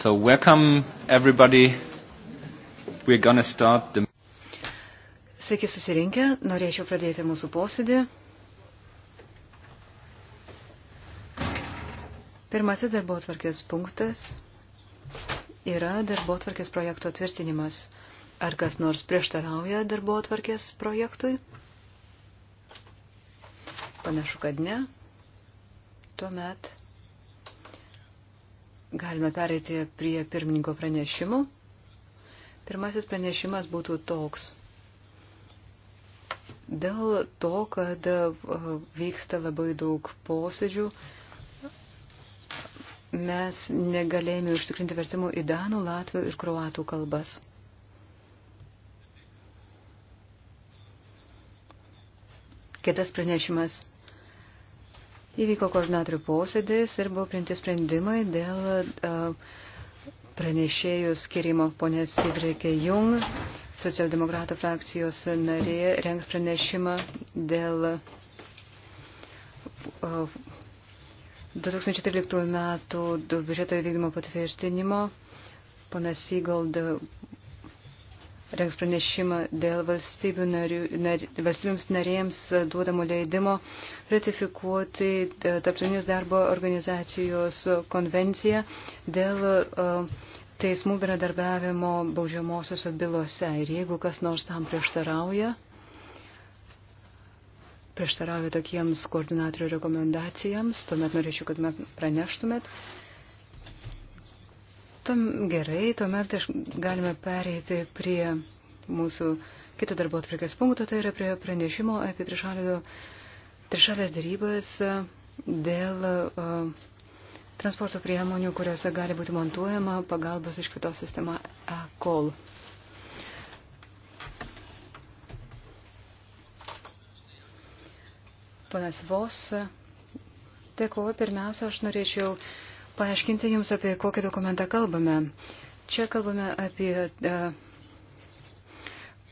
So welcome everybody. We're gonna start the. Sveiki susirinkę, norėčiau pradėti mūsų posėdį. Pirmasis darbo atvarkės punktas yra darbo atvarkės projekto tvirtinimas. Ar kas nors prieštarauja darbo atvarkės projektui? Panašu, kad ne. Tuomet Galime perėti prie pirmininko pranešimų. Pirmasis pranešimas būtų toks. Dėl to, kad e, vyksta labai daug posėdžių, mes negalėjome užtikrinti vertimų į Danų, Latvių ir Kroatų kalbas. Kitas pranešimas Įvyko koordinatorių posėdis ir buvo priimti sprendimai dėl pranešėjų skirimo. Pone Sidrėkė Jung, socialdemokratų frakcijos narė, rengs pranešimą dėl 2013 metų biudžeto įvykdymo patvirtinimo. Ponas Sigold rengs pranešimą dėl narių, nar, valstybėms narėms duodamo leidimo ratifikuoti e, Tarptautinės darbo organizacijos konvenciją dėl e, teismų bendradarbiavimo baudžiamosiose bylose. Ir jeigu kas nors tam prieštarauja, prieštarauja tokiems koordinatorių rekomendacijams, tuomet norėčiau, kad mes praneštumėt. Tam gerai, tuomet galime pereiti prie mūsų kito darbo atvirkės punkto, tai yra prie pranešimo apie trišalės darybas dėl uh, transporto priemonių, kuriuose gali būti montuojama pagalbos iš kitos sistema e-call. Panas Vos, dėkuoju, pirmiausia, aš norėčiau uh, paaiškinti Jums, apie kokį dokumentą kalbame. Čia kalbame apie e,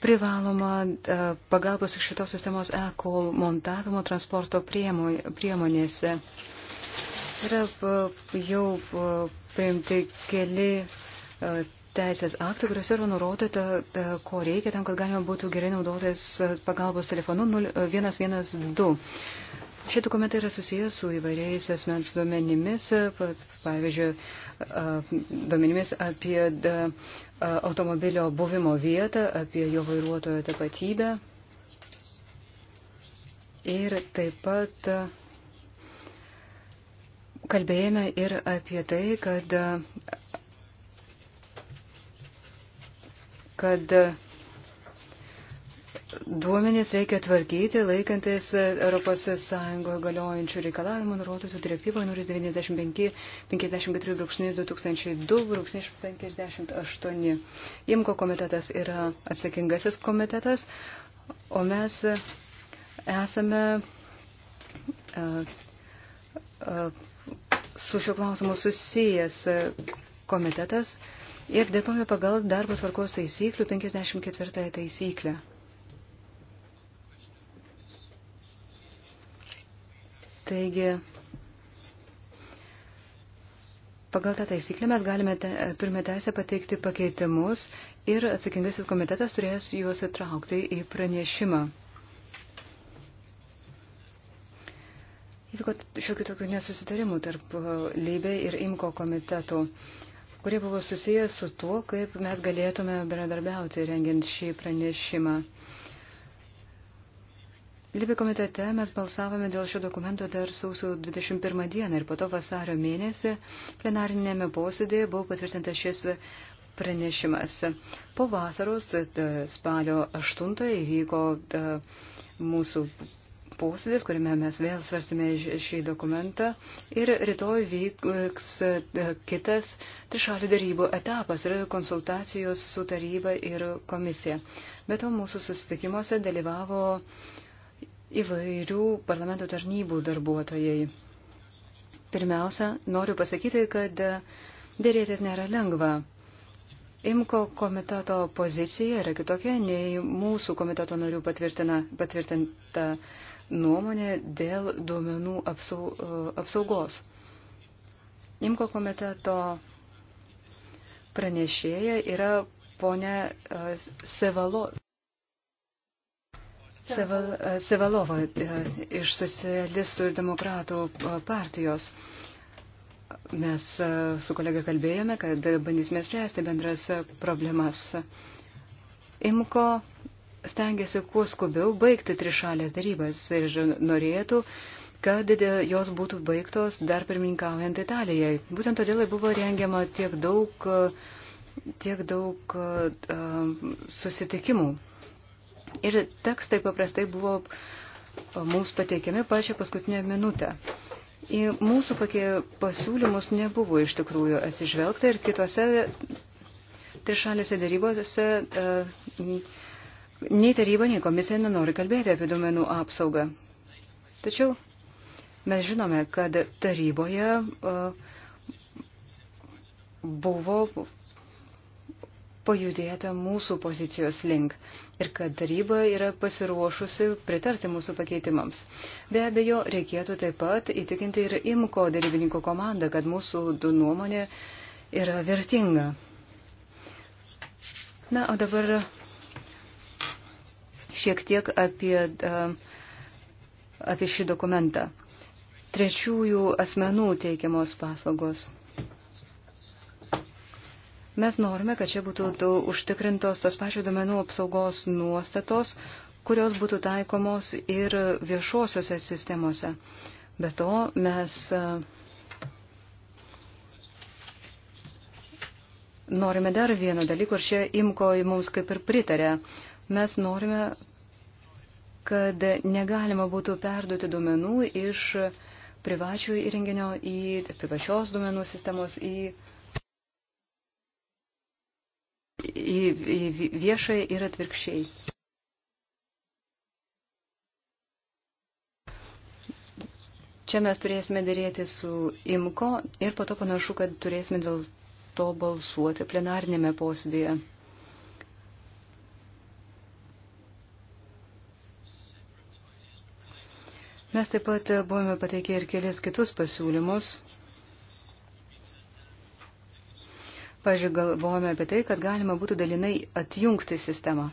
privaloma e, pagalbos iš šitos sistemos e-call montavimo transporto priemonėse. Yra e, jau priimti keli teisės aktai, kuriuose yra nurodyta, ko reikia tam, kad galima būtų gerai naudotis pagalbos telefonu 112. Šie dokumentai yra susijęs su įvairiais asmens duomenimis, pavyzdžiui, duomenimis apie automobilio buvimo vietą, apie jo vairuotojo tapatybę ir taip pat kalbėjome ir apie tai, kad, kad Duomenys reikia tvarkyti laikantis ES galiojančių reikalavimų nurodytų direktyvoje 095-54-2002-58. Imko komitetas yra atsakingasis komitetas, o mes esame e, e, su šiuo klausimu susijęs komitetas ir dirbame pagal darbo tvarkos taisyklių 54 taisyklę. Taigi, pagal tą taisyklę mes galime te, turime teisę pateikti pakeitimus ir atsakingasis komitetas turės juos įtraukti į pranešimą. Įvyko šiokių tokių nesusitarimų tarp uh, Leibė ir Imko komitetų, kurie buvo susijęs su tuo, kaip mes galėtume bendradarbiauti rengiant šį pranešimą. Libė komitete mes balsavome dėl šio dokumento dar sausio 21 dieną ir po to vasario mėnesį plenarinėme posėdėje buvo patvirtintas šis pranešimas. Po vasaros e, spalio 8 įvyko e, mūsų posėdis, kuriame mes vėl svarstėme šį dokumentą ir rytoj vyks e, kitas trišalių darybų etapas ir konsultacijos su taryba ir komisija. Be to mūsų susitikimuose dalyvavo uh, įvairių parlamento tarnybų darbuotojai. Pirmiausia, noriu pasakyti, kad dėrėtis nėra lengva. Imko komiteto pozicija yra kitokia nei mūsų komiteto narių patvirtinta nuomonė dėl duomenų apsaugos. Imko komiteto pranešėja yra ponia Sevalo. Seval, e, Sevalova e, iš socialistų ir demokratų e, partijos. Mes su kolega kalbėjome, kad bandysime spręsti bendras problemas. Imko stengiasi kuo skubiau baigti trišalės darybas ir norėtų, kad jos būtų baigtos dar pirmininkaujant Italijai. Būtent todėl buvo rengiama tiek daug, tiek daug uh, susitikimų Ir tekstai paprastai buvo mums pateikiami pačią paskutinę minutę. Į mūsų pasiūlymus nebuvo iš tikrųjų atsižvelgta ir kitose trišalėse darybose nei taryba, nei komisija nenori kalbėti apie duomenų apsaugą. Tačiau mes žinome, kad taryboje buvo pajudėta mūsų pozicijos link ir kad taryba yra pasiruošusi pritarti mūsų pakeitimams. Be abejo, reikėtų taip pat įtikinti ir IMKO darybininko komandą, kad mūsų du nuomonė yra vertinga. Na, o dabar šiek tiek apie, apie šį dokumentą. Trečiųjų asmenų teikiamos paslaugos. Mes norime, kad čia būtų to užtikrintos tos pačios domenų apsaugos nuostatos, kurios būtų taikomos ir viešuosiuose sistemose. Be to, mes e, norime dar vieno dalyko, ir čia imko mums kaip ir pritarė. Mes norime, kad negalima būtų perduoti duomenų iš privačių įrenginio į privačios duomenų sistemos į į, į viešąją ir atvirkščiai. Čia mes turėsime dėrėti su IMKO ir po to panašu, kad turėsime dėl to balsuoti plenarinėme posėdėje. Mes taip pat buvome pateikę ir kelias kitus pasiūlymus. Pavyzdžiui, galvojame apie tai, kad galima būtų dalinai atjungti sistemą.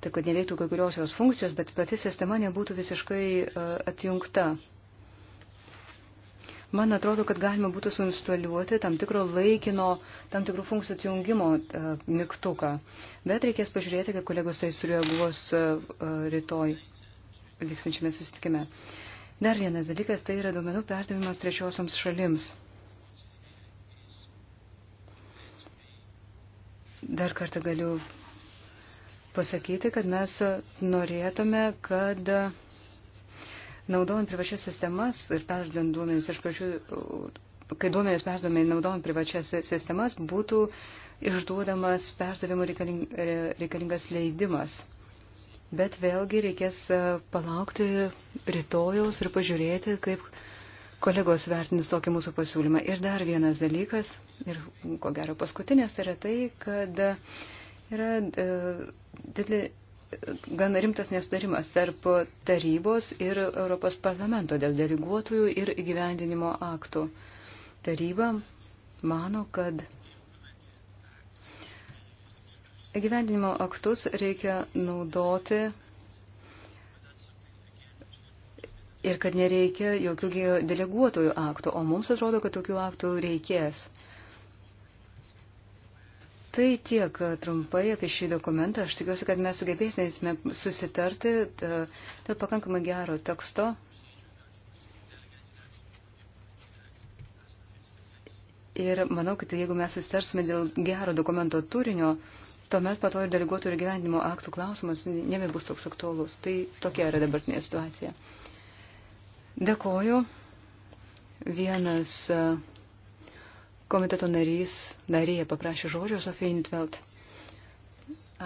Taip, kad neveiktų kai kurios jos funkcijos, bet pati sistema nebūtų visiškai e, atjungta. Man atrodo, kad galima būtų suinstaliuoti tam tikro laikino, tam tikrų funkcijų atjungimo uh, mygtuką. Bet reikės pažiūrėti, kaip kolegos tai sureaguos uh, rytoj vykstančiame susitikime. Dar vienas dalykas tai yra duomenų perdavimas trečiosioms šalims. Dar kartą galiu pasakyti, kad mes norėtume, kad naudojant privačias sistemas ir perdant duomenis iš pačių, kai duomenis perdome naudojant privačias sistemas, būtų išduodamas perdavimo reikaling, reikalingas leidimas. Bet vėlgi reikės palaukti rytojaus ir pažiūrėti, kaip kolegos vertins tokį mūsų pasiūlymą. Ir dar vienas dalykas, ir ko gero paskutinės, tai yra tai, kad yra e, didelė gan rimtas nesutarimas tarp tarybos ir Europos parlamento dėl deleguotojų ir įgyvendinimo aktų. Taryba mano, kad įgyvendinimo aktus reikia naudoti ir kad nereikia jokių deleguotojų aktų, o mums atrodo, kad tokių aktų reikės. Tai tiek e, trumpai apie šį dokumentą. Aš tikiuosi, kad mes sugebėsime susitarti dėl pakankamai gero teksto. Ir manau, kad jeigu mes susitarsime dėl gero dokumento turinio, tuomet pato ir deleguotų ir gyvenimo aktų klausimas nebebus toks aktuolus. Tai tokia yra dabartinė situacija. Dėkoju. Vienas e, komiteto narys narėje paprašė žodžio Sofija Intveld.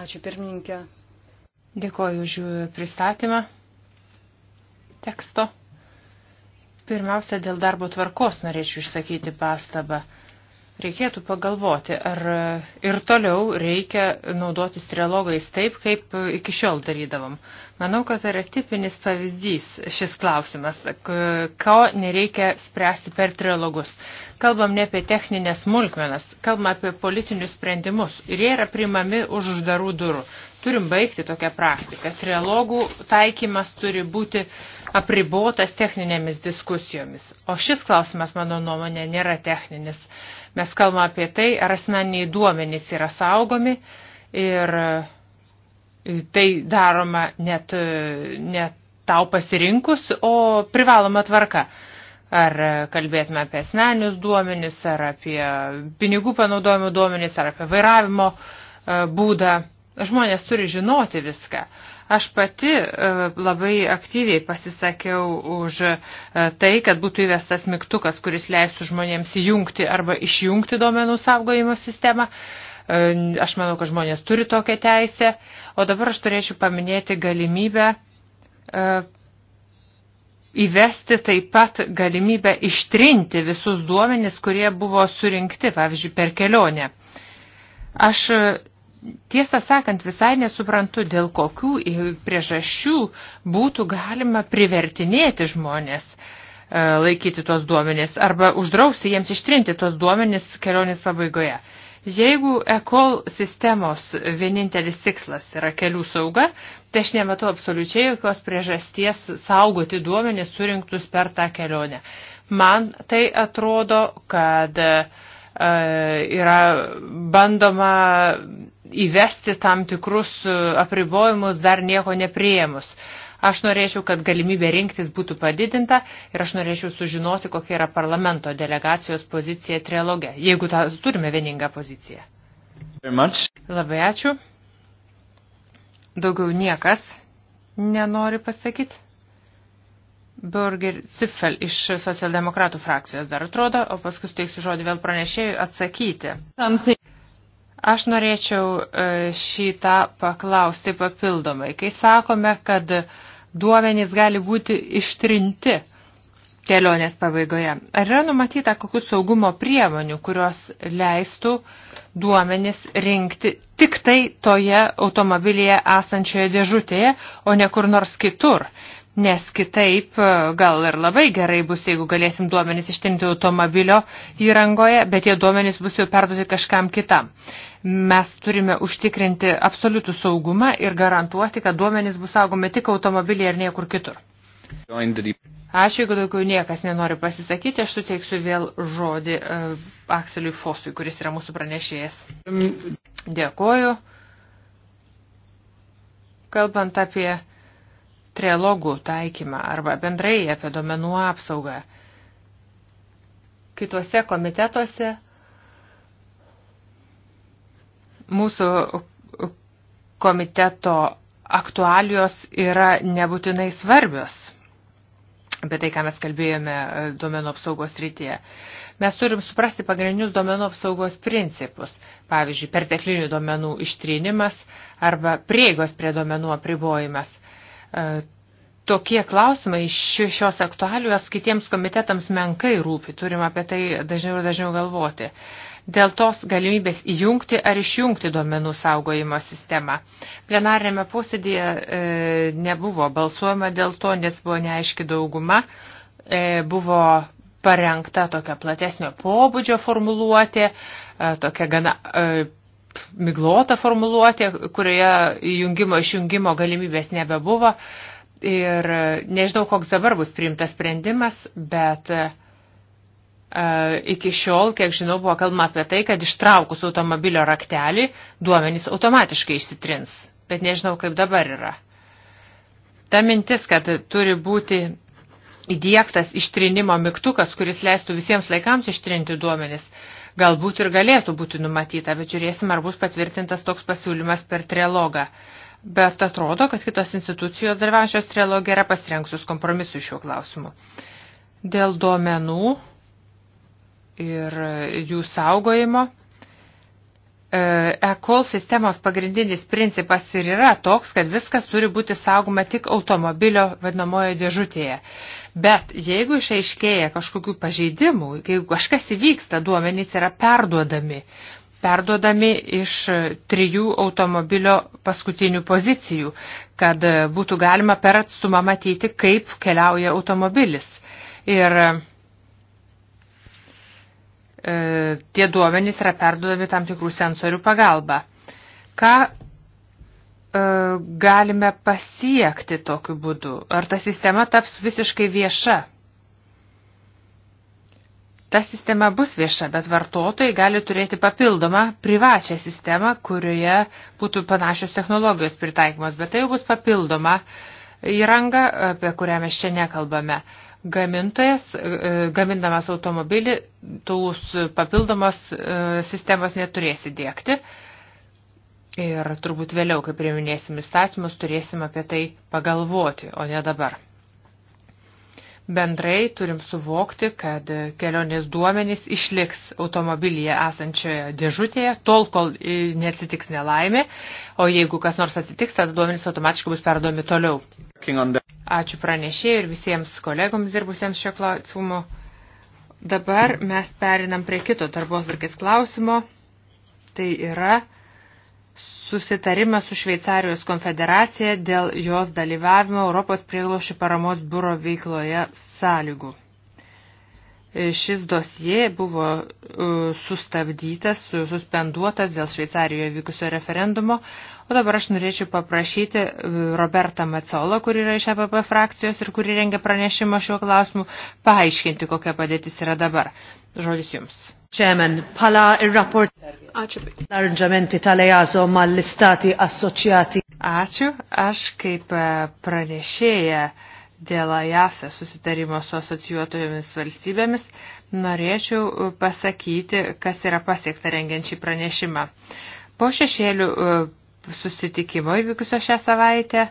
Ačiū pirmininkė. Dėkoju už pristatymą teksto. Pirmiausia, dėl darbo tvarkos norėčiau išsakyti pastabą. Reikėtų pagalvoti, ar ir toliau reikia naudotis trilogais taip, kaip iki šiol darydavom. Manau, kad tai yra tipinis pavyzdys šis klausimas, ko nereikia spręsti per trilogus. Kalbam ne apie techninės smulkmenas, kalbam apie politinius sprendimus ir jie yra primami už uždarų durų. Turim baigti tokią praktiką. Trilogų taikymas turi būti apribotas techninėmis diskusijomis. O šis klausimas, mano nuomonė, nėra techninis. Uh, Mes kalbame apie tai, ar asmeniniai duomenys yra saugomi ir e, tai daroma net, e, net tau pasirinkus, o privaloma tvarka. Ar e, kalbėtume apie asmeninius duomenis, ar apie pinigų panaudojimo duomenis, ar apie vairavimo būdą. Žmonės turi žinoti viską. Uh, Aš pati e, labai aktyviai pasisakiau už e, tai, kad būtų įvestas mygtukas, kuris leistų žmonėms įjungti arba išjungti duomenų saugojimo sistemą. E, aš manau, kad žmonės turi tokią teisę. O dabar aš turėčiau paminėti galimybę įvesti taip pat galimybę ištrinti visus duomenis, kurie buvo surinkti, pavyzdžiui, per kelionę. Aš Tiesą sakant, visai nesuprantu, dėl kokių priežasčių būtų galima privertinėti žmonės e, laikyti tos duomenys arba uždrausti jiems ištrinti tos duomenys kelionės pabaigoje. Jeigu ECOL sistemos vienintelis tikslas yra kelių sauga, tai aš nematau absoliučiai jokios priežasties saugoti duomenys surinktus per tą kelionę. Man tai atrodo, kad uh, E, yra bandoma įvesti tam tikrus e, apribojimus dar nieko neprieimus. Aš norėčiau, kad galimybė rinktis būtų padidinta ir aš norėčiau sužinoti, kokia yra parlamento delegacijos pozicija trilogė, jeigu ta, turime vieningą poziciją. Labai ačiū. Daugiau niekas nenori pasakyti. Burger Cifel iš socialdemokratų frakcijos dar atrodo, o paskui teiksiu žodį vėl pranešėjui atsakyti. Aš norėčiau e, šitą paklausti papildomai. Kai sakome, kad duomenys gali būti ištrinti kelionės pabaigoje, ar yra numatyta kokių saugumo priemonių, kurios leistų duomenis rinkti tik tai toje automobilyje esančioje dėžutėje, o ne kur nors kitur? nes kitaip e, gal ir labai gerai bus, jeigu galėsim duomenys ištinti automobilio įrangoje, bet tie duomenys bus jau perduoti kažkam kitam. Mes turime užtikrinti absoliutų saugumą ir garantuoti, kad duomenys bus saugomi tik automobilyje ir niekur kitur. Ačiū, jeigu daugiau niekas nenori pasisakyti, aš suteiksiu vėl žodį uh, Akseliui Fosui, kuris yra mūsų pranešėjas. Um, Dėkoju. Kalbant apie uh, trialogų taikymą arba bendrai apie domenų apsaugą. Kituose komitetuose mūsų komiteto aktualijos yra nebūtinai svarbios apie tai, ką mes kalbėjome e, domenų apsaugos rytyje. Mes turim suprasti pagrindinius domenų apsaugos principus, pavyzdžiui, perteklinių domenų ištrinimas arba prieigos prie domenų apribojimas. E, tokie klausimai šios aktualios kitiems komitetams menkai rūpi, turim apie tai dažniau ir dažniau galvoti. Dėl tos galimybės įjungti ar išjungti duomenų saugojimo sistemą. Plenarinėme posėdėje e, nebuvo balsuojama dėl to, nes buvo neaiški dauguma. E, buvo parengta tokia platesnio pobūdžio formuluotė, e, tokia gana e, miglota formuluotė, kurioje jungimo išjungimo galimybės nebebuvo. Ir nežinau, koks dabar bus priimtas sprendimas, bet e, iki šiol, kiek žinau, buvo kalbama apie tai, kad ištraukus automobilio raktelį duomenys automatiškai išsitrins. Bet nežinau, kaip dabar yra. Ta mintis, kad turi būti įdėktas ištrinimo mygtukas, kuris leistų visiems laikams ištrinti duomenis, uh, galbūt ir galėtų būti numatyta, bet žiūrėsim, ar bus patvirtintas toks pasiūlymas per trilogą. Bet atrodo, kad kitos institucijos dalyvaujančios trilogė yra pasirengsus kompromisu šiuo klausimu. Dėl duomenų ir jų saugojimo. E, e-call sistemos pagrindinis principas ir yra toks, kad viskas turi būti saugoma tik automobilio vadinamojo dėžutėje. Bet jeigu išaiškėja kažkokių pažeidimų, jeigu kažkas įvyksta, duomenys yra perduodami. Perduodami iš trijų automobilio paskutinių pozicijų, kad būtų galima per atstumą matyti, kaip keliauja automobilis. Ir e, tie duomenys yra perduodami tam tikrų sensorių pagalba. Ką E, galime pasiekti tokiu būdu? Ar ta sistema taps visiškai vieša? Ta sistema bus vieša, bet vartotojai gali turėti papildomą privačią sistemą, kurioje būtų panašios technologijos pritaikymas, bet tai jau bus papildoma įranga, apie kurią mes čia nekalbame. Gamintojas, e, gamindamas automobilį, tūs papildomos e, sistemos neturės įdėkti. Ir turbūt vėliau, kai priminėsim įstatymus, turėsim apie tai pagalvoti, o ne dabar. Bendrai turim suvokti, kad kelionės duomenys išliks automobilyje esančioje dėžutėje, tol kol e, neatsitiks nelaimė, o jeigu kas nors atsitiks, tada duomenys automatiškai bus perduomi toliau. Ačiū pranešėjai ir visiems kolegoms dirbusiems šio klausimu. Dabar mes perinam prie kito darbos virkės klausimo. Tai yra susitarimą su Šveicarijos konfederacija dėl jos dalyvavimo Europos prieglošių paramos biuro veikloje sąlygų. E, šis dosie buvo e, sustabdytas, suspenduotas dėl Šveicarijoje vykusio referendumo, o dabar aš norėčiau paprašyti e, Robertą Macola, kur yra iš APP frakcijos ir kuri rengia pranešimą šiuo klausimu, paaiškinti, kokia padėtis yra dabar. Žodis jums. Chairman, pala il-rapport l-arranġamenti tal-EASO mal-istati assoċjati. Ačiū, aš kaip e, pranešėja dėl AJASA susitarimo su asocijuotojomis valstybėmis norėčiau e, pasakyti, kas yra pasiekta rengiant šį pranešimą. Po šešėlių e, susitikimo įvykusio šią savaitę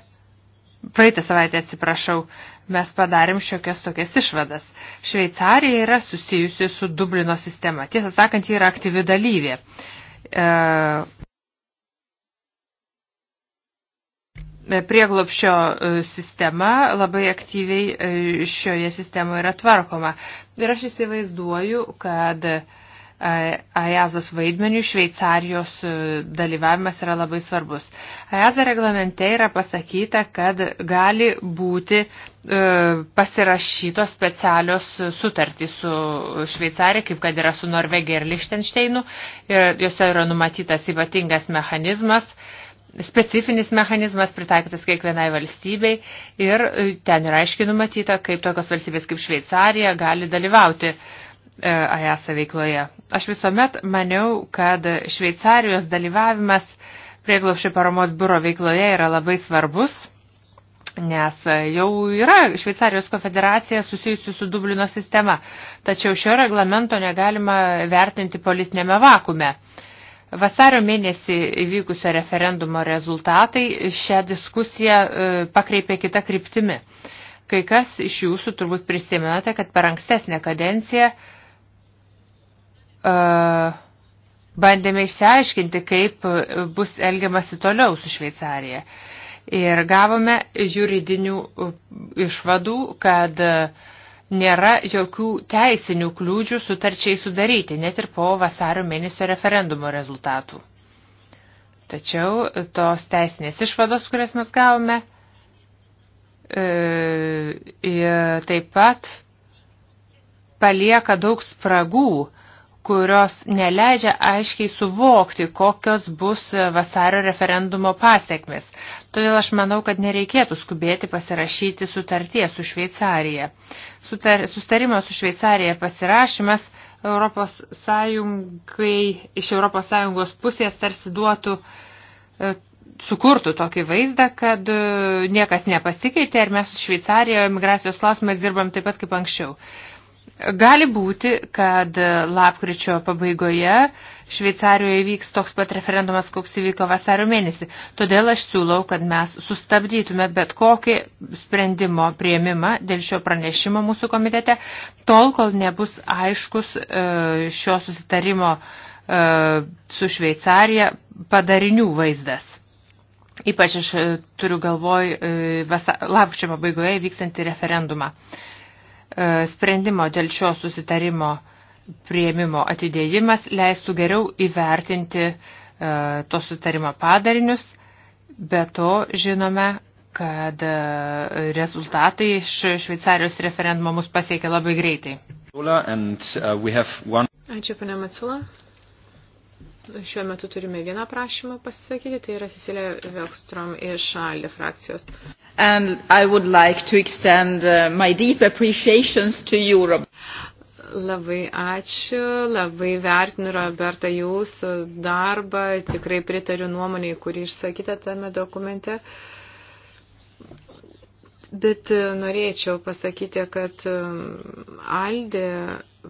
praeitą savaitę atsiprašau, mes padarėm šiokias tokias išvadas. Šveicarija yra susijusi su Dublino sistema. Tiesą sakant, ji yra aktyvi dalyvė. E, prieglopščio e, sistema labai aktyviai e, šioje sistemoje yra tvarkoma. Ir aš įsivaizduoju, kad uh, AEAZOS vaidmenių Šveicarijos e, dalyvavimas yra labai svarbus. AEAZO e reglamente yra pasakyta, kad gali būti e, pasirašytos specialios sutartys su Šveicarija, kaip kad yra su Norvegija ir Lichtensteinu, ir jose yra numatytas ypatingas mechanizmas, specifinis mechanizmas pritaikytas kiekvienai valstybei ir ten yra aiškiai numatyta, kaip tokios valstybės kaip Šveicarija gali dalyvauti uh, E, AESA veikloje. Aš visuomet maniau, kad Šveicarijos dalyvavimas prieglaušio paramos biuro veikloje yra labai svarbus, nes jau yra Šveicarijos konfederacija susijusi su Dublino sistema, tačiau šio reglamento negalima vertinti politinėme vakume. Vasario mėnesį įvykusio referendumo rezultatai šią diskusiją e, pakreipė kitą kryptimį. Kai kas iš jūsų turbūt prisimenate, kad per ankstesnę kadenciją uh, bandėme išsiaiškinti, kaip bus elgiamasi toliau su Šveicarija. Ir gavome juridinių išvadų, kad nėra jokių teisinių kliūdžių sutarčiai sudaryti, net ir po vasario mėnesio referendumo rezultatų. Tačiau tos teisinės išvados, kurias mes gavome, e, taip pat palieka daug spragų, kurios neleidžia aiškiai suvokti, kokios bus vasario referendumo pasiekmes. Todėl aš manau, kad nereikėtų skubėti pasirašyti sutarties su Šveicarija. Sutar, sustarimo su Šveicarija pasirašymas Europos Sąjungai, iš Europos Sąjungos pusės tarsi duotų e, sukurtų tokį vaizdą, kad e, niekas nepasikeitė ir mes su Šveicarijoje migracijos klausimais dirbam taip pat kaip anksčiau. Gali būti, kad lapkričio pabaigoje Šveicarijoje vyks toks pat referendumas, koks įvyko vasario mėnesį. Todėl aš siūlau, kad mes sustabdytume bet kokį sprendimo prieimimą dėl šio pranešimo mūsų komitete, tol, kol nebus aiškus e, šio susitarimo e, su Šveicarija padarinių vaizdas. Ypač aš e, turiu galvoj lapkričio pabaigoje vyksantį referendumą. Uh, E, sprendimo dėl šio susitarimo prieimimo atidėjimas leistų geriau įvertinti e, to susitarimo padarinius. Be to žinome, kad e, rezultatai iš Šveicarijos referendumo mus pasiekė labai greitai. Uh, Ačiū, pane Matsula. Šiuo metu turime vieną prašymą pasisakyti, tai yra Cecilija Velkstrom iš ALDE frakcijos. And I would like to extend uh, my deep appreciations to Europe. Labai ačiū, labai vertinu, Roberta, jūsų darbą, tikrai pritariu nuomonėje, kuri išsakyta tame dokumente. Uh, Bet e, norėčiau pasakyti, kad e, Aldė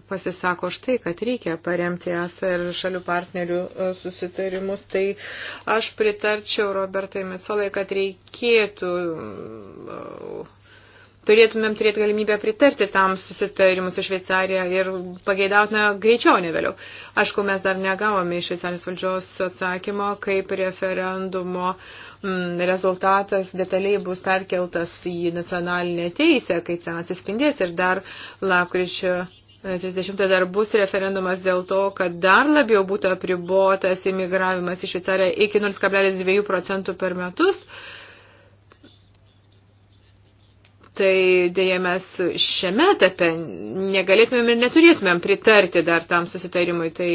pasisako štai, kad reikia paremti ES ir šalių partnerių e, susitarimus. Tai aš pritarčiau Robertai Metsolai, kad reikėtų turėtumėm turėti galimybę pritarti tam susitarimu su Šveicarija ir pageidautume greičiau, ne vėliau. Aišku, mes dar negavome iš Šveicarijos valdžios atsakymo, kaip referendumo uh, Mm, rezultatas detaliai bus perkeltas į nacionalinę teisę, kaip ten atsispindės ir dar lapkričio 30 dar bus referendumas dėl to, kad dar labiau būtų apribotas imigravimas į Šveicariją iki 0,2 procentų per metus tai dėja mes šiame etape negalėtumėm ir neturėtumėm pritarti dar tam susitarimui. Tai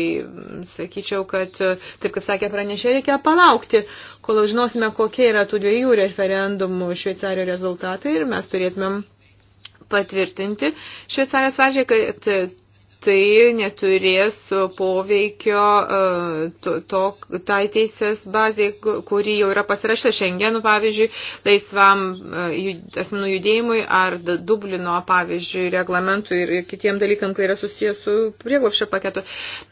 sakyčiau, kad, taip kaip sakė pranešė, reikia palaukti, kol žinosime, kokie yra tų dviejų referendumų Šveicario rezultatai ir mes turėtumėm patvirtinti Šveicarijos valdžiai, kad tai neturės poveikio e, to, to, tai teisės bazai, kuri jau yra pasirašyta Šengenų, pavyzdžiui, laisvam e, asmenų judėjimui ar Dublino, pavyzdžiui, reglamentui ir, ir kitiem dalykam, kai yra susijęs su prieglopšio paketu.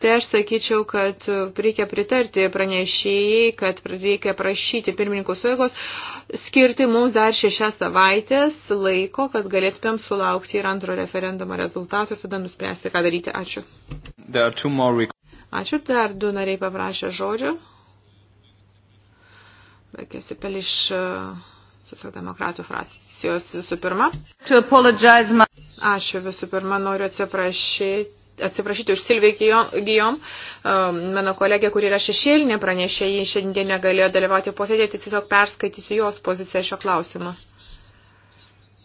Tai aš sakyčiau, kad reikia pritarti pranešėjai, kad reikia prašyti pirmininkų suėgos skirti mums dar šešias savaitės laiko, kad galėtumėm sulaukti ir antro referendumo rezultatų ir tada nuspręsti, ką daryti. Ačiū. More... Ačiū, dar du nariai paprašė žodžio. Bekėsiu pel iš e, socialdemokratų frakcijos visų pirma. Ačiū visų pirma, noriu atsiprašyti atsiprašyti už Silviją Gijom, um, mano kolegė, kuri yra šešėlinė pranešė, ji šiandien negalėjo dalyvauti posėdėje, tai tiesiog perskaitysiu jos poziciją šio klausimo.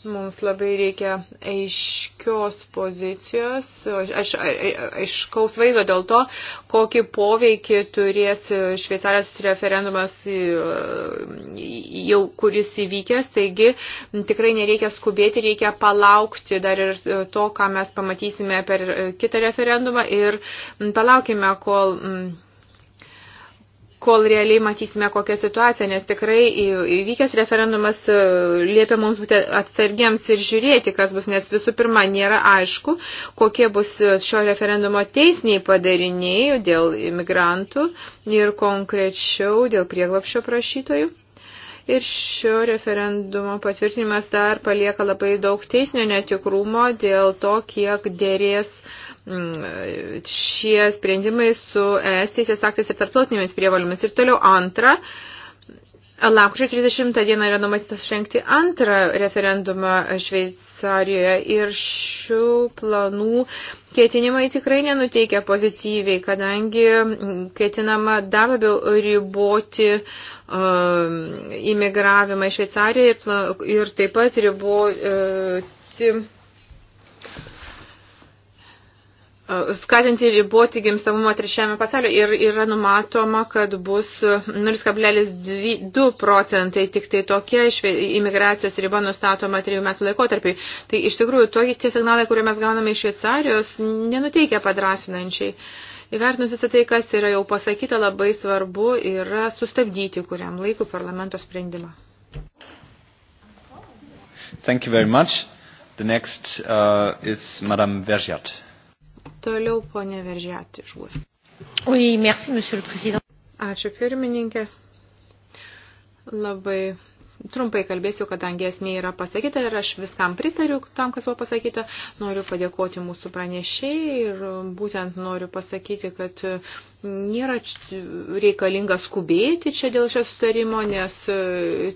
Mums labai reikia aiškios pozicijos, aiš, aiškaus vaizdo dėl to, kokį poveikį turės Šveicarijos referendumas e, jau kuris įvykęs. Taigi tikrai nereikia skubėti, reikia palaukti dar ir to, ką mes pamatysime per kitą referendumą ir palaukime, kol. Mm, kol realiai matysime kokią situaciją, nes tikrai įvykęs referendumas e, liepia mums būti atsargiems ir žiūrėti, kas bus, nes visų pirma nėra aišku, kokie bus šio referendumo teisiniai padariniai dėl imigrantų ir konkrečiau dėl prieglapščio prašytojų. Ir šio referendumo patvirtinimas dar palieka labai daug teisinio netikrumo dėl to, kiek dėrės uh, Mm, šie sprendimai su ES teisės aktais ir tarptautinėmis prievalėmis. Ir toliau antra, Lapkričio 30 dieną yra numatytas šengti antrą referendumą Šveicarijoje ir šių planų ketinimai tikrai nenuteikia pozityviai, kadangi ketinama dar labiau riboti um, imigravimą į Šveicariją ir, ir taip pat riboti. Uh, skatinti riboti gimstamumą trečiame pasaulio ir yra numatoma, kad bus 0,2 procentai, tik tai tokia imigracijos riba nustatoma trijų metų laikotarpiai. Tai iš tikrųjų tokie tie signalai, kurie mes gauname iš Šveicarijos, nenuteikia padrasinančiai. Įvertinus visą tai, kas yra jau pasakyta, labai svarbu yra sustabdyti kuriam laiku parlamento sprendimą. Thank you very much. The next uh, is Madame Vergiat. Toliau ponė Veržiatė žuos. Oui, merci, monsieur le président. Ačiū pirmininkė. Labai trumpai kalbėsiu, kadangi esmė yra pasakyta ir aš viskam pritariu tam, kas buvo pasakyta. Noriu padėkoti mūsų pranešėjai ir būtent noriu pasakyti, kad nėra reikalinga skubėti čia dėl šio sutarimo, nes e,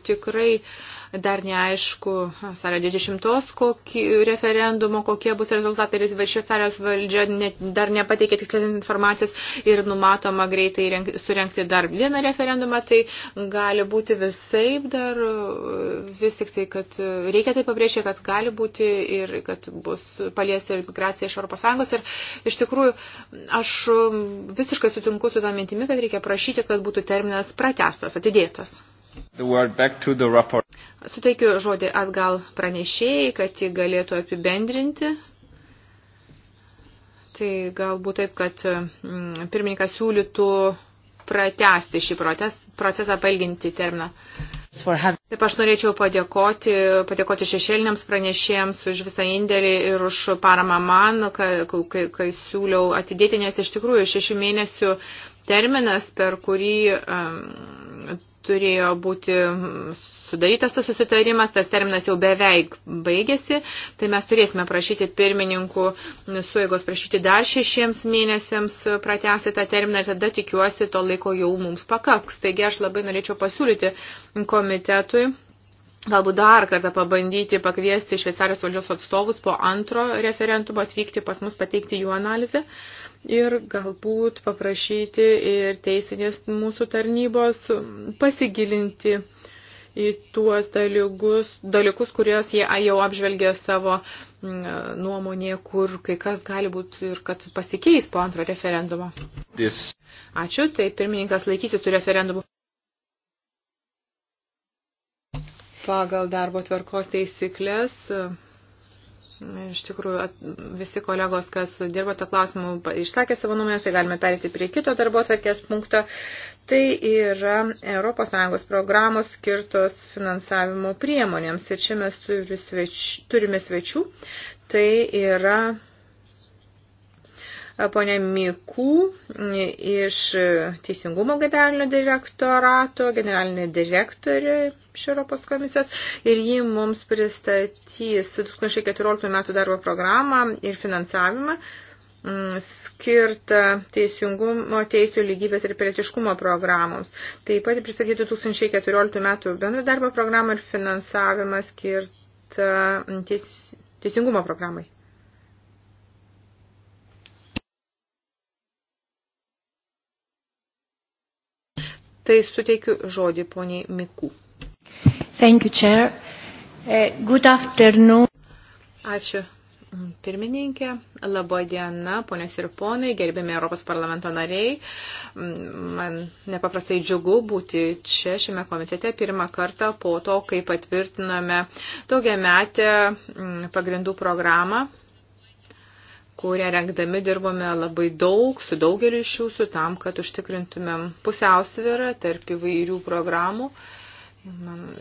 tikrai uh, dar neaišku vasario 20 kokį, referendumo, kokie bus rezultatai ir Šveicarijos valdžia ne, dar nepateikė tikslės informacijos ir numatoma greitai renk, surenkti dar vieną referendumą, tai gali būti visaip dar vis tik tai, kad reikia tai pabrėžti, kad gali būti ir kad bus paliesti ir migracija iš Europos Sąjungos ir iš tikrųjų aš visiškai sutinku su tą mintimi, kad reikia prašyti, kad būtų terminas pratestas, atidėtas. Suteikiu žodį atgal pranešėjai, kad jį galėtų apibendrinti. Tai galbūt taip, kad mm, pirmininkas siūlytų pratesti šį proces, procesą, pailginti terminą. Taip aš norėčiau padėkoti, padėkoti šešėliniams pranešėjams už visą indėlį ir už paramą man, kai, kai, kai siūliau atidėti, nes iš tikrųjų šešių mėnesių terminas, per kurį um, turėjo būti sudarytas tas susitarimas, tas terminas jau beveik baigėsi, tai mes turėsime prašyti pirmininkų suėgos prašyti dar šešiems mėnesiams pratęsti tą terminą ir tada tikiuosi, to laiko jau mums pakaks. Taigi aš labai norėčiau pasiūlyti komitetui. Galbūt dar kartą pabandyti pakviesti šveicarijos valdžios atstovus po antro referendumo atvykti pas mus, pateikti jų analizę. Uh, ir galbūt paprašyti ir teisinės mūsų tarnybos pasigilinti į tuos dalykus, dalykus kuriuos jie jau apžvelgė savo mm, nuomonėje, kur kai kas gali būti ir kad pasikeis po antro referendumo. This. Ačiū, tai pirmininkas laikysis tų referendumų. Pagal darbo tvarkos teisiklės Iš tikrųjų, visi kolegos, kas dirba to klausimu, išsakė savo nuomonės, tai galime perėti prie kito darbo atverkės punkto. Tai yra ES programos skirtos finansavimo priemonėms. Ir čia mes turiu sveč, turime svečių. Tai yra Pone Mikų e, iš Teisingumo generalinio direktorato, generalinė direktorė iš Europos komisijos ir ji mums pristatys 2014 metų darbo programą ir finansavimą mm, skirtą teisingumo, teisų lygybės ir pilietiškumo programoms. Taip pat pristatyti 2014 metų bendrą darbo programą ir finansavimą skirtą mm, teis, teisingumo programai. tai suteikiu žodį poniai Miku. Thank you, Chair. Eh, good afternoon. Ačiū. Mm, pirmininkė, laba diena, ponios ir ponai, gerbėmi Europos parlamento nariai. Mm, man nepaprastai džiugu būti čia šiame komitete pirmą kartą po to, kai patvirtiname daugia metę mm, pagrindų programą kurią rengdami dirbome labai daug su daugeliu iš jūsų tam, kad užtikrintumėm pusiausvyrą tarp įvairių programų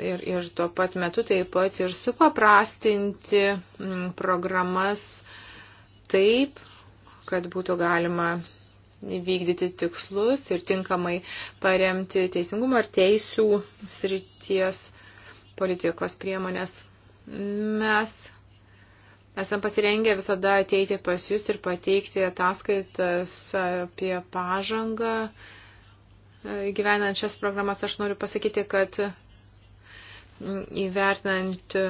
ir, ir tuo pat metu taip pat ir supaprastinti mm, programas taip, kad būtų galima įvykdyti tikslus ir tinkamai paremti teisingumo ir teisų srities politikos priemonės. Mes Esam pasirengę visada ateiti pas jūs ir pateikti ataskaitas apie pažangą e, gyvenant šias programas. Aš noriu pasakyti, kad įvertinant e,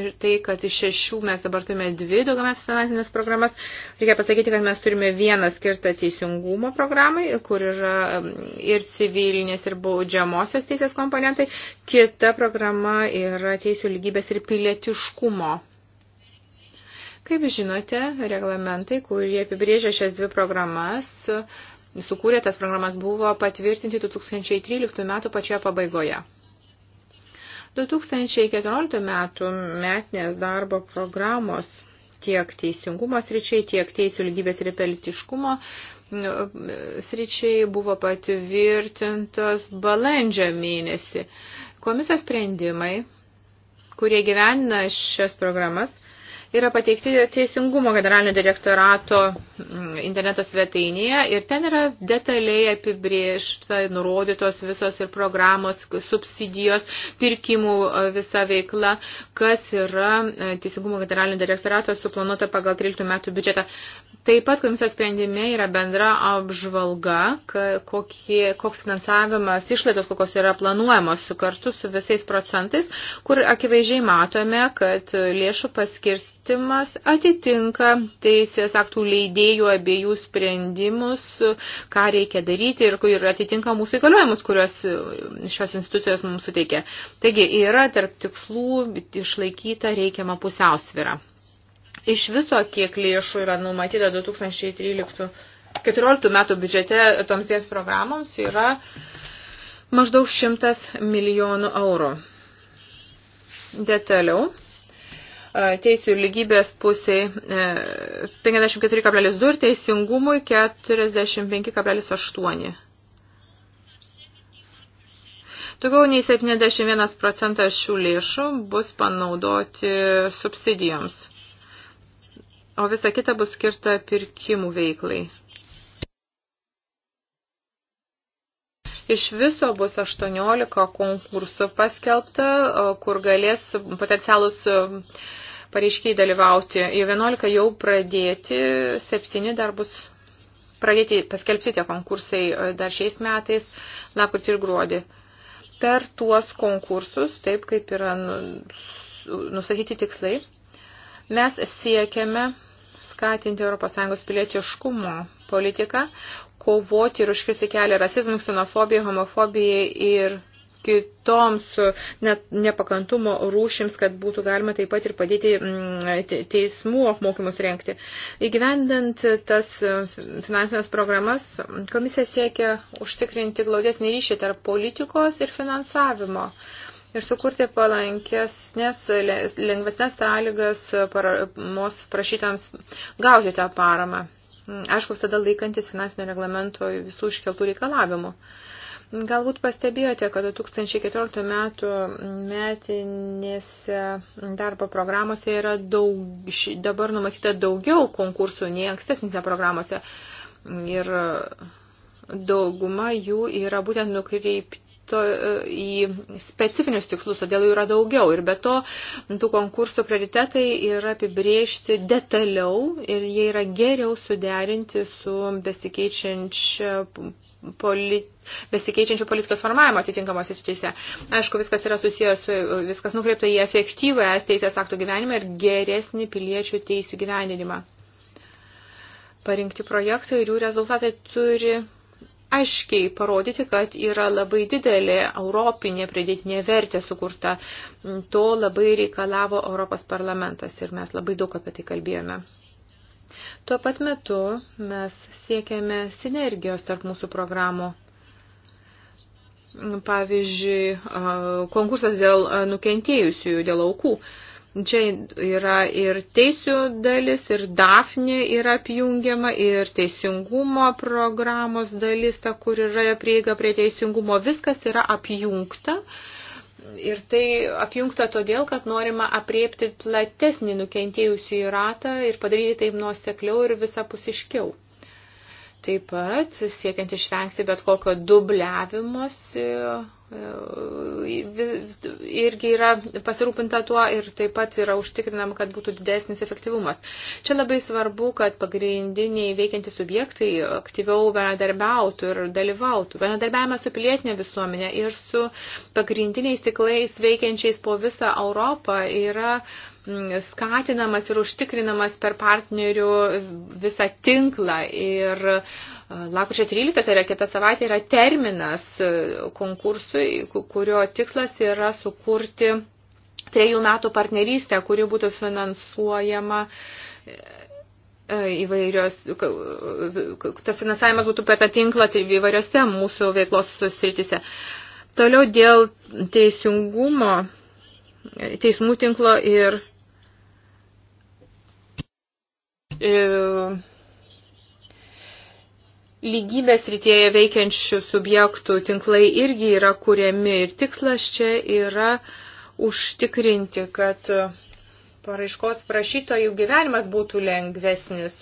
ir tai, kad iš šešių mes dabar turime dvi daugiametės finansinės programas, reikia pasakyti, kad mes turime vieną skirtą teisingumo programai, kur yra ir civilinės, ir baudžiamosios teisės komponentai, kita programa yra teisų lygybės ir pilietiškumo Kaip žinote, reglamentai, kurie apibrėžia šias dvi programas, sukūrė tas programas buvo patvirtinti 2013 metų pačioje pabaigoje. 2014 metų metinės darbo programos tiek teisingumo sričiai, tiek teisų lygybės ir pelitiškumo sričiai buvo patvirtintos balandžio mėnesį. Komisijos sprendimai, kurie gyvenina šias programas, yra pateikti Teisingumo generalinio direktorato mm, interneto svetainėje ir ten yra detaliai apibriešta, nurodytos visos ir programos, subsidijos, pirkimų e, visa veikla, kas yra e, Teisingumo generalinio direktorato suplanuota pagal 13 metų biudžetą. Taip pat komisijos sprendime yra bendra apžvalga, kokie, koks finansavimas, išlaidos, kokios yra planuojamos kartu su visais procentais, kur akivaizdžiai matome, kad lėšų paskirsti įstatymas atitinka teisės aktų leidėjų abiejų sprendimus, ką reikia daryti ir, ir atitinka mūsų įgaliojimus, kuriuos e, šios institucijos mums suteikia. Taigi yra tarp tikslų išlaikyta reikiama pusiausvyrą. Iš viso, kiek lėšų yra numatyta 2013-2014 metų biudžete toms jas programoms, yra maždaug 100 milijonų eurų. Detaliau teisų ir lygybės pusiai 54,2 e, ir teisingumui 45,8. Daugiau nei 71 procentas šių lėšų bus panaudoti subsidijoms, o visa kita bus skirta pirkimų veiklai. Iš viso bus 18 konkursų paskelbta, e, kur galės potencialus e, pareiškiai dalyvauti. Į 11 jau pradėti, 7 dar bus pradėti paskelbti tie konkursai e, dar šiais metais, lapkritį ir gruodį. Per tuos konkursus, taip kaip yra nu, nusakyti tikslai, mes siekiame skatinti ES pilietiškumo politiką, kovoti ir užkirsti kelią rasizmui, ksenofobijai, homofobijai ir kitoms net nepakantumo rūšims, kad būtų galima taip pat ir padėti mm, teismų apmokymus renkti. Įgyvendant tas mm, finansinės programas, komisija siekia užtikrinti glaudesnį ryšį tarp politikos ir finansavimo ir sukurti palankesnės, lengvesnės sąlygas paramos prašytams gauti tą paramą aišku, visada laikantis finansinio reglamento visų iškeltų reikalavimų. Galbūt pastebėjote, kad 2014 metų metinėse darbo programuose yra daug, dabar numatyta daugiau konkursų nei ankstesnėse programuose. Ir dauguma jų yra būtent nukreipti to, e, į specifinius tikslus, todėl jų yra daugiau. Ir be to, tų konkursų prioritetai yra apibriežti detaliau ir jie yra geriau suderinti su besikeičiančia politika besikeičiančių politikos formavimo atitinkamose srityse. Aišku, viskas yra susijęs su, viskas nukreipta į efektyvą es teisės aktų gyvenimą ir geresnį piliečių teisų gyvenimą. Parinkti projektai ir jų rezultatai turi aiškiai parodyti, kad yra labai didelė europinė pridėtinė vertė sukurta. To labai reikalavo Europos parlamentas ir mes labai daug apie tai kalbėjome. Tuo pat metu mes siekiame sinergijos tarp mūsų programų. Pavyzdžiui, konkursas dėl nukentėjusiųjų, dėl aukų. Čia yra ir teisių dalis, ir Dafnė yra apjungiama, ir teisingumo programos dalis, ta, kur yra prieiga prie teisingumo, viskas yra apjungta. Ir tai apjungta todėl, kad norima apriepti platesnį nukentėjusių į ratą ir padaryti taip nuosekliau ir visapusiškiau. Taip pat, siekiant išvengti bet kokio dubliavimosi, irgi yra pasirūpinta tuo ir taip pat yra užtikrinam, kad būtų didesnis efektyvumas. Čia labai svarbu, kad pagrindiniai veikiantys subjektai aktyviau bendradarbiautų ir dalyvautų. Bendradarbiavimas su pilietinė visuomenė ir su pagrindiniais tiklais veikiančiais po visą Europą yra mm, skatinamas ir užtikrinamas per partnerių visą tinklą. Ir Lakučio 13, tai yra kita savaitė, yra terminas e, konkursui, kurio tikslas yra sukurti trejų metų partnerystę, kuri būtų finansuojama e, e, įvairios, tas finansavimas būtų per tą tinklą tai įvairiose mūsų veiklos sritise. Toliau dėl teisingumo, teismų tinklo ir, ir lygybės rytėje veikiančių subjektų tinklai irgi yra kuriami ir tikslas čia yra užtikrinti, kad paraiškos prašytojų gyvenimas būtų lengvesnis,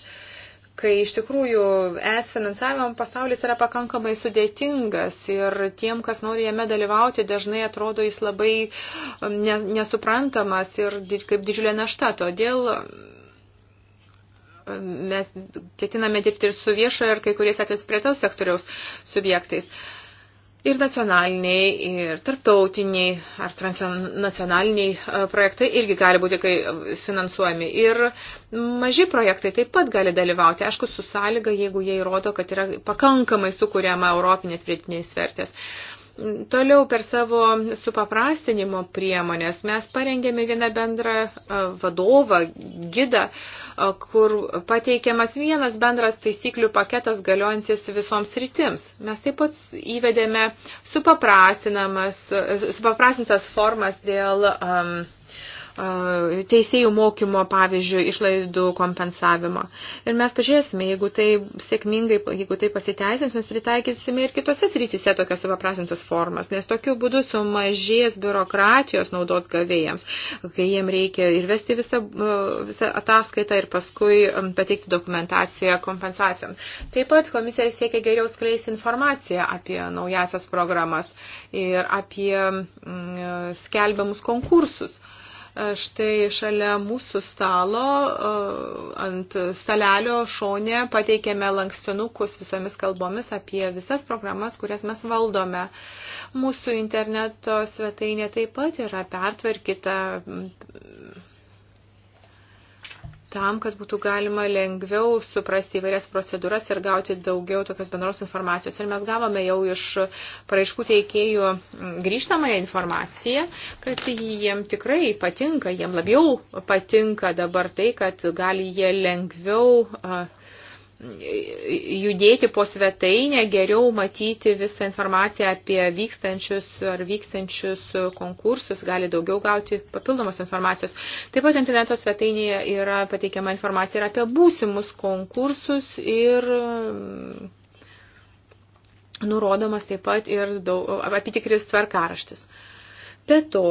kai iš tikrųjų es finansavimo pasaulis yra pakankamai sudėtingas ir tiem, kas nori jame dalyvauti, dažnai atrodo jis labai nesuprantamas ir kaip didžiulė našta. Todėl mes ketiname dirbti ir su viešojo, ir kai kuriais atvejais prietos sektoriaus subjektais. Ir nacionaliniai, ir tarptautiniai, ar transnacionaliniai e, projektai irgi gali būti kai finansuojami. Ir maži projektai taip pat gali dalyvauti, aišku, su sąlyga, jeigu jie įrodo, kad yra pakankamai sukūriama europinės pridėtinės vertės. Uh, Toliau per savo supaprastinimo priemonės mes parengėme vieną bendrą vadovą, gidą, kur pateikiamas vienas bendras taisyklių paketas galiojantis visoms rytims. Mes taip pat įvedėme supaprastintas formas dėl um, teisėjų mokymo, pavyzdžiui, išlaidų kompensavimo. Ir mes pažiūrėsime, jeigu tai sėkmingai, jeigu tai pasiteisins, mes pritaikysime ir kitose srityse tokias supaprasintas formas, nes tokiu būdu sumažės biurokratijos naudos gavėjams, kai jiem reikia ir vesti visą, visą ataskaitą ir paskui pateikti dokumentaciją kompensacijoms. Taip pat komisija siekia geriau skleisti informaciją apie naujasias programas ir apie skelbiamus konkursus. Štai šalia mūsų stalo, ant stalelio šonė pateikėme lankstinukus visomis kalbomis apie visas programas, kurias mes valdome. Mūsų interneto svetainė taip pat yra pertvarkyta tam, kad būtų galima lengviau suprasti įvairias procedūras ir gauti daugiau tokios bendros informacijos. Ir mes gavome jau iš paraiškų teikėjų mm, grįžtamąją informaciją, kad jiem tikrai patinka, jiem labiau patinka dabar tai, kad gali jie lengviau judėti po svetainę, geriau matyti visą informaciją apie vykstančius ar vykstančius konkursus, gali daugiau gauti papildomos informacijos. Taip pat interneto svetainėje yra pateikiama informacija ir apie būsimus konkursus ir mm, nurodomas taip pat ir daug, apitikris tvarkaraštis. Be to,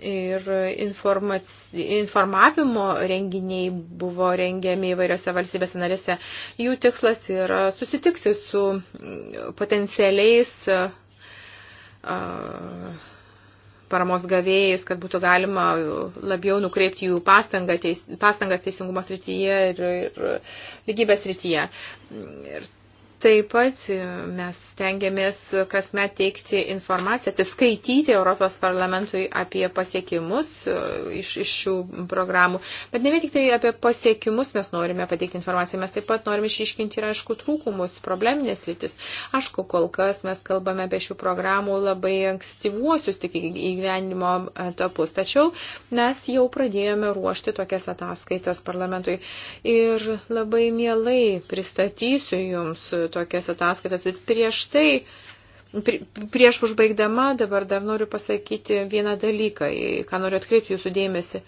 ir informac... informavimo renginiai buvo rengiami įvairiose valstybės narėse. Jų tikslas yra susitikti su mm, potencialiais paramos gavėjais, kad būtų galima labiau nukreipti jų pastangą, teis, pastangas teisingumo srityje ir, ir lygybės srityje. Ir Taip pat e, mes stengiamės kasmet teikti informaciją, atsiskaityti Europos parlamentui apie pasiekimus e, iš, iš šių programų. Bet ne vien tik tai apie pasiekimus mes norime pateikti informaciją, mes taip pat norime išiškinti ir aišku trūkumus, probleminės rytis. Aišku, kol kas mes kalbame apie šių programų labai ankstyvuosius tik įgyvenimo etapus. Tačiau mes jau pradėjome ruošti tokias ataskaitas parlamentui. Ir labai mielai pristatysiu jums tokias ataskaitas. Bet prieš tai, prieš užbaigdama, dabar dar noriu pasakyti vieną dalyką, ką noriu atkreipti jūsų dėmesį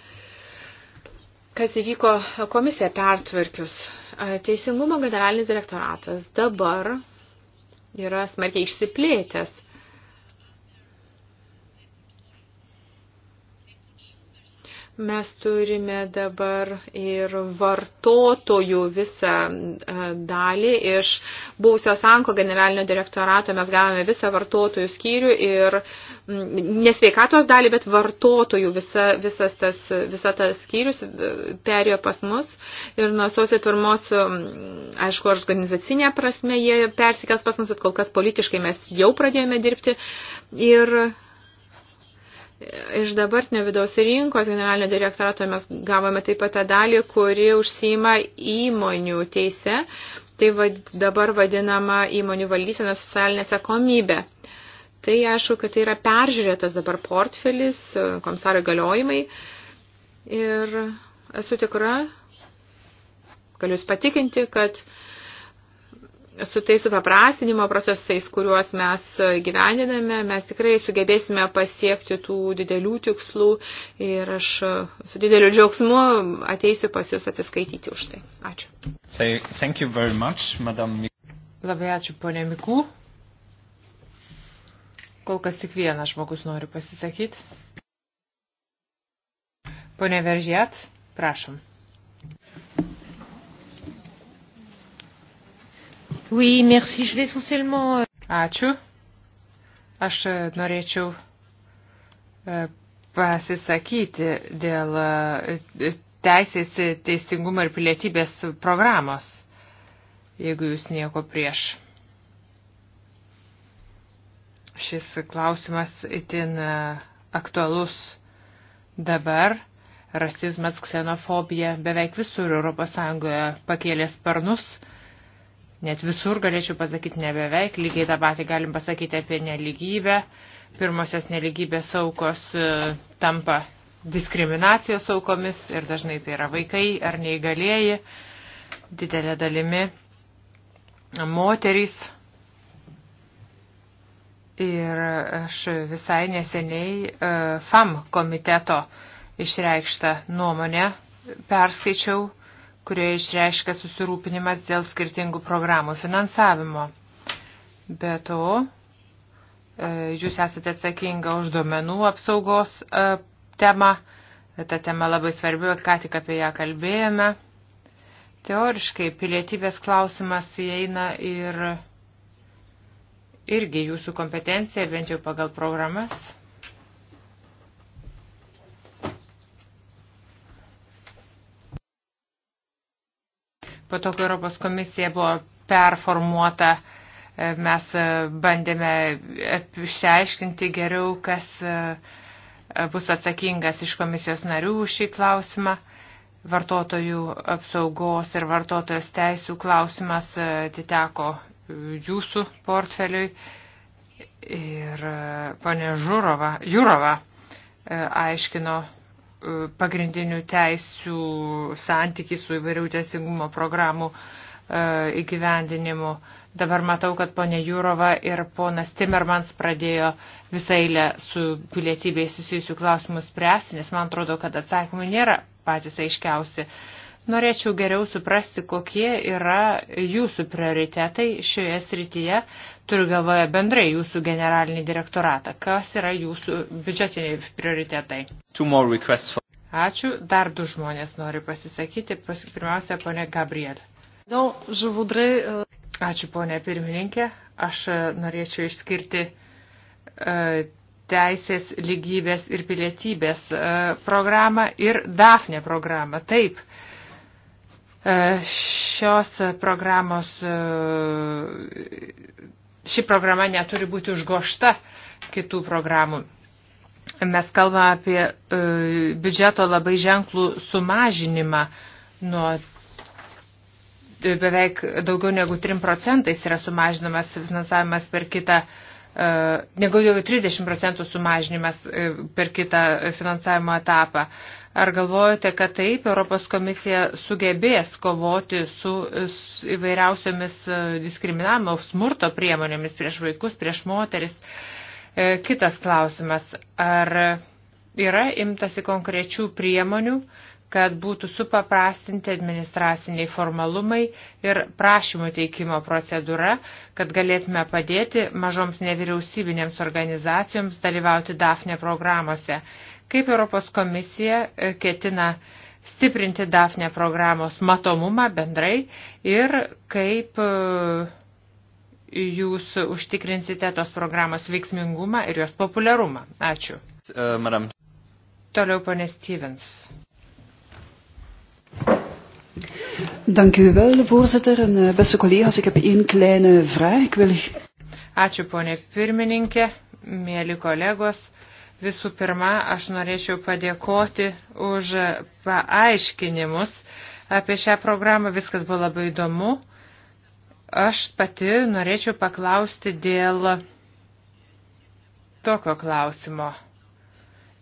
kas įvyko komisija pertvarkius. Teisingumo generalinis direktoratas dabar yra smarkiai išsiplėtęs. Mes turime dabar ir vartotojų visą e, dalį iš būsio Sanko generalinio direktorato. Mes gavome visą vartotojų skyrių ir mm, nesveikatos dalį, bet vartotojų visa, visas tas, visa tas skyrius e, perėjo pas mus. Ir nuo sausio pirmos, mm, aišku, organizacinė prasme jie persikels pas mus, bet kol kas politiškai mes jau pradėjome dirbti. Ir iš dabartinio vidaus rinkos generalinio direktorato mes gavome taip pat tą dalį, kuri užsima įmonių teise, tai vad, dabar vadinama įmonių valdysena socialinė atsakomybė. Tai aišku, kad tai yra peržiūrėtas dabar portfelis, komisaro galiojimai ir esu tikra, galiu jūs patikinti, kad uh, su tais supaprastinimo procesais, kuriuos mes gyvendiname, mes tikrai sugebėsime pasiekti tų didelių tikslų ir aš su dideliu džiaugsmu ateisiu pas Jūs atsiskaityti už tai. Ačiū. Thank you very much, madam. Labai ačiū, ponė Mikų. Kol kas tik vienas žmogus nori pasisakyti. Pone Veržėt, prašom. Oui, merci. Je vais essentiellement... Euh, Ačiū. Aš e, norėčiau e, pasisakyti dėl e, teisės teisingumo ir pilietybės programos, jeigu jūs nieko prieš. Šis klausimas itin aktualus dabar. Rasizmas, ksenofobija beveik visur ES pakėlė sparnus Net visur galėčiau pasakyti ne beveik, lygiai tą patį galim pasakyti apie neligybę. Pirmosios neligybės aukos e, tampa diskriminacijos aukomis ir dažnai tai yra vaikai ar neįgalėjai, didelė dalimi moterys. Ir aš visai neseniai e, FAM komiteto išreikštą nuomonę perskaičiau kurioje išreiškia susirūpinimas dėl skirtingų programų finansavimo. Be to, e, jūs esate atsakinga už duomenų apsaugos e, temą. Ta tema labai svarbi, ką tik apie ją kalbėjome. Teoriškai pilietybės klausimas įeina ir irgi jūsų kompetencija, bent jau pagal programas. Po to, kai Europos komisija buvo performuota, e, mes e, bandėme e, išsiaiškinti geriau, kas bus atsakingas iš komisijos narių šį klausimą vartotojų apsaugos ir vartotojos teisų klausimas atiteko jūsų portfeliui. Ir ponė Žurova, Jurova aiškino pagrindinių teisių santykį su įvairių teisingumo programų e, įgyvendinimu. Dabar matau, kad ponė Jūrova ir ponas Timmermans pradėjo visą eilę su pilietybės susijusių klausimų spręsti, nes man atrodo, kad atsakymų nėra patys aiškiausi. Uh, Norėčiau geriau suprasti, kokie yra jūsų prioritetai šioje srityje, turiu galvoje bendrai jūsų generalinį direktoratą. Kas yra jūsų biudžetiniai prioritetai? For... Ačiū. Dar du žmonės nori pasisakyti. Pas, pirmiausia, ponė Gabriel. Euh, Ačiū, ponė pirmininkė. Aš e, norėčiau išskirti. Uh, teisės, lygybės ir pilietybės e, programą ir DAFNE programą. Taip, uh, E, šios programos, e, ši programa neturi būti užgošta kitų programų. Mes kalbame apie e, biudžeto labai ženklų sumažinimą nuo beveik daugiau negu 3 procentais yra sumažinamas finansavimas per kitą, negu 30 procentų sumažinimas per kitą finansavimo etapą. Ar galvojate, kad taip Europos komisija sugebės kovoti su įvairiausiomis e, diskriminavimo, smurto priemonėmis prieš vaikus, prieš moteris? E, kitas klausimas. Ar yra imtasi konkrečių priemonių, kad būtų supaprastinti administraciniai formalumai ir prašymų teikimo procedūra, kad galėtume padėti mažoms nevyriausybinėms organizacijoms dalyvauti DAFNE programuose? Kaip Europos komisija e, ketina stiprinti DAFNE programos matomumą bendrai ir kaip e, jūs užtikrinsite tos programos veiksmingumą ir jos populiarumą. Ačiū. E, madam. Toliau ponė Stevens. Dank u wel, voorzitter. En eh, beste collega's, ik heb één kleine vraag. Ik wil... Ačiū, ponė pirmininkė, mėly kolegos. Uh, Visų pirma, aš norėčiau padėkoti už paaiškinimus apie šią programą. Viskas buvo labai įdomu. Aš pati norėčiau paklausti dėl tokio klausimo.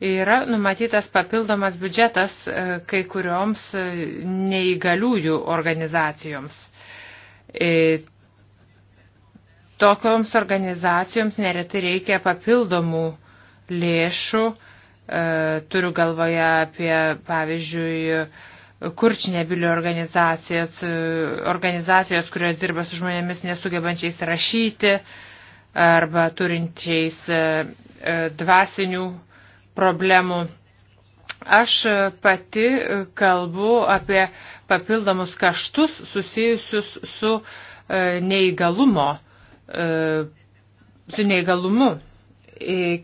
Yra numatytas papildomas biudžetas e, kai kurioms e, neįgaliųjų organizacijoms. E, tokioms organizacijoms neretai reikia papildomų lėšų, e, turiu galvoje apie, pavyzdžiui, kurčnebilių organizacijas, e, organizacijos, kurios dirba su žmonėmis nesugebančiais rašyti arba turinčiais e, dvasinių problemų. Aš pati kalbu apie papildomus kaštus susijusius su neįgalumo, su neįgalumu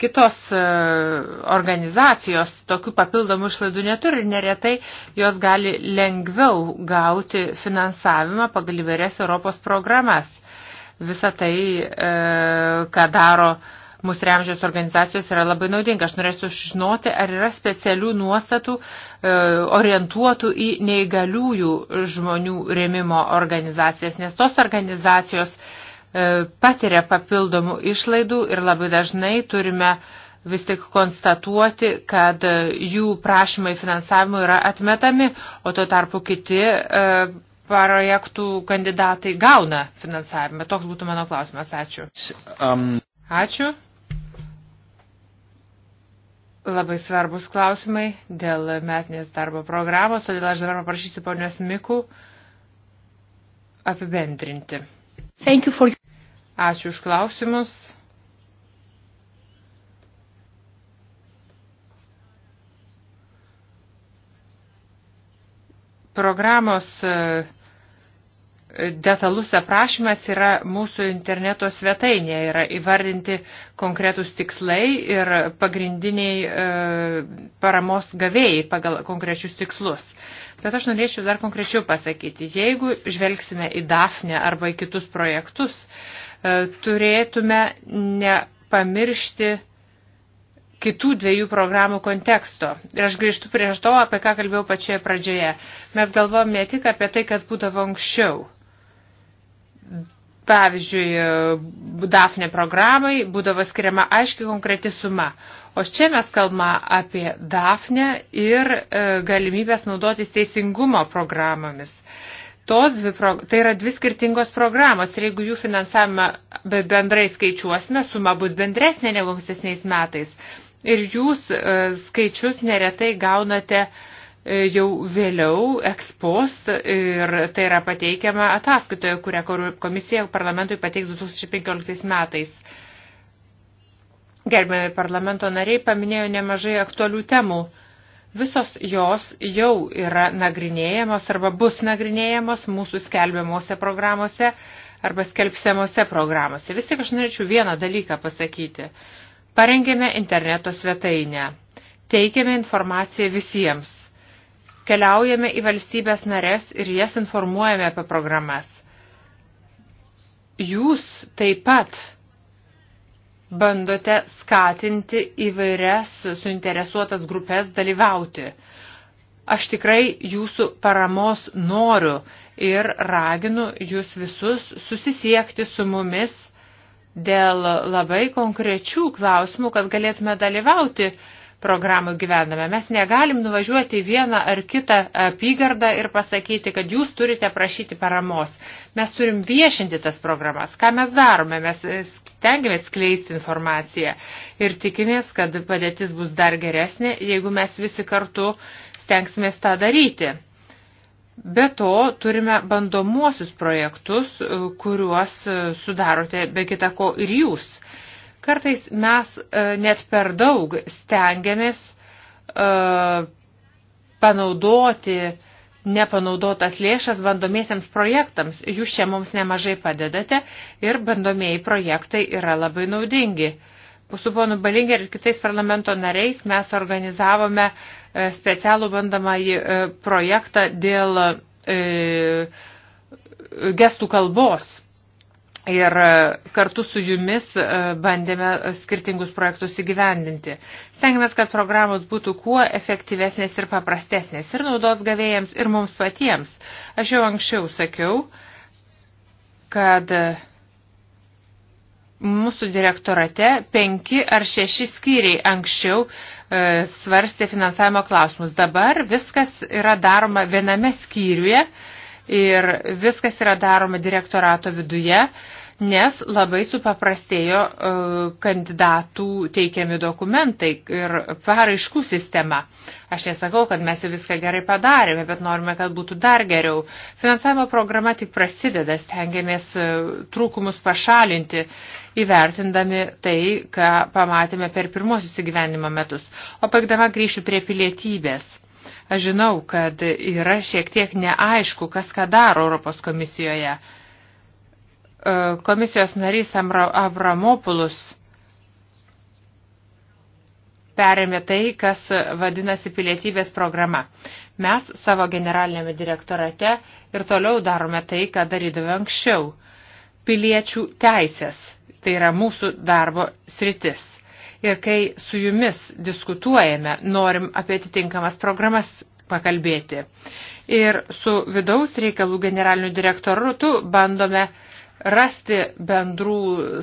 kitos e, organizacijos tokių papildomų išlaidų neturi ir neretai jos gali lengviau gauti finansavimą pagal įvairias Europos programas. Visa tai, e, ką daro mūsų remžiaus organizacijos, yra labai naudinga. Aš norėsiu žinoti, ar yra specialių nuostatų e, orientuotų į neįgaliųjų žmonių rėmimo organizacijas, nes tos organizacijos, E, patiria papildomų išlaidų ir labai dažnai turime vis tik konstatuoti, kad e, jų prašymai finansavimo yra atmetami, o to tarpu kiti e, projektų kandidatai gauna finansavimą. Toks būtų mano klausimas. Ačiū. Um. Ačiū. Labai svarbus klausimai dėl metinės darbo programos, todėl aš dabar paprašysiu ponios Mikų apibendrinti. For... Ačiū už klausimus. Programos e, detalus aprašymas yra mūsų interneto svetainėje, yra įvardinti konkretus tikslai ir pagrindiniai e, paramos gavėjai pagal konkrečius tikslus. Bet aš norėčiau dar konkrečiau pasakyti, jeigu žvelgsime į DAFNę arba į kitus projektus, E, turėtume nepamiršti kitų dviejų programų konteksto. Ir aš grįžtu prie to, apie ką kalbėjau pačioje pradžioje. Mes galvojam ne tik apie tai, kas būdavo anksčiau. Pavyzdžiui, DAFNE programai būdavo skiriama aiškiai konkreti suma. O čia mes kalbame apie DAFNE ir e, galimybės naudotis teisingumo programomis. E, Tos dvi, tai yra dvi skirtingos programos ir jeigu jų finansavimą bendrai skaičiuosime, suma bus bendresnė negu ankstesniais metais. Ir jūs e, skaičius neretai gaunate e, jau vėliau ekspost ir tai yra pateikiama ataskaitoje, kurią komisija parlamentui pateiks 2015 metais. Gerbiami parlamento nariai paminėjo nemažai aktualių temų. E, Visos jos jau yra nagrinėjamos arba bus nagrinėjamos mūsų skelbiamuose programuose arba skelbsiamuose programuose. Vis tik aš norėčiau vieną dalyką pasakyti. Parengėme interneto svetainę. Teikiame informaciją visiems. Keliaujame į valstybės narės ir jas informuojame apie programas. Jūs taip pat bandote skatinti įvairias suinteresuotas grupės dalyvauti. Aš tikrai jūsų paramos noriu ir raginu jūs visus susisiekti su mumis dėl labai konkrečių klausimų, kad galėtume dalyvauti programų gyvename. Mes negalim nuvažiuoti į vieną ar kitą apygardą ir pasakyti, kad jūs turite prašyti paramos. Mes turim viešinti tas programas. Ką mes darome? Mes stengiamės skleisti informaciją ir tikimės, kad padėtis bus dar geresnė, jeigu mes visi kartu stengsimės tą daryti. Be to, turime bandomuosius projektus, e, kuriuos e, sudarote be kitako ir jūs. Kartais mes e, net per daug stengiamės panaudoti uh, nepanaudotas lėšas bandomiesiams projektams. Jūs čia mums nemažai padedate ir bandomieji projektai yra labai naudingi. Su ponu Balinger ir kitais parlamento nariais mes organizavome e, specialų bandamąjį e, projektą dėl e, gestų kalbos Ir e, kartu su jumis e, bandėme skirtingus projektus įgyvendinti. Stengiamės, kad programos būtų kuo efektyvesnės ir paprastesnės ir naudos gavėjams, ir mums patiems. Aš jau anksčiau sakiau, kad e, mūsų direktorate penki ar šeši skyriai anksčiau e, svarstė finansavimo klausimus. Dabar viskas yra daroma viename skyriuje. E, ir viskas yra daroma direktorato viduje, nes labai supaprastėjo e, kandidatų teikiami dokumentai ir paraiškų sistema. Aš nesakau, kad mes jau viską gerai padarėme, bet norime, kad būtų dar geriau. Finansavimo programa tik prasideda, stengiamės e, trūkumus pašalinti įvertindami tai, ką pamatėme per pirmosius įgyvenimo metus. O paikdama grįšiu prie pilietybės Aš žinau, kad yra šiek tiek neaišku, kas ką daro Europos komisijoje. E, komisijos narys Avramopulus perėmė tai, kas vadinasi pilietybės programa. Mes savo generalinėme direktorate ir toliau darome tai, ką darydavome anksčiau. Piliečių teisės. Tai yra mūsų darbo sritis ir kai su jumis diskutuojame, norim apie atitinkamas programas pakalbėti. Ir su vidaus reikalų generaliniu direktoru bandome rasti bendrų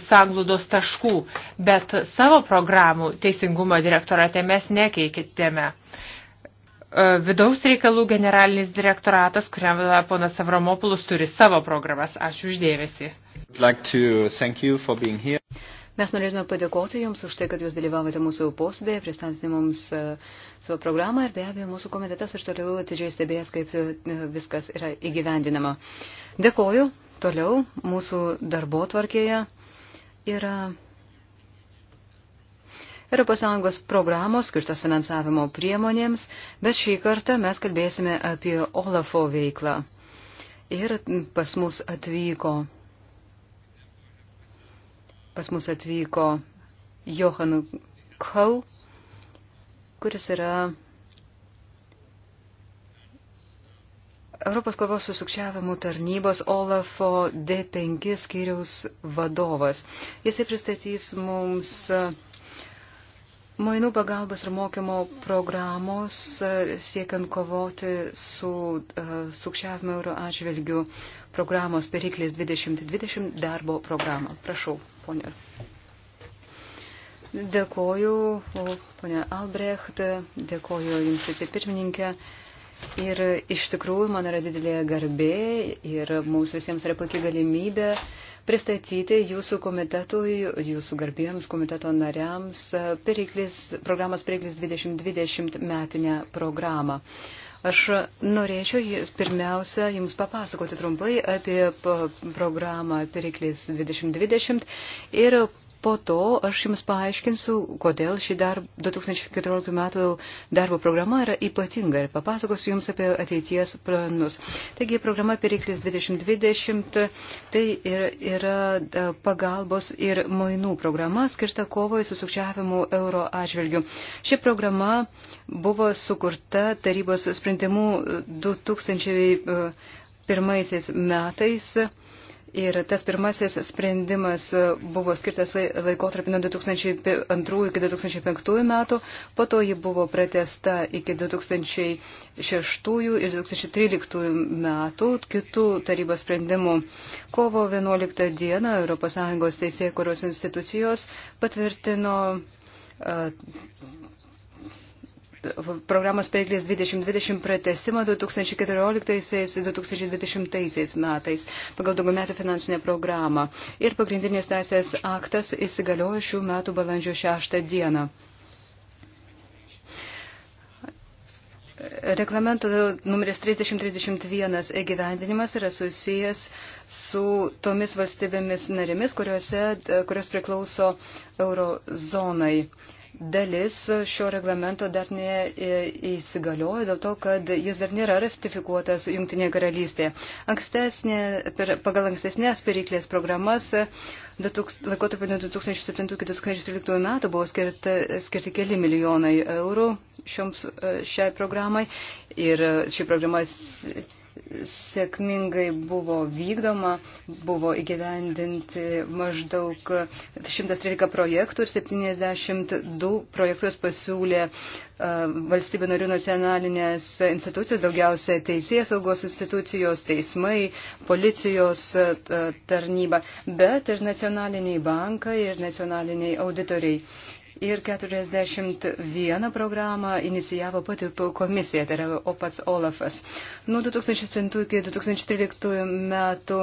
sanglūdos taškų, bet savo programų teisingumo direktorate mes nekeikitėme. E, vidaus reikalų generalinis direktoratas, kuriam ponas Avramopoulos turi savo programas. Ačiū uždėmesi. Like Mes norėtume padėkoti Jums už tai, kad Jūs dalyvavote mūsų posėdėje, pristatėte mums e, savo programą ir be abejo mūsų komitetas ir toliau atidžiai stebės, kaip e, viskas yra įgyvendinama. Dėkoju. Toliau mūsų darbo tvarkėje yra ES programos skirtos finansavimo priemonėms, bet šį kartą mes kalbėsime apie Olafo veiklą. Ir pas mus atvyko pas mus atvyko Johanu Kau, kuris yra Europos kovos su sukčiavimu tarnybos Olafo D5 skyriaus vadovas. Jisai pristatys mums Mainų pagalbos ir mokymo programos e, siekiant kovoti su uh, e, sukčiavimo euro atžvilgiu programos Periklės 2020 darbo programą. Prašau, ponė. Dėkoju, ponė Albrecht, dėkoju Jums vicepirmininkė. Ir iš tikrųjų man yra didelė garbė ir mums visiems yra puikia galimybė uh, pristatyti jūsų komitetui, jūsų garbėjams komiteto nariams e, periklis, programos Periklis 2020 metinę programą. Aš norėčiau pirmiausia Jums papasakoti trumpai apie programą Periklis 2020 ir po to aš jums paaiškinsiu, kodėl ši darb, 2014 metų darbo programa yra ypatinga ir papasakosiu jums apie ateities planus. Taigi, programa Periklis 2020 tai yra, yra e, pagalbos ir mainų programa skirta kovai su sukčiavimu euro atžvilgiu. Ši programa buvo sukurta tarybos sprendimu 2000 e, e, pirmaisiais metais Ir tas pirmasis sprendimas e, buvo skirtas laikotarpį nuo 2002 iki 2005 metų, po to ji buvo pratesta iki 2006 ir 2013 metų kitų tarybos sprendimų. Kovo 11 dieną ES teisė, kurios institucijos patvirtino e, programos Periklės 2020 pratesimą 2014-2020 metais pagal daugiametę finansinę programą. Ir pagrindinės teisės aktas įsigaliojo šių metų balandžio 6 dieną. Reglamento numeris 3031 įgyvendinimas yra susijęs su tomis valstybėmis narėmis, kurios priklauso eurozonai dalis šio reglamento dar neįsigaliojo dėl to, kad jis dar nėra ratifikuotas Junktinėje karalystėje. Ankstesnė, per, pagal ankstesnės periklės programas laikotarpio nuo 2007-2013 metų buvo skirti, skirti keli milijonai eurų šioms, šiai programai ir ši programa sėkmingai buvo vykdoma, buvo įgyvendinti maždaug 113 projektų ir 72 projektus pasiūlė e, valstybių narių nacionalinės institucijos, daugiausia teisės saugos institucijos, teismai, policijos e, tarnyba, bet ir nacionaliniai bankai ir nacionaliniai auditoriai ir 41 programą inicijavo pati komisija, tai yra pats Olafas. Nuo 2007 iki 2013 metų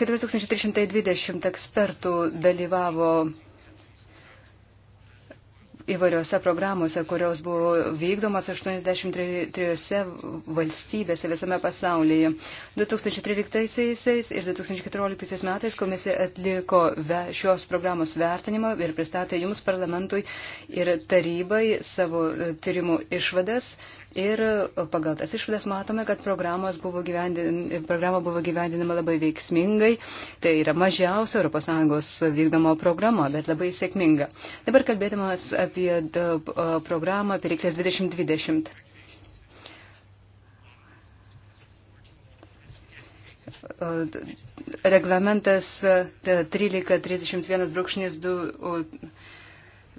4320 ekspertų dalyvavo įvairiose programuose, kurios buvo vykdomas 83 valstybėse visame pasaulyje. 2013 ir 2014 metais komisija atliko šios programos vertinimą ir pristatė jums parlamentui ir tarybai savo e, tyrimų išvadas. Ir pagal tas išvadas matome, kad buvo gyvendin, programa buvo gyvendinama labai veiksmingai. Tai yra mažiausia ES vykdomo programa, bet labai sėkminga. Dabar kalbėdamas apie apie programą Periklės 2020. Reglamentas 1331-2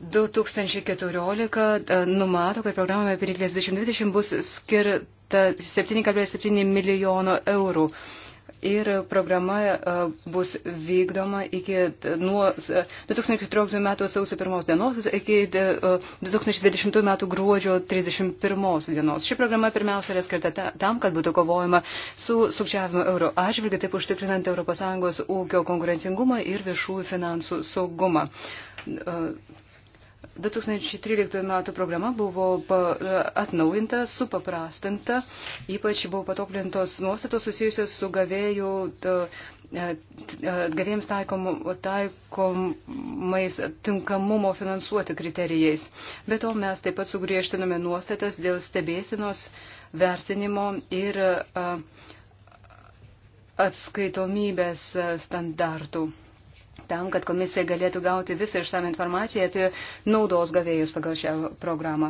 2014 numato, kad programoje Periklės 2020 bus skirta 7,7 milijono eurų ir programa e, bus vykdoma iki nuo 2014 e, metų sausio 1 dienos iki 2020 e, metų gruodžio 31 dienos. Ši programa pirmiausia yra skirta tam, kad būtų kovojama su sukčiavimu euro atžvilgiu, taip užtikrinant ES ūkio konkurencingumą ir viešųjų finansų saugumą. Uh, 2013 metų programa buvo atnaujinta, supaprastinta, ypač buvo patoplintos nuostatos susijusios su gavėjų, e, e, gavėjams taikom, taikomais tinkamumo finansuoti kriterijais. Be to mes taip pat sugriežtinome nuostatas dėl stebėsinos vertinimo ir e, atskaitomybės standartų tam, kad komisija galėtų gauti visą išsame informaciją apie naudos gavėjus pagal šią programą.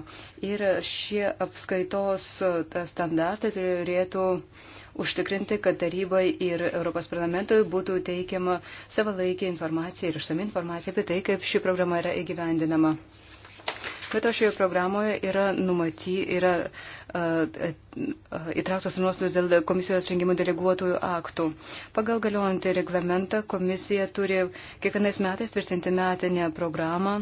Ir šie apskaitos e, standartai turėtų užtikrinti, kad tarybai ir Europos parlamentui būtų teikiama savalaikė informacija ir išsame informacija apie tai, kaip ši programa yra įgyvendinama. Bet to šioje programoje yra numaty, yra uh, įtrauktos nuostatos dėl komisijos rengimų deleguotųjų aktų. Pagal galiojantį reglamentą komisija turi kiekvienais metais tvirtinti metinę programą.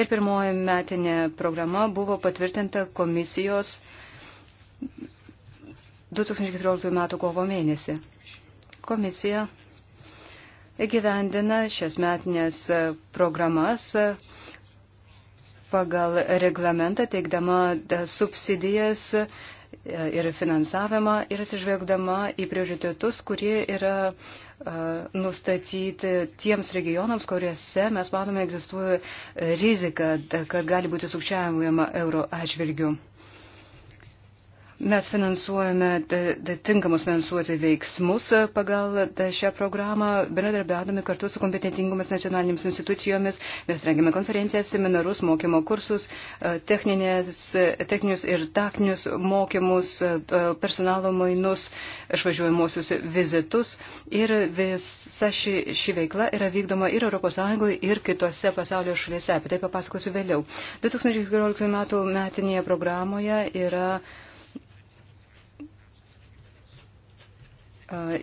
Ir pirmoji metinė programa buvo patvirtinta komisijos 2014 m. kovo mėnesį. Komisija įgyvendina šias metinės programas pagal reglamentą, teikdama subsidijas e, ir finansavimą ir atsižvelgdama į prioritetus, kurie yra e, nustatyti tiems regionams, kuriuose mes manome egzistuoja rizika, kad gali būti sukčiavimama euro atžvilgiu. Mes finansuojame tinkamus finansuoti veiksmus e, pagal e, šią programą, bendradarbiaudami kartu su kompetentingomis nacionalinėmis institucijomis. Mes rengiame konferencijas, seminarus, mokymo kursus, e, techninius ir taktinius mokymus, personalo mainus, išvažiuojamuosius vizitus. Ir visa ši, ši veikla yra vykdoma ir ES, ir kitose pasaulio šalyse. Apie tai papasakosiu vėliau. 2014 m. metinėje programoje yra.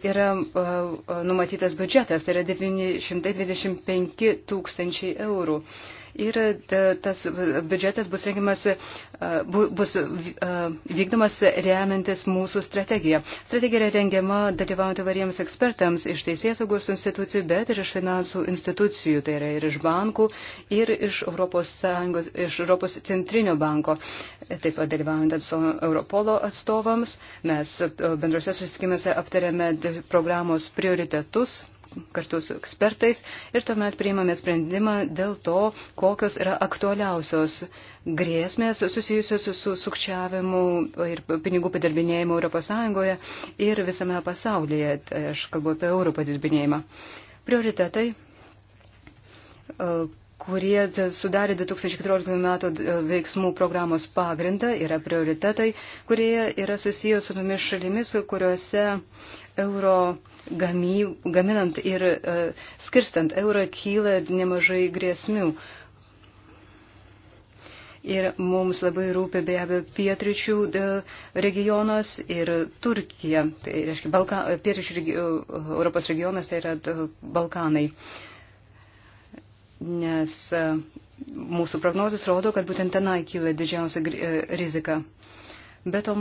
yra numatytas biudžetas, tai yra 925 tūkstančiai eurų ir e, tas biudžetas bus, rengimas, e, bus e, vykdomas remiantis mūsų strategiją. Strategija yra rengiama dalyvauti variems ekspertams iš teisėsaugos institucijų, bet ir iš finansų institucijų, tai yra ir iš bankų, ir iš Europos, Sąjungos, iš Europos centrinio banko. Taip pat dalyvaujant Europolo atstovams, mes bendrose susitikimuose aptarėme programos prioritetus kartu su ekspertais ir tuomet priimame sprendimą dėl to, kokios yra aktualiausios grėsmės susijusios su sukčiavimu ir pinigų padirbinėjimu ES ir visame pasaulyje. Tai aš kalbu apie eurų padirbinėjimą. Prioritetai e, kurie sudarė 2014 metų e, veiksmų programos pagrindą, yra prioritetai, kurie yra susijęs su tomis šalimis, kuriuose euro gamy, gaminant ir uh, skirstant eurą kyla nemažai grėsmių. Ir mums labai rūpia be abejo pietričių e, regionas ir Turkija. Tai reiškia, Balka, pietričių regio, e, Europos regionas tai yra Balkanai. Nes mūsų prognozijos rodo, kad būtent tenai kyla didžiausia rizika. Be to,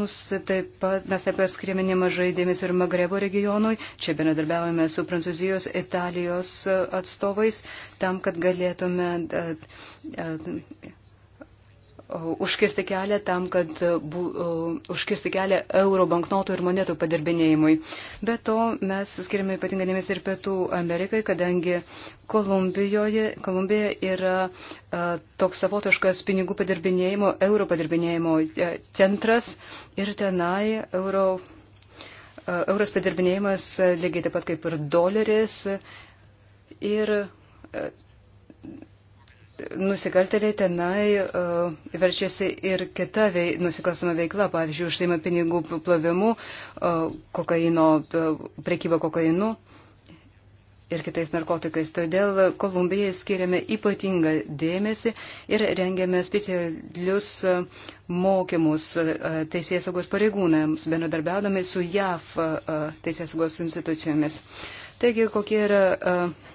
taip pat, mes taip pat skiriame nemažai dėmesio ir Magrebo regionui. Čia bendradarbiavame su Prancūzijos, Italijos e, atstovais, tam, kad galėtume e, e, Uh, užkirsti kelią tam, kad uh, bu, uh, užkirsti kelią euro banknotų ir monetų padirbinėjimui. Be to mes skiriame ypatingą dėmesį ir Pietų Amerikai, kadangi Kolumbijoje, Kolumbija yra a, toks savotiškas pinigų padirbinėjimo, euro padirbinėjimo centras ir tenai euro, a, euros padirbinėjimas lygiai taip pat kaip ir doleris. Ir a, nusikaltėliai tenai uh, verčiasi ir kita vei, nusikalstama veikla, pavyzdžiui, užsima pinigų plovimu, uh, kokaino, uh, prekyba kokainu ir kitais narkotikais. Todėl Kolumbijai skiriame ypatingą dėmesį ir rengiame specialius mokymus teisės saugos pareigūnams, bendradarbiaudami su JAF teisės saugos institucijomis. Taigi, kokie yra uh,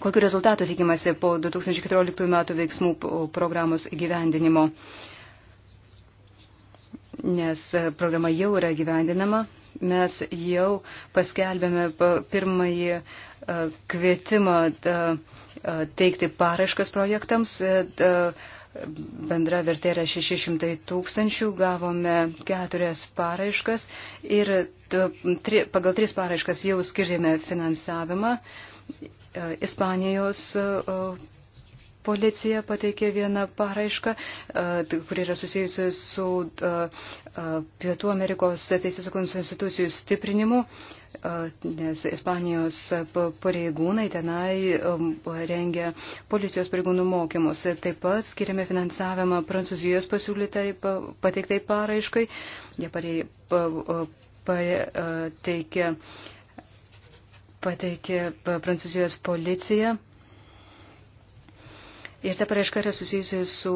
kokiu rezultatu tikimasi po 2014 metų veiksmų programos gyvendinimo, nes programa jau yra gyvendinama. Mes jau paskelbėme pirmąjį e, kvietimą e, e, teikti paraškas projektams. Bendra vertė yra 600 tūkstančių, gavome keturias paraiškas ir pagal tris paraiškas jau skirėme finansavimą E, Ispanijos e, policija pateikė vieną paraišką, e, kuri yra susijusi su Pietų Amerikos teisėsaugos institucijų stiprinimu, nes Ispanijos pareigūnai tenai rengia policijos pareigūnų mokymus. Taip pat skiriame finansavimą Prancūzijos pasiūlytai pateiktai paraiškai. Jie pateikė pateikė Prancūzijos policija. Ir ta paraiška yra susijusi su,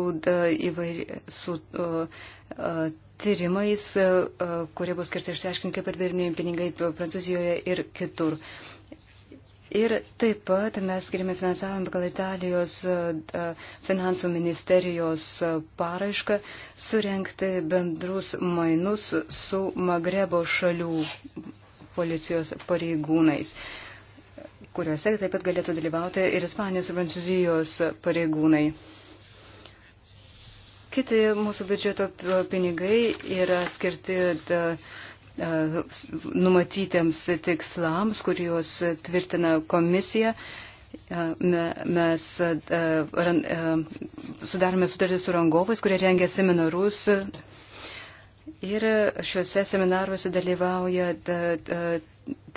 įvairi, su uh, uh, tyrimais, uh, kurie buvo skirti išsiaiškinti, kaip atvirnėjami pinigai Prancūzijoje ir kitur. Ir taip pat mes skiriame finansavimą pagal Italijos finansų ministerijos paraišką surenkti bendrus mainus su Magrebo šalių policijos pareigūnais, kuriuose taip pat galėtų dalyvauti ir Ispanijos ir Prancūzijos pareigūnai. Kiti mūsų biudžeto pinigai yra skirti da, numatytiems tikslams, kuriuos tvirtina komisija. Mes sudarome sutartį su rangovais, kurie rengia seminarus Ir šiuose seminaruose dalyvauja da, da,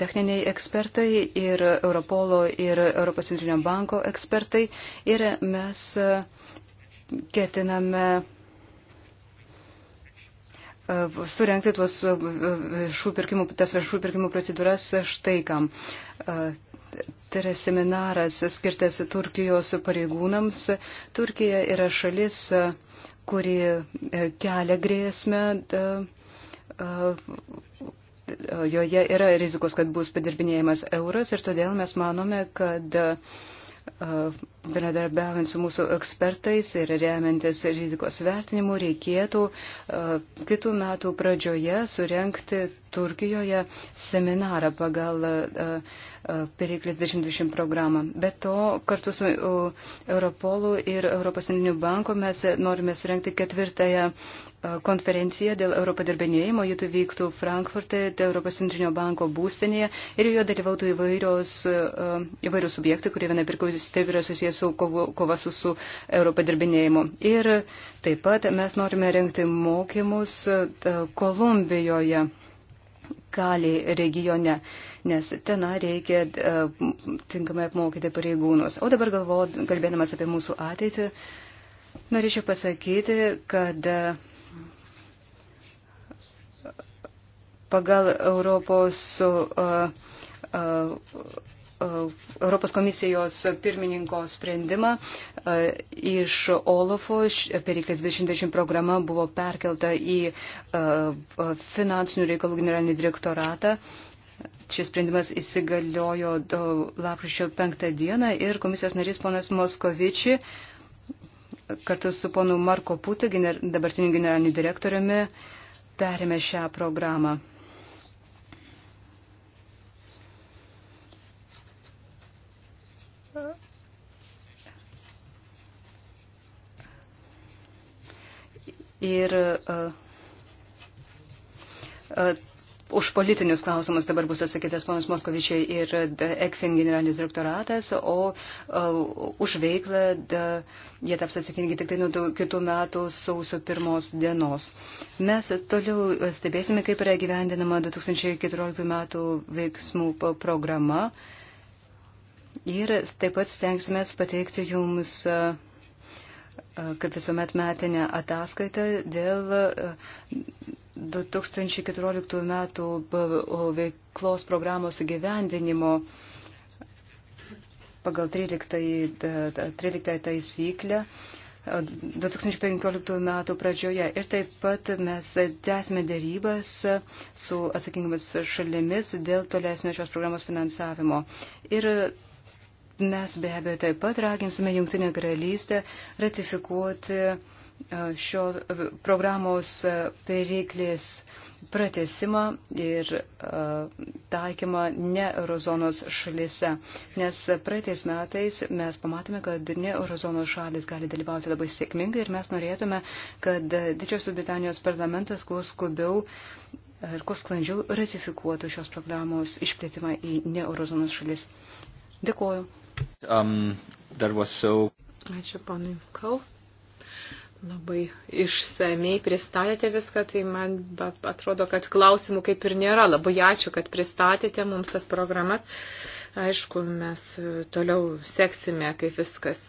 techniniai ekspertai ir Europolo ir Europos centrinio banko ekspertai. Ir mes e, ketiname e, surenkti tuos e, viešų pirkimų, tas viešų pirkimų procedūras štai kam. Tai yra seminaras skirtas Turkijos pareigūnams. Turkija yra šalis kuri e, kelia grėsmę. Joje yra rizikos, kad bus padirbinėjimas euras ir todėl mes manome, kad bendradarbiaujant su mūsų ekspertais ir remiantis rizikos vertinimu, reikėtų e, kitų metų pradžioje surenkti Turkijoje seminarą pagal e, e, Periklis 2020 programą. Bet to kartu su Europolu ir Europos Centriniu banku mes norime surenkti ketvirtąją konferenciją dėl Europo darbinėjimo. Ji vyktų Frankfurte, tai Europos Centrinio banko būstinėje ir jo dalyvautų įvairios, įvairios subjektai, kurie viena pirkus taip yra susijęs su kova su, su europadirbinėjimu. Ir taip pat mes norime rengti mokymus e, Kolumbijoje, Kali regione, nes ten reikia e, tinkamai apmokyti pareigūnus. O dabar galvo, kalbėdamas apie mūsų ateitį, norėčiau pasakyti, kad e, pagal Europos uh, uh, Europos komisijos pirmininko sprendimą e, iš Olafo, Perikės 2020 programa buvo perkelta į e, e, finansinių reikalų generalinį direktoratą. Šis sprendimas įsigaliojo lapkričio 5 dieną ir komisijos narys ponas Moskovičiai kartu su ponu Marko Putė, dabartiniu generaliniu direktoriumi, perėmė šią programą. ir uh, uh, už politinius klausimus dabar bus atsakytas ponas Moskovičiai ir ECFIN generalinis direktoratas, o, uh, už veiklą da, jie taps atsakingi tik tai nuo kitų metų sausio pirmos dienos. Mes toliau stebėsime, kaip yra gyvendinama 2014 metų veiksmų programa ir taip pat stengsime pateikti jums. Uh, kaip visuomet metinę ataskaitą dėl 2014 e, metų veiklos programos įgyvendinimo pagal 13, 13 taisyklę 2015 e, metų pradžioje. Ir taip pat mes tęsime dėrybas su atsakingomis šalimis dėl tolesnio šios programos finansavimo. Ir Mes be abejo taip pat raginsime Junktinę karalystę ratifikuoti e, šio e, programos e, periklės pratesimą ir taikymą ne eurozonos šalise. Nes praeitais metais mes pamatėme, kad ne eurozonos šalis gali dalyvauti labai sėkmingai ir mes norėtume, kad Didžiosios Britanijos parlamentas kuo skubiau ir kuo sklandžiau ratifikuotų šios programos išplėtimą į ne eurozonos šalis. Dėkuoju. Um, so... Ačiū panui Kau. Labai išsamei pristatėte viską, tai man atrodo, kad klausimų kaip ir nėra. Labai ačiū, kad pristatėte mums tas programas. Aišku, mes toliau seksime, kaip viskas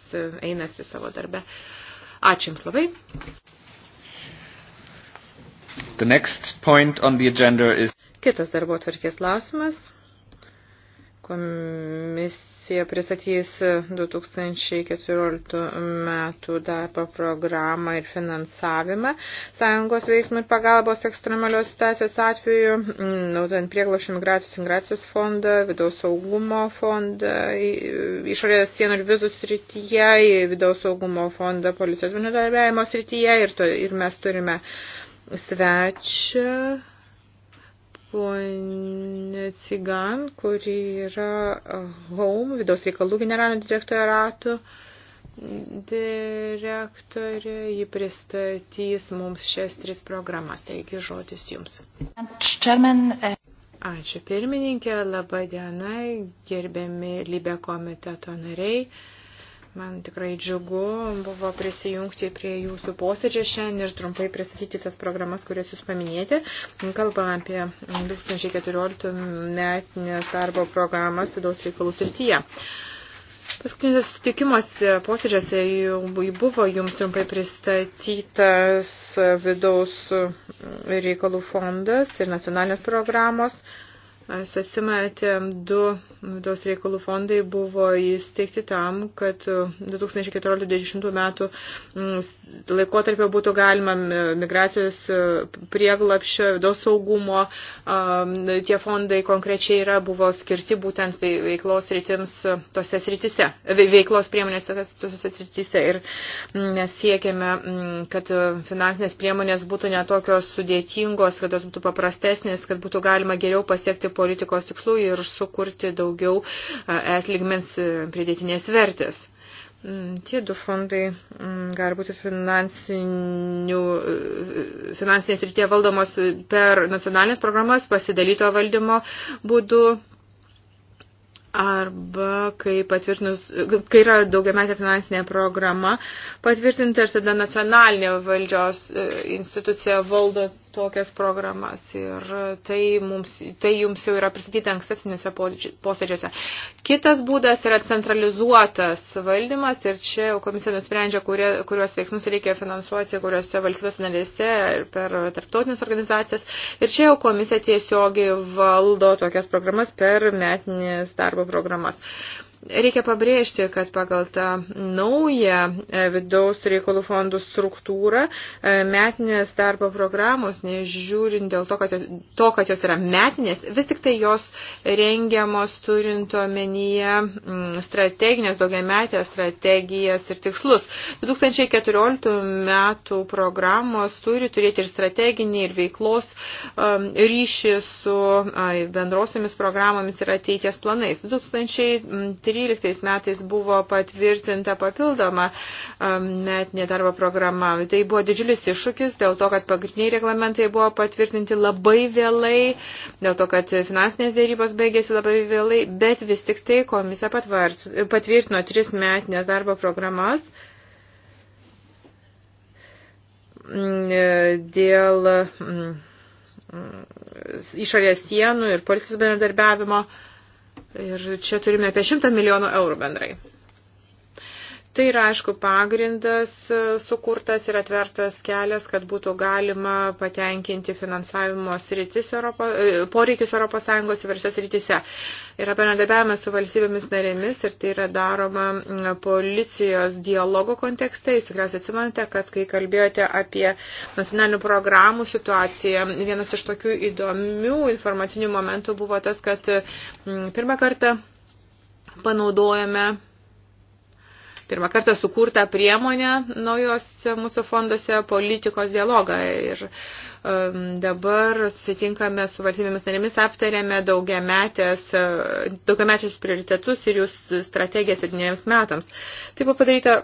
einasi savo darbe. Ačiū Jums labai. Is... Kitas darbo tvarkės klausimas. Komisija pristatys 2014 metų darbo programą ir finansavimą Sąjungos veiksmų ir pagalbos ekstremalios situacijos atveju, naudant prieglašio migracijos migracijos fondą, vidaus saugumo fondą, išorės sienų ir vizų srityje, vidaus saugumo fondą policijos bendradarbiavimo srityje ir, to, ir mes turime svečią ponė Cigan, kuri yra Home, vidaus reikalų generalinio direktoratų direktorė, ji pristatys mums šias tris programas. Taigi žodis jums. Eh, Ačiū pirmininkė, laba diena, gerbiami Libė komiteto nariai. Man tikrai džiugu buvo prisijungti prie jūsų posėdžio šiandien ir trumpai pristatyti tas programas, kurias jūs paminėjote. Kalbam apie 2014 metinės darbo programas vidaus reikalų srityje. Paskutinis sutikimas posėdžiuose buvo jums trumpai pristatytas vidaus reikalų fondas ir nacionalinės programos. Jūs atsimate, du vidaus reikalų fondai buvo įsteigti tam, kad 2014-2020 uh, metų mm, laikotarpio būtų galima migracijos uh, prieglapščio, vidaus saugumo, um, tie fondai konkrečiai yra, buvo skirti būtent veiklos rytims uh, tose srityse, veiklos priemonės tose srityse ir mm, mes siekiame, mm, kad finansinės priemonės būtų netokios sudėtingos, kad jos būtų paprastesnės, kad būtų galima geriau pasiekti pasiekti politikos tikslų ir sukurti daugiau e, es lygmens e, pridėtinės vertės. Mm, tie du fondai mm, gali būti e, finansinės rytie valdomos per nacionalinės programas, pasidalyto valdymo būdu arba kai, kai yra daugiametė finansinė programa patvirtinta ir tada nacionalinė valdžios institucija valdo tokias programas ir tai, mums, tai jums jau yra pristatyti ankstesniuose posėdžiuose. Kitas būdas yra centralizuotas valdymas ir čia jau komisija nusprendžia, kurie, kuriuos veiksmus reikia finansuoti, kuriuose valstybės narėse ir per tarptautinės organizacijas. Ir čia jau komisija tiesiogiai valdo tokias programas per metinės darbo programas. Reikia pabrėžti, kad pagal tą naują e, vidaus reikalų fondų struktūrą e, metinės darbo programos, nežiūrint dėl to kad, jos, to, kad jos yra metinės, vis tik tai jos rengiamos turint omenyje mm, strateginės, daugiametės strategijas ir tikslus. 2014 metų programos turi turėti ir strateginį, ir veiklos um, ryšį su bendrosiomis programomis ir ateities planais. 2000, 13 metais buvo patvirtinta papildoma um, metinė darbo programa. Tai buvo didžiulis iššūkis dėl to, kad pagrindiniai reglamentai buvo patvirtinti labai vėlai, dėl to, kad finansinės dėrybos baigėsi labai vėlai, bet vis tik tai komisija patvirtino tris metinės darbo programas mm, dėl mm, mm, išorės sienų ir policijos bendradarbiavimo. Ir čia turime apie 100 milijonų eurų bendrai. Tai yra, aišku, pagrindas e, sukurtas ir atvertas kelias, kad būtų galima patenkinti finansavimo sritis Europo, e, poreikius ES įvarsios rytise. Yra bendradarbiavimas su valstybėmis narėmis ir tai yra daroma policijos dialogo kontekste. Jūs tikriausiai atsimanote, kad kai kalbėjote apie nacionalinių programų situaciją, vienas iš tokių įdomių informacinių momentų buvo tas, kad pirmą kartą panaudojame pirmą kartą sukurtą priemonę naujos mūsų fonduose politikos dialogą. Ir um, dabar susitinkame su valstybėmis narėmis, aptarėme e, daugiamečius prioritetus ir jų strategijas atnėjams metams. Tai buvo padaryta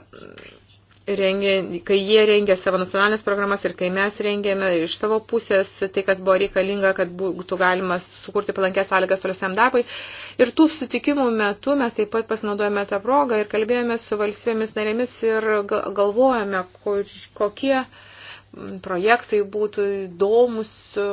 rengė, kai jie rengė savo nacionalinės programas ir kai mes rengėme iš savo pusės tai, kas buvo reikalinga, kad būtų galima sukurti palankės sąlygas tolesniam darbui. Ir tų sutikimų metu mes taip pat pasinaudojame tą progą ir kalbėjome su valstybėmis narėmis ir galvojame, kokie projektai būtų įdomus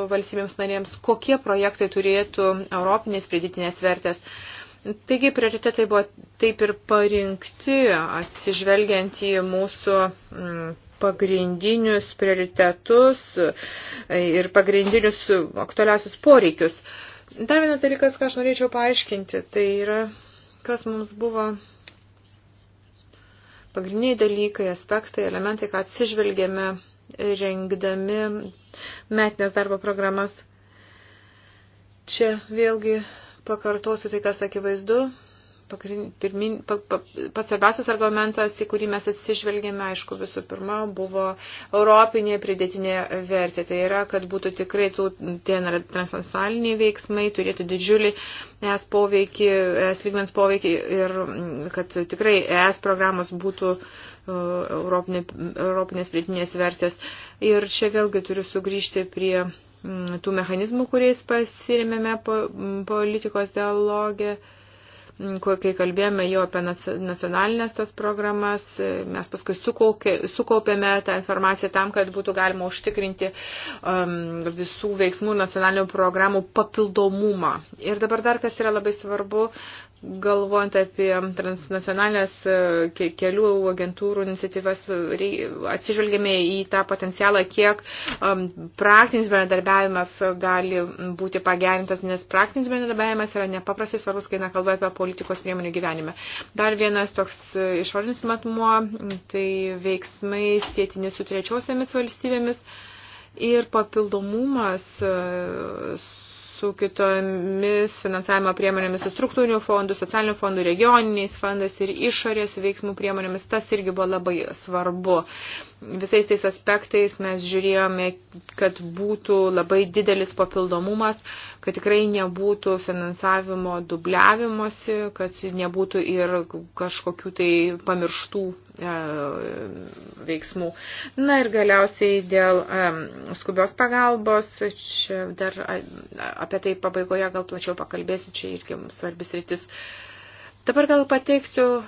valstybėms narėms, kokie projektai turėtų europinės pridėtinės vertės. Uh, Taigi prioritetai buvo taip ir parinkti, atsižvelgiant į mūsų mm, pagrindinius prioritetus e, ir pagrindinius aktualiausius poreikius. Dar vienas dalykas, ką aš norėčiau paaiškinti, tai yra, kas mums buvo pagrindiniai dalykai, aspektai, elementai, ką atsižvelgėme rengdami metinės darbo programas. Čia vėlgi Pakartosiu tai, kas akivaizdu. Pirmin, pa, pa, pats svarbiausias argumentas, į kurį mes atsižvelgėme, aišku, visų pirma, buvo europinė pridėtinė vertė. Tai yra, kad būtų tikrai tų transnacionaliniai veiksmai, turėtų didžiulį es poveikį, es lygmens poveikį ir mm, kad tikrai es programos būtų europinė, europinės pridėtinės vertės. Ir čia vėlgi turiu sugrįžti prie Mm, tų mechanizmų, kuriais pasirėmėme mm, politikos dialogę mm, kai kalbėjome jau apie nacionalinės tas programas, e, mes paskui sukaukė, sukaupėme tą informaciją tam, kad būtų galima užtikrinti um, visų veiksmų nacionalinių programų papildomumą. Ir dabar dar kas yra labai svarbu, Galvojant apie transnacionalės e, kelių agentūrų iniciatyvas, atsižvelgėme į tą potencialą, kiek praktinis bendradarbiavimas gali būti pagerintas, nes praktinis bendradarbiavimas yra nepaprastai svarbus, kai nekalba apie politikos priemonių gyvenime. Dar vienas toks e, išorinis matmuo, tai veiksmai sėtini su trečiosiamis valstybėmis ir papildomumas e, su kitomis finansavimo priemonėmis, su struktūrinių fondų, socialinių fondų, regioniniais fondais ir išorės veiksmų priemonėmis. Tas irgi buvo labai svarbu. Visais tais aspektais mes žiūrėjome, kad būtų labai didelis papildomumas. Uh, kad tikrai nebūtų finansavimo dubliavimosi, kad nebūtų ir kažkokių tai pamirštų e, veiksmų. Na ir galiausiai dėl e, skubios pagalbos, čia dar apie tai pabaigoje gal plačiau pakalbėsiu, čia irgi svarbis rytis. Dabar gal pateiksiu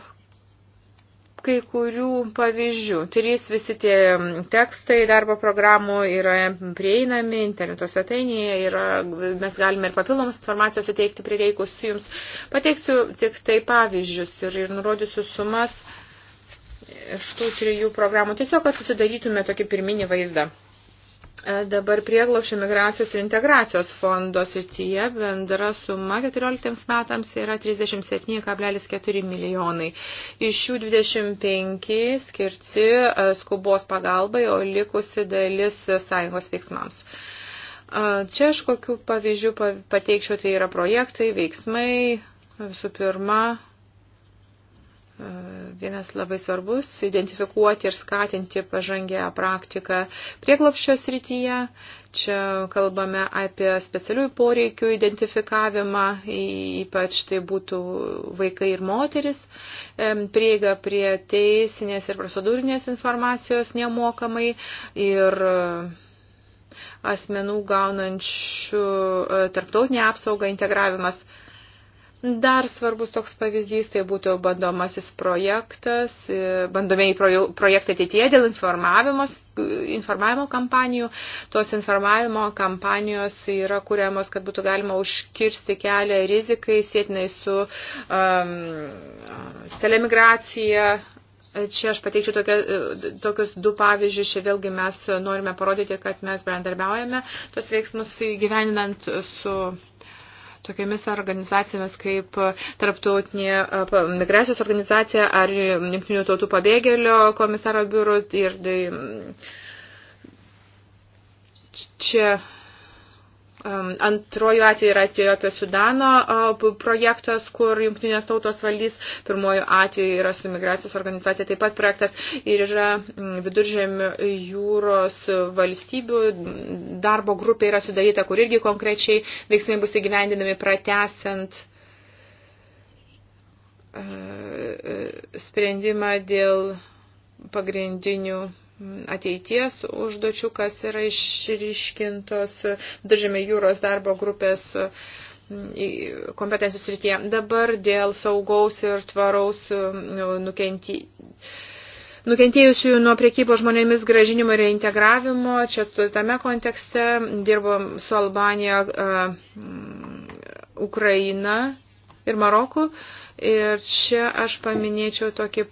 kai kurių pavyzdžių. Trys visi tie tekstai darbo programų yra prieinami interneto svetainėje ir mes galime ir papildomus informacijos suteikti prireikus jums. Pateiksiu tik tai pavyzdžius ir, ir nurodysiu sumas iš tų trijų programų, tiesiog kad susidarytume tokį pirminį vaizdą. E, dabar prieglaušio migracijos ir integracijos fondo srityje bendra suma 14 metams yra 37,4 milijonai. Iš jų 25 skirti e, skubos pagalbai, o likusi dalis sąjungos veiksmams. E, čia aš kokių pavyzdžių pateikčiau, tai yra projektai, veiksmai, visų pirma, Vienas labai svarbus - identifikuoti ir skatinti pažangę praktiką prieglopščio srityje. Čia kalbame apie specialiųjų poreikių identifikavimą, ypač tai būtų vaikai ir moteris, prieiga prie teisinės ir procedūrinės informacijos nemokamai ir e, asmenų gaunančių e, tarptautinę apsaugą integravimas Dar svarbus toks pavyzdys tai būtų bandomasis projektas, e, bandomieji projektai ateityje dėl informavimo kampanijų. Tos informavimo kampanijos yra kuriamos, kad būtų galima užkirsti kelią rizikai sėtinai su um, selemigracija, Čia aš pateikčiau tokia, e, tokius du pavyzdžius, čia vėlgi mes norime parodyti, kad mes bendarbiaujame tos veiksmus įgyveninant su tokiamis organizacijomis kaip e, Tarptautinė e, migracijos organizacija ar e, Junktinių tautų pabėgėlio komisaro biuro ir tai, čia Antrojų atveju yra Etiopijos Sudano projektas, kur jungtinės tautos valdys. Pirmojų atveju yra su migracijos organizacija taip pat projektas ir yra viduržėmio jūros valstybių darbo grupė yra sudaryta, kur irgi konkrečiai veiksmai bus įgyvendinami pratesant sprendimą dėl pagrindinių ateities užduočių, kas yra išryškintos Duržėmė jūros darbo grupės kompetencijų srityje. Dabar dėl saugaus ir tvaraus nukentį. Nukentėjusiųjų nuo priekybos žmonėmis gražinimo ir integravimo, čia tame kontekste dirbom su Albanija, Ukraina ir Maroku. Ir čia aš paminėčiau tokį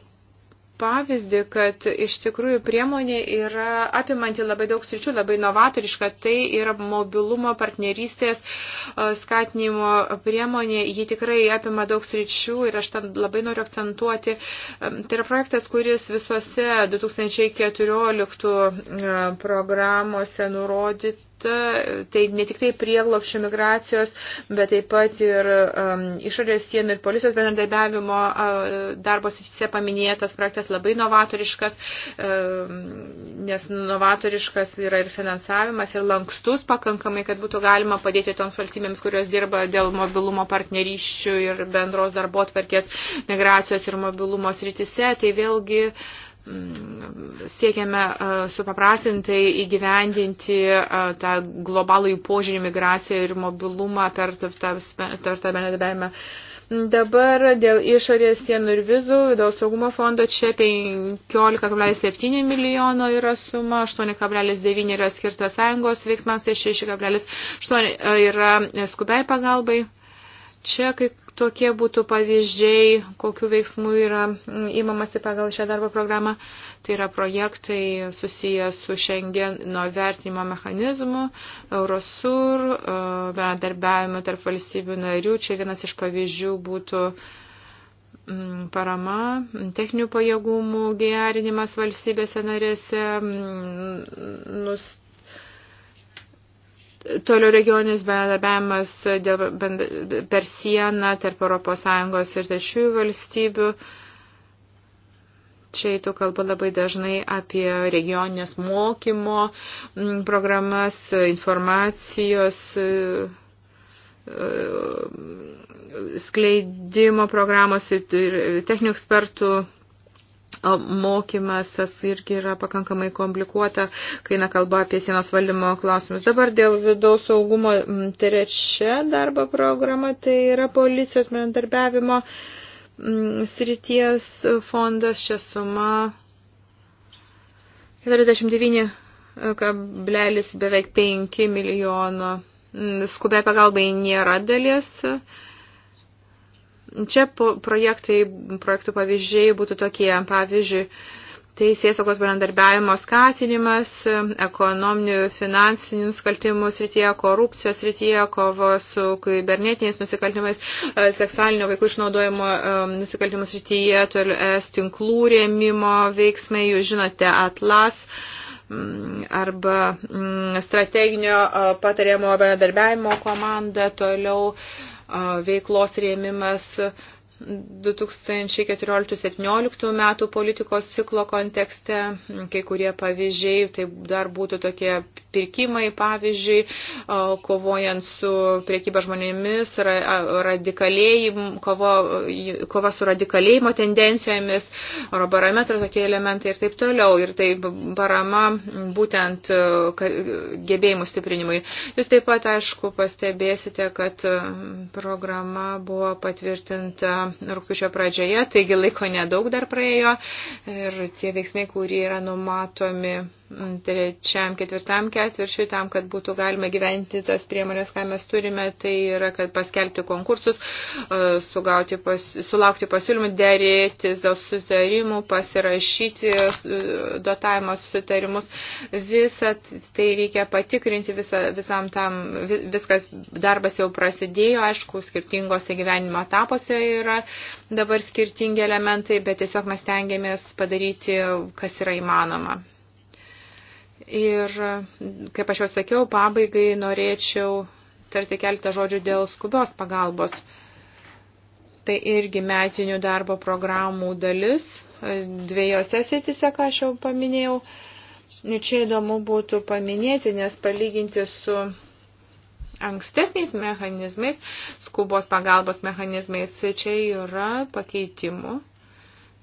pavyzdį, kad iš tikrųjų priemonė yra apimanti labai daug sričių, labai novatoriška. Tai yra mobilumo partnerystės e, skatinimo priemonė. Ji tikrai apima daug sričių ir aš tam labai noriu akcentuoti. E, tai yra projektas, kuris visose 2014 e, programuose nurodyta skirta, e, tai ne tik tai prieglopščio migracijos, bet taip pat ir um, išorės sienų ir policijos bendradarbiavimo uh, darbo srityse paminėtas projektas labai novatoriškas, um, nes novatoriškas yra ir finansavimas, ir lankstus pakankamai, kad būtų galima padėti toms valstybėms, kurios dirba dėl mobilumo partnerysčių ir bendros darbo tvarkės migracijos ir mobilumo srityse. Tai vėlgi uh, Mm, siekiame e, supaprastintai įgyvendinti e, tą globalų požiūrį migraciją ir mobilumą per tą bendradarbiavimą. Dabar dėl išorės sienų ir vizų vidaus saugumo fondo čia 15,7 milijono yra suma, 8,9 yra skirta sąjungos veiksmams, 6,8 e, yra skubiai pagalbai. Čia kai Tokie būtų pavyzdžiai, kokiu veiksmu yra įmamasi mm, pagal šią darbo programą. Tai yra projektai susiję su Schengeno vertinimo mechanizmu, Eurosur, e, bendradarbiavimu tarp valstybių narių. Čia vienas iš pavyzdžių būtų mm, parama, mm, techninių pajėgumų gerinimas valstybėse narėse, nus, Toliau regioninis bendradarbiavimas dėl, bend, per sieną tarp ES ir trečiųjų valstybių. Čia įtų kalba labai dažnai apie regioninės mokymo mm, programas, informacijos e, e, skleidimo programos ir techninių ekspertų mokymas irgi yra pakankamai komplikuota, kai na kalba apie sienos valdymo klausimus. Dabar dėl vidaus saugumo trečia darbo programa, tai yra policijos bendarbiavimo srities fondas, čia suma 49 e, kablelis beveik 5 milijono. Skubiai pagalbai nėra dalies Čia projektai, projektų pavyzdžiai būtų tokie, pavyzdžiui, teisėsaugos bendarbiavimo skatinimas, ekonominių finansinių nusikaltimų srityje, korupcijos srityje, kovo su kibernetiniais nusikaltimais, e, seksualinio vaikų išnaudojimo e, nusikaltimų srityje, tolės tinklų rėmimo veiksmai, jūs žinote, atlas mm, arba mm, strateginio e, patariamo bendradarbiavimo komanda, toliau uh, veiklos rėmimas, 2014-2017 metų politikos ciklo kontekste, kai kurie pavyzdžiai, tai dar būtų tokie pirkimai, pavyzdžiui, kovojant su priekyba žmonėmis, kova, kova su radikalėjimo tendencijomis, oro barometro tokie elementai ir taip toliau. Ir tai parama būtent gebėjimų stiprinimui. Jūs taip pat, aišku, pastebėsite, kad programa buvo patvirtinta rūpiučio pradžioje, taigi laiko nedaug dar praėjo ir tie veiksmai, kurie yra numatomi trečiam, ketvirtam ketvirčiui, tam, kad būtų galima gyventi tas priemonės, ką mes turime, tai yra, kad paskelbti konkursus, e, sugauti, pas, sulaukti pasiūlymų, dėrėtis dėl sutarimų, pasirašyti e, dotavimo sutarimus. Visą tai reikia patikrinti, visa, visam tam, vis, viskas darbas jau prasidėjo, aišku, skirtingose gyvenimo etapuose yra dabar skirtingi elementai, bet tiesiog mes tengiamės padaryti, kas yra įmanoma. Ir, kaip aš jau sakiau, pabaigai norėčiau tarti keletą žodžių dėl skubios pagalbos. Tai irgi metinių darbo programų dalis e, dviejose sėtise, ką aš jau paminėjau. Nu, čia įdomu būtų paminėti, nes palyginti su ankstesniais mechanizmais, skubos pagalbos mechanizmais, čia yra pakeitimų.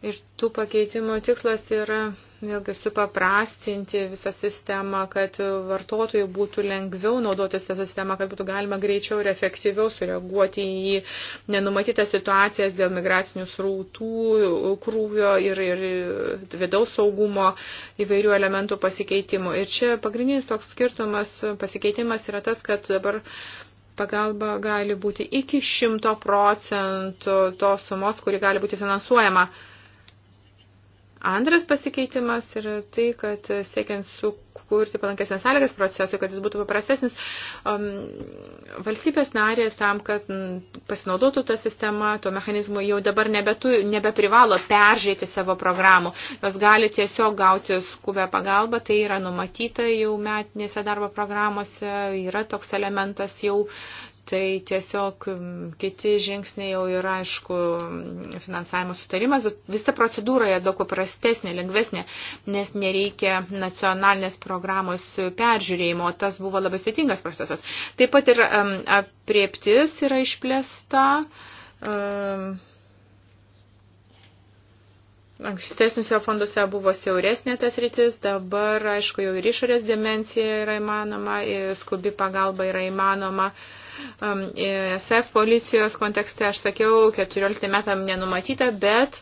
Ir tų pakeitimų tikslas yra vėlgi supaprastinti visą sistemą, kad vartotojai būtų lengviau naudotis tą sistemą, kad būtų galima greičiau ir efektyviau sureaguoti į nenumatytas situacijas dėl migracinių srautų, krūvio ir, ir vidaus saugumo įvairių elementų pasikeitimų. Ir čia pagrindinis toks skirtumas pasikeitimas yra tas, kad dabar pagalba gali būti iki 100 procentų tos sumos, kuri gali būti finansuojama. Antras pasikeitimas yra tai, kad siekiant sukurti palankesnės sąlygas procesui, kad jis būtų paprastesnis, um, valstybės narės tam, kad mm, pasinaudotų tą sistemą, to mechanizmo jau dabar nebetu, nebeprivalo peržėti savo programų. Jos gali tiesiog gauti skubę pagalbą, tai yra numatyta jau metinėse darbo programuose, yra toks elementas jau Tai tiesiog kiti žingsniai jau yra, aišku, finansavimo sutarimas, bet visa procedūra yra daug paprastesnė, lengvesnė, nes nereikia nacionalinės programos peržiūrėjimo, tas buvo labai sudėtingas procesas. Taip pat ir um, aprieptis yra išplėsta. Um, Ankstesniuose fonduose buvo siauresnė tas rytis, dabar, aišku, jau ir išorės dimencija yra įmanoma, skubi pagalba yra įmanoma. Uh, E SF policijos kontekste, aš sakiau, 14 metam nenumatyta, bet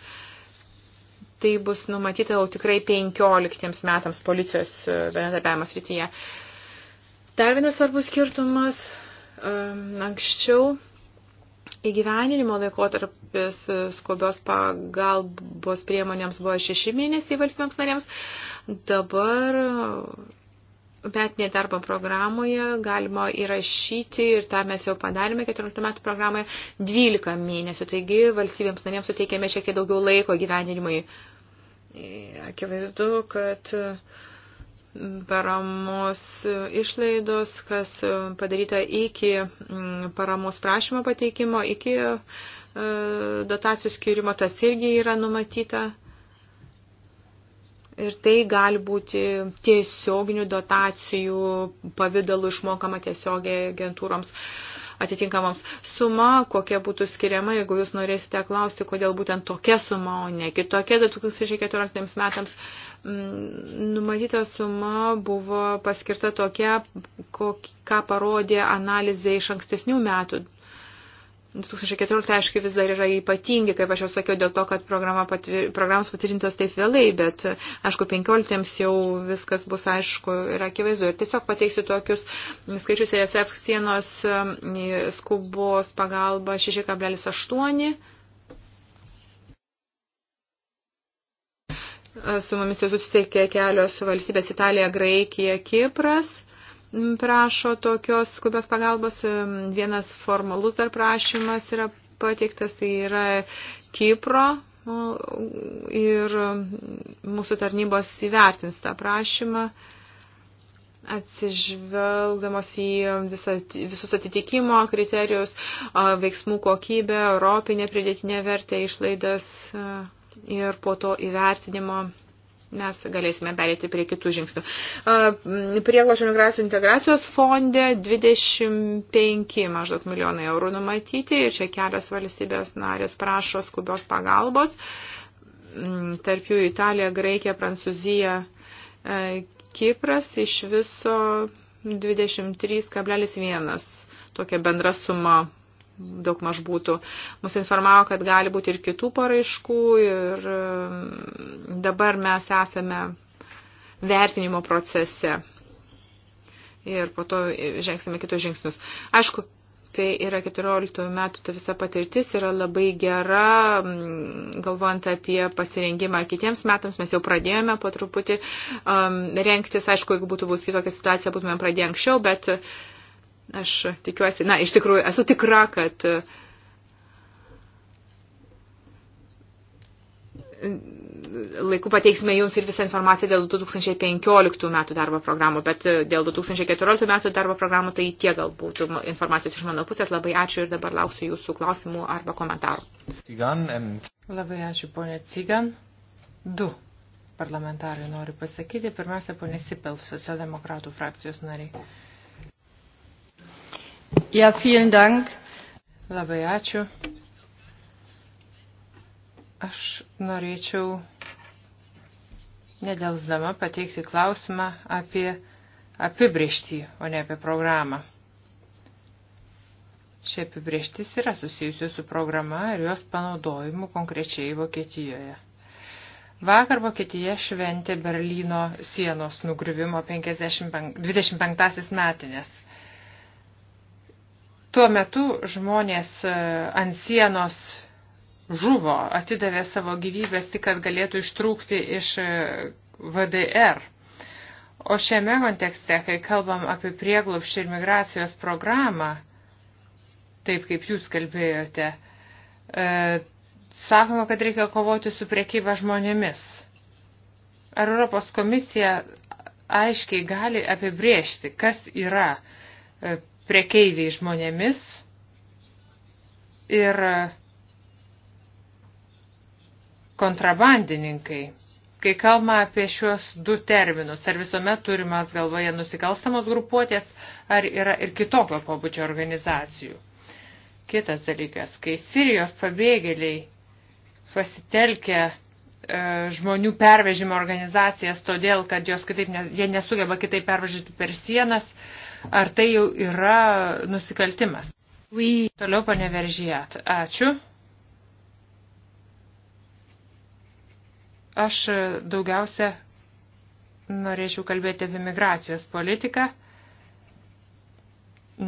tai bus numatyta jau tikrai 15 metams policijos e, bendradarbiavimo srityje. Dar vienas svarbus skirtumas. Anksčiau įgyveninimo laikotarpis e, skubios pagalbos priemonėms buvo šeši mėnesiai valstybėms narėms, dabar metinėje darbo programoje galima įrašyti, ir tą mes jau padarėme 14 metų programoje, 12 mėnesių. Taigi valstybėms narėms suteikėme šiek tiek daugiau laiko gyvenimui. Akivaizdu, kad paramos išlaidos, kas padaryta iki mm, paramos prašymo pateikimo, iki e, dotacijų skirimo, tas irgi yra numatyta. Ir tai gali būti tiesioginių dotacijų pavydalų išmokama tiesiogiai agentūroms atitinkamams. Suma, kokia būtų skiriama, jeigu jūs norėsite klausti, kodėl būtent tokia suma, o ne kitokia 2014 metams, mm, numatyta suma buvo paskirta tokia, ką parodė analizė iš ankstesnių metų 2014, aišku, vis dar yra ypatingi, kaip aš jau sakiau, dėl to, kad programa patvir, programos patvirtintos taip vėlai, bet, aišku, 15 jau viskas bus aišku ir akivaizdu. Ir tiesiog pateiksiu tokius skaičius ESF sienos skubos pagalba 6,8. Su mumis jau susitikė kelios valstybės Italija, Graikija, Kipras prašo tokios skubios pagalbos. Vienas formalus dar prašymas yra pateiktas, tai yra Kipro ir mūsų tarnybos įvertins tą prašymą atsižvelgdamos į visą, visus atitikimo kriterijus, veiksmų kokybę, europinę pridėtinę vertę, išlaidas ir po to įvertinimo mes galėsime perėti prie kitų žingsnių. Prieglašio migracijų integracijos fonde 25 maždaug milijonai eurų numatyti ir čia kelios valstybės narės prašo skubios pagalbos. Mm, tarp jų Italija, Graikija, Prancūzija, e, Kipras iš viso 23,1 tokia bendra suma daug maž būtų. Mus informavo, kad gali būti ir kitų paraiškų ir um, dabar mes esame vertinimo procese. Ir po to žengsime kitus žingsnius. Aišku, tai yra 14 metų, ta visa patirtis yra labai gera, um, galvojant apie pasirengimą kitiems metams, mes jau pradėjome po truputį um, renktis, aišku, jeigu būtų bus kitokia situacija, būtume pradėję anksčiau, bet uh, Aš tikiuosi, na, iš tikrųjų, esu tikra, kad laiku pateiksime jums ir visą informaciją dėl 2015 metų darbo programų, bet e, dėl 2014 metų darbo programų tai tie gal būtų informacijos iš mano pusės. Labai ačiū ir dabar lauksiu jūsų klausimų arba komentarų. And... Labai ačiū, ponė Cigan. Du parlamentarai noriu pasakyti. Pirmiausia, ponė Sipel, socialdemokratų frakcijos nariai. Ja, vielen Dank. Labai ačiū. Aš norėčiau nedelsdama pateikti klausimą apie apibrištį, o ne apie programą. Šia apibrieštis yra susijusi su programa ir jos panaudojimu konkrečiai Vokietijoje. Vakar Vokietija šventė Berlyno sienos nugrivimo 25, 25 metinės. Tuo metu žmonės e, ant sienos žuvo, atidavė savo gyvybės tik, kad galėtų ištrūkti iš e, VDR. O šiame kontekste, kai kalbam apie prieglopšį ir migracijos programą, taip kaip jūs kalbėjote, e, sakoma, kad reikia kovoti su priekyba žmonėmis. Ar Europos komisija aiškiai gali apibriežti, kas yra e, prekeiviai žmonėmis ir kontrabandininkai. Kai kalba apie šiuos du terminus, ar visuomet turimas galvoje nusikalstamos grupuotės, ar yra ir kitokio pobūdžio organizacijų. Kitas dalykas, kai Sirijos pabėgėliai pasitelkia e, žmonių pervežimo organizacijas todėl, kad jos kitaip, nes, jie nesugeba kitaip pervežyti per sienas, e, Ar tai jau yra nusikaltimas? Oui. Toliau paneveržijat. Ačiū. Aš daugiausia norėčiau kalbėti apie migracijos politiką,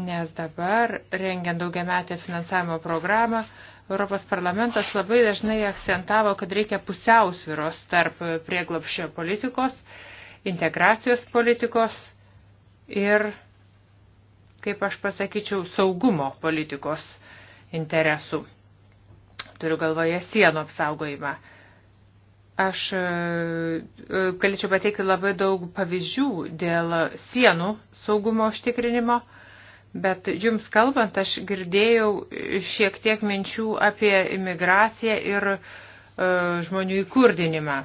nes dabar, rengiant daugiametę finansavimo programą, Europos parlamentas labai dažnai akcentavo, kad reikia pusiausviros tarp prieglopščio politikos, integracijos politikos ir kaip aš pasakyčiau, saugumo politikos interesų. Turiu galvoje sienų apsaugojimą. Aš e, e, galėčiau pateikti labai daug pavyzdžių dėl sienų saugumo užtikrinimo, bet jums kalbant, aš girdėjau šiek tiek minčių apie imigraciją ir e, žmonių įkurdinimą.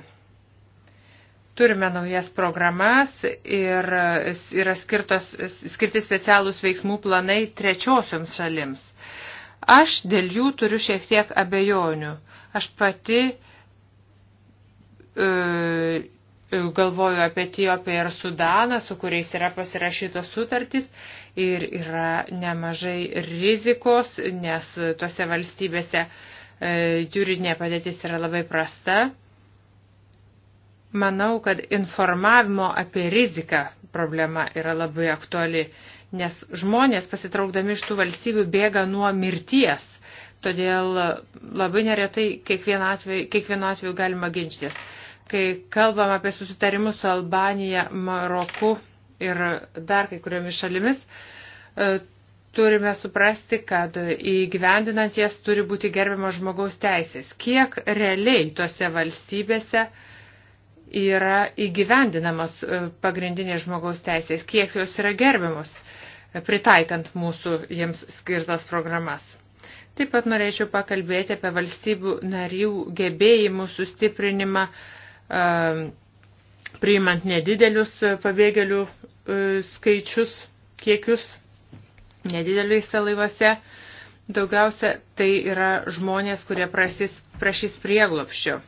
Turime naujas programas ir yra skirtos, skirti specialūs veiksmų planai trečiosioms šalims. Aš dėl jų turiu šiek tiek abejonių. Aš pati e, galvoju apie Etiopiją ir Sudaną, su kuriais yra pasirašytos sutartys ir yra nemažai rizikos, nes tose valstybėse e, jūrinė padėtis yra labai prasta. Manau, kad informavimo apie riziką problema yra labai aktuali, nes žmonės pasitraukdami iš tų valstybių bėga nuo mirties. Todėl labai neretai kiekvienu atveju, kiekvienu atveju galima ginčytis. Kai kalbam apie susitarimus su Albanija, Maroku ir dar kai kuriomis šalimis, e, turime suprasti, kad įgyvendinant jas turi būti gerbiamas žmogaus teisės. Kiek realiai tose valstybėse uh, yra įgyvendinamos e, pagrindinės žmogaus teisės, kiek jos yra gerbiamos, e, pritaikant mūsų jiems skirtas programas. Taip pat norėčiau pakalbėti apie valstybių narių gebėjimų sustiprinimą, e, priimant nedidelius pabėgėlių skaičius, kiekius, nedideliuose laivuose. Daugiausia tai yra žmonės, kurie prasis, prašys prieglopščio.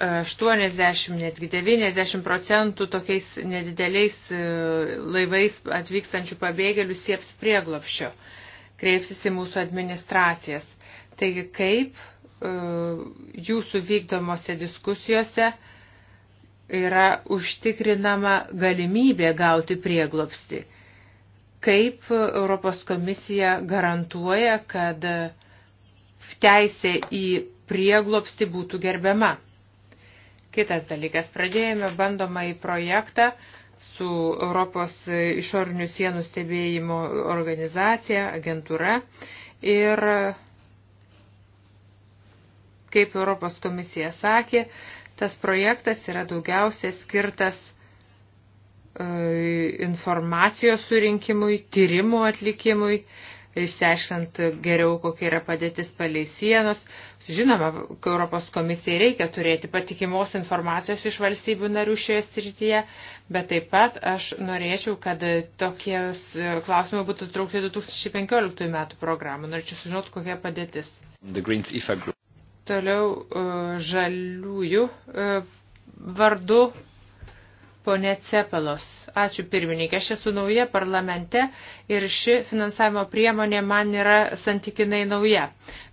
80, netgi 90 procentų tokiais nedideliais e, laivais atvykstančių pabėgėlių sieps prieglopščio, kreipsis į mūsų administracijas. Taigi kaip e, jūsų vykdomose diskusijose yra užtikrinama galimybė gauti prieglopsti? Kaip Europos komisija garantuoja, kad teisė į prieglopsti būtų gerbiama? Kitas dalykas, pradėjome bandomąjį projektą su Europos išorinių sienų stebėjimo organizacija, agentūra ir, kaip Europos komisija sakė, tas projektas yra daugiausia skirtas e, informacijos surinkimui, tyrimų atlikimui, išsiaiškint geriau, kokia yra padėtis palei sienos. Žinoma, Europos komisijai reikia turėti patikimos informacijos iš valstybių narių šioje srityje, bet taip pat aš norėčiau, kad tokie e, klausimai būtų traukti 2015 metų programą. Norėčiau sužinoti, kokia padėtis. Toliau e, žaliųjų e, vardu Pone Cepelos, ačiū pirmininkė, aš esu nauja parlamente ir ši finansavimo priemonė man yra santykinai nauja.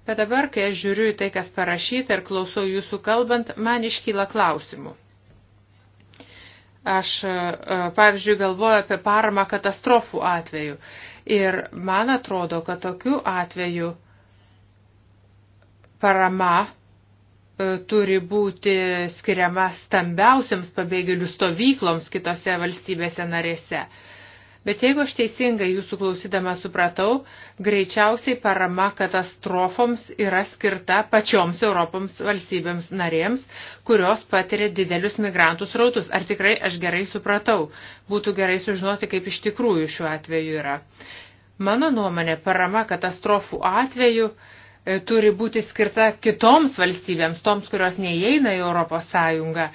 Bet dabar, kai aš žiūriu į tai, kas parašyta ir klausau jūsų kalbant, man iškyla klausimų. Aš, e, pavyzdžiui, galvoju apie paramą katastrofų atveju. Ir man atrodo, kad tokiu atveju parama E, turi būti skiriama stambiausiams pabėgėlių stovykloms kitose valstybėse narėse. Bet jeigu aš teisingai jūsų klausydama supratau, greičiausiai parama katastrofoms yra skirta pačioms Europoms valstybėms narėms, kurios patiria didelius migrantų srautus. Ar tikrai aš gerai supratau? Būtų gerai sužinoti, kaip iš tikrųjų šiuo atveju yra. Mano nuomonė, parama katastrofų atveju E, turi būti skirta kitoms valstybėms, toms, kurios neįeina į Europos Sąjungą,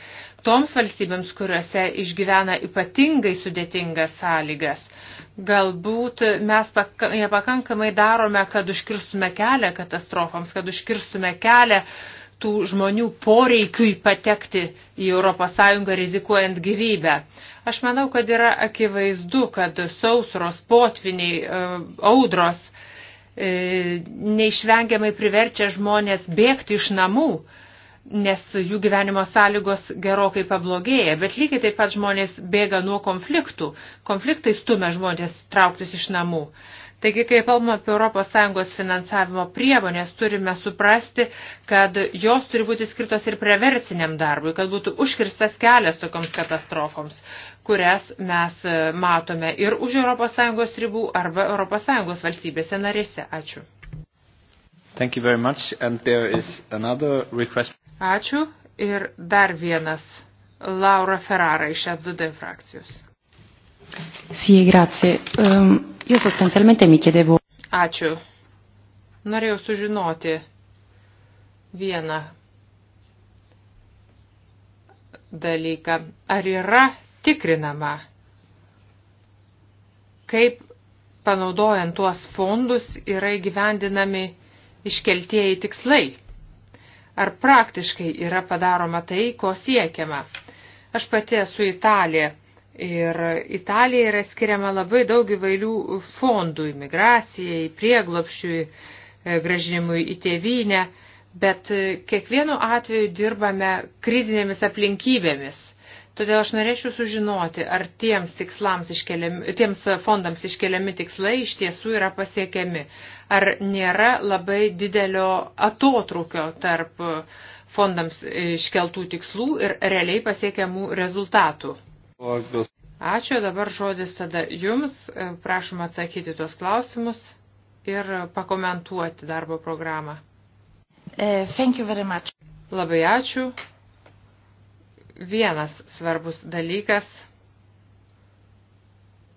toms valstybėms, kuriuose išgyvena ypatingai sudėtingas sąlygas. Galbūt mes nepakankamai darome, kad užkirstume kelią katastrofoms, kad užkirstume kelią tų žmonių poreikiui patekti į ES rizikuojant gyvybę. Aš manau, kad yra akivaizdu, kad sausros, potviniai, e, audros, E, neišvengiamai priverčia žmonės bėgti iš namų, nes jų gyvenimo sąlygos gerokai pablogėja. Bet lygiai taip pat žmonės bėga nuo konfliktų. Konfliktai stumia žmonės trauktis iš namų. Taigi, kai kalbame apie ES finansavimo priemonės, turime suprasti, kad jos turi būti skirtos ir preverciniam darbui, kad būtų užkirstas kelias tokioms katastrofoms, kurias mes e, matome ir už ES ribų arba ES valstybėse narėse. Ačiū. Thank you very much. And there is another request. Ačiū. Ir dar vienas. Laura Ferrara iš FDD frakcijos. Sì, grazie. Um, Io sostanzialmente mi chiedevo. Ačiū. Norėjau sužinoti vieną dalyką. Ar yra tikrinama, kaip panaudojant tuos fondus yra įgyvendinami iškeltieji tikslai? Ar praktiškai yra padaroma tai, ko siekiama? Aš pati esu Italija Ir Italija yra skiriama labai daug įvairių fondų imigracijai, prieglopšiui, e, gražinimui į tėvynę, bet e, kiekvienu atveju dirbame krizinėmis aplinkybėmis. Todėl aš norėčiau sužinoti, ar tiems, iškeliami, tiems fondams iškeliami tikslai iš tiesų yra pasiekiami, ar nėra labai didelio atotrukio tarp e, fondams iškeltų tikslų ir realiai pasiekiamų rezultatų. Ačiū, dabar žodis tada jums. E, prašom atsakyti tuos klausimus ir pakomentuoti darbo programą. Uh, Labai ačiū. Vienas svarbus dalykas,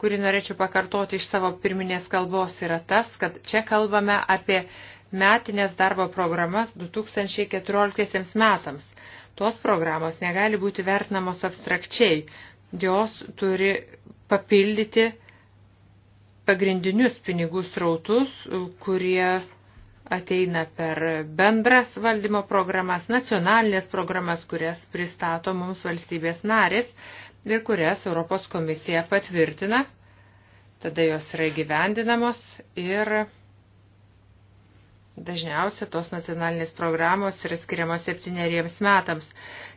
kurį norėčiau pakartoti iš savo pirminės kalbos, yra tas, kad čia kalbame apie metinės darbo programas 2014 metams. Tos programos negali būti vertinamos abstrakčiai, jos turi papildyti pagrindinius pinigų srautus, kurie ateina per bendras valdymo programas, nacionalinės programas, kurias pristato mums valstybės narės ir kurias Europos komisija patvirtina. Tada jos yra gyvendinamos ir Dažniausiai tos nacionalinės programos yra skiriamos septyneriems metams.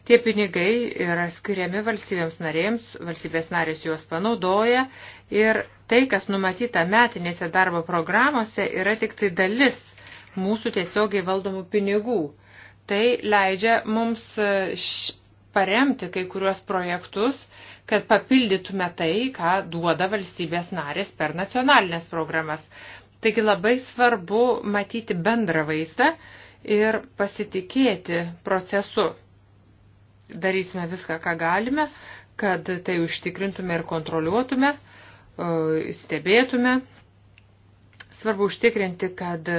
Tie pinigai yra skiriami valstybėms narėms, valstybės narės juos panaudoja ir tai, kas numatyta metinėse darbo programuose, yra tik tai dalis mūsų tiesiogiai valdomų pinigų. Tai leidžia mums e, paremti kai kuriuos projektus, kad papildytume tai, ką duoda valstybės narės per nacionalinės programas. Taigi labai svarbu matyti bendrą vaizdą ir pasitikėti procesu. Darysime viską, ką galime, kad tai užtikrintume ir kontroliuotume, stebėtume. Svarbu užtikrinti, kad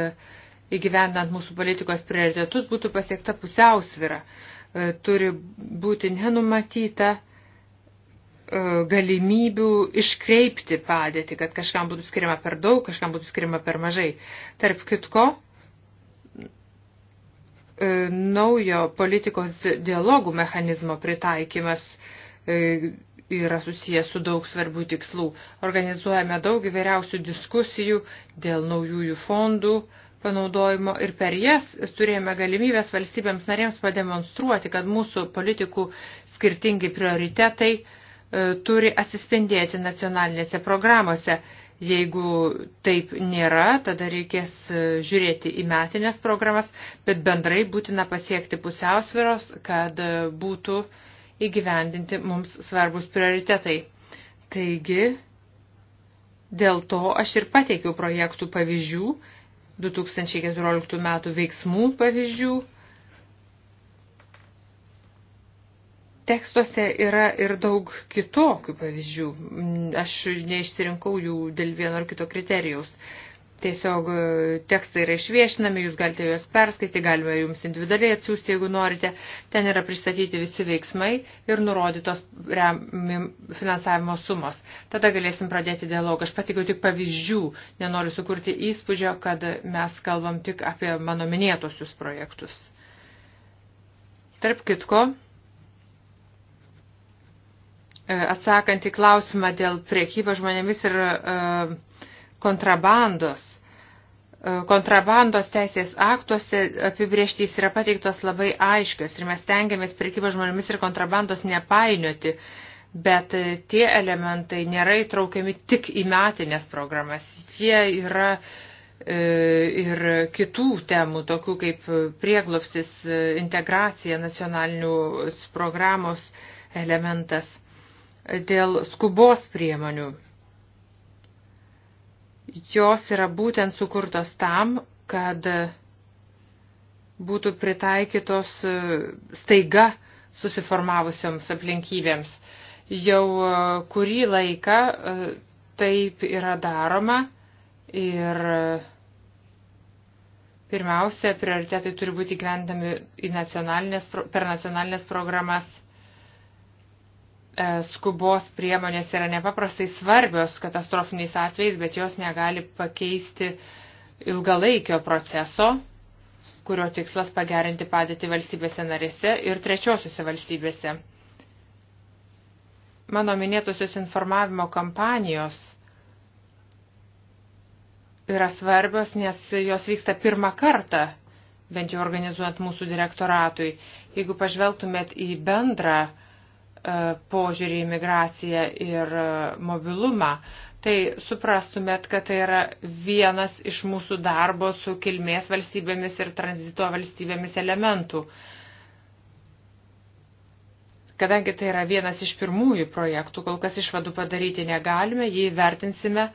įgyvendant mūsų politikos prioritetus būtų pasiekta pusiausvira. E, turi būti nenumatyta E, galimybių iškreipti padėtį, kad kažkam būtų skiriama per daug, kažkam būtų skiriama per mažai. Tarp kitko, e, naujo politikos dialogų mechanizmo pritaikymas e, yra susijęs su daug svarbių tikslų. Organizuojame daug įvairiausių diskusijų dėl naujųjų fondų panaudojimo ir per jas turėjome galimybės valstybėms narėms pademonstruoti, kad mūsų politikų skirtingi prioritetai uh, E, turi atsispindėti nacionalinėse programuose. Jeigu taip nėra, tada reikės e, žiūrėti į metinės programas, bet bendrai būtina pasiekti pusiausviros, kad e, būtų įgyvendinti mums svarbus prioritetai. Taigi, dėl to aš ir pateikiau projektų pavyzdžių, 2014 metų veiksmų pavyzdžių tekstuose yra ir daug kitokių pavyzdžių. Aš neišsirinkau jų dėl vieno ar kito kriterijaus. Tiesiog e, tekstai yra išviešinami, jūs galite juos perskaityti, galime jums individualiai atsiųsti, jeigu norite. Ten yra pristatyti visi veiksmai ir nurodytos finansavimo sumos. Tada galėsim pradėti dialogą. Aš patikiu tik pavyzdžių, nenoriu sukurti įspūdžio, kad mes kalbam tik apie mano minėtosius projektus. Tarp kitko, E, atsakant į klausimą dėl priekybos žmonėmis ir e, kontrabandos. E, kontrabandos teisės aktuose apibrieštys yra pateiktos labai aiškios ir mes tengiamės priekybos žmonėmis ir kontrabandos nepainioti, bet tie elementai nėra įtraukiami tik į metinės programas. Jie yra ir kitų temų, tokių kaip prieglopsis, integracija nacionalinių programos elementas dėl skubos priemonių. Jos yra būtent sukurtos tam, kad būtų pritaikytos staiga susiformavusioms aplinkybėms. Jau kurį laiką e, taip yra daroma ir e, pirmiausia, prioritetai turi būti gyvendami nacionalinės, per nacionalinės programas E, skubos priemonės yra nepaprastai svarbios katastrofiniais atvejais, bet jos negali pakeisti ilgalaikio proceso, kurio tikslas pagerinti padėtį valstybėse narėse ir trečiosiuose valstybėse. Mano minėtusios informavimo kampanijos yra svarbios, nes jos vyksta pirmą kartą, bent jau organizuojant mūsų direktoratui. Jeigu pažvelgtumėt į bendrą uh, E, požiūrį į migraciją ir e, mobilumą, tai suprastumėt, kad tai yra vienas iš mūsų darbo su kilmės valstybėmis ir tranzito valstybėmis elementų. Kadangi tai yra vienas iš pirmųjų projektų, kol kas išvadų padaryti negalime, jį vertinsime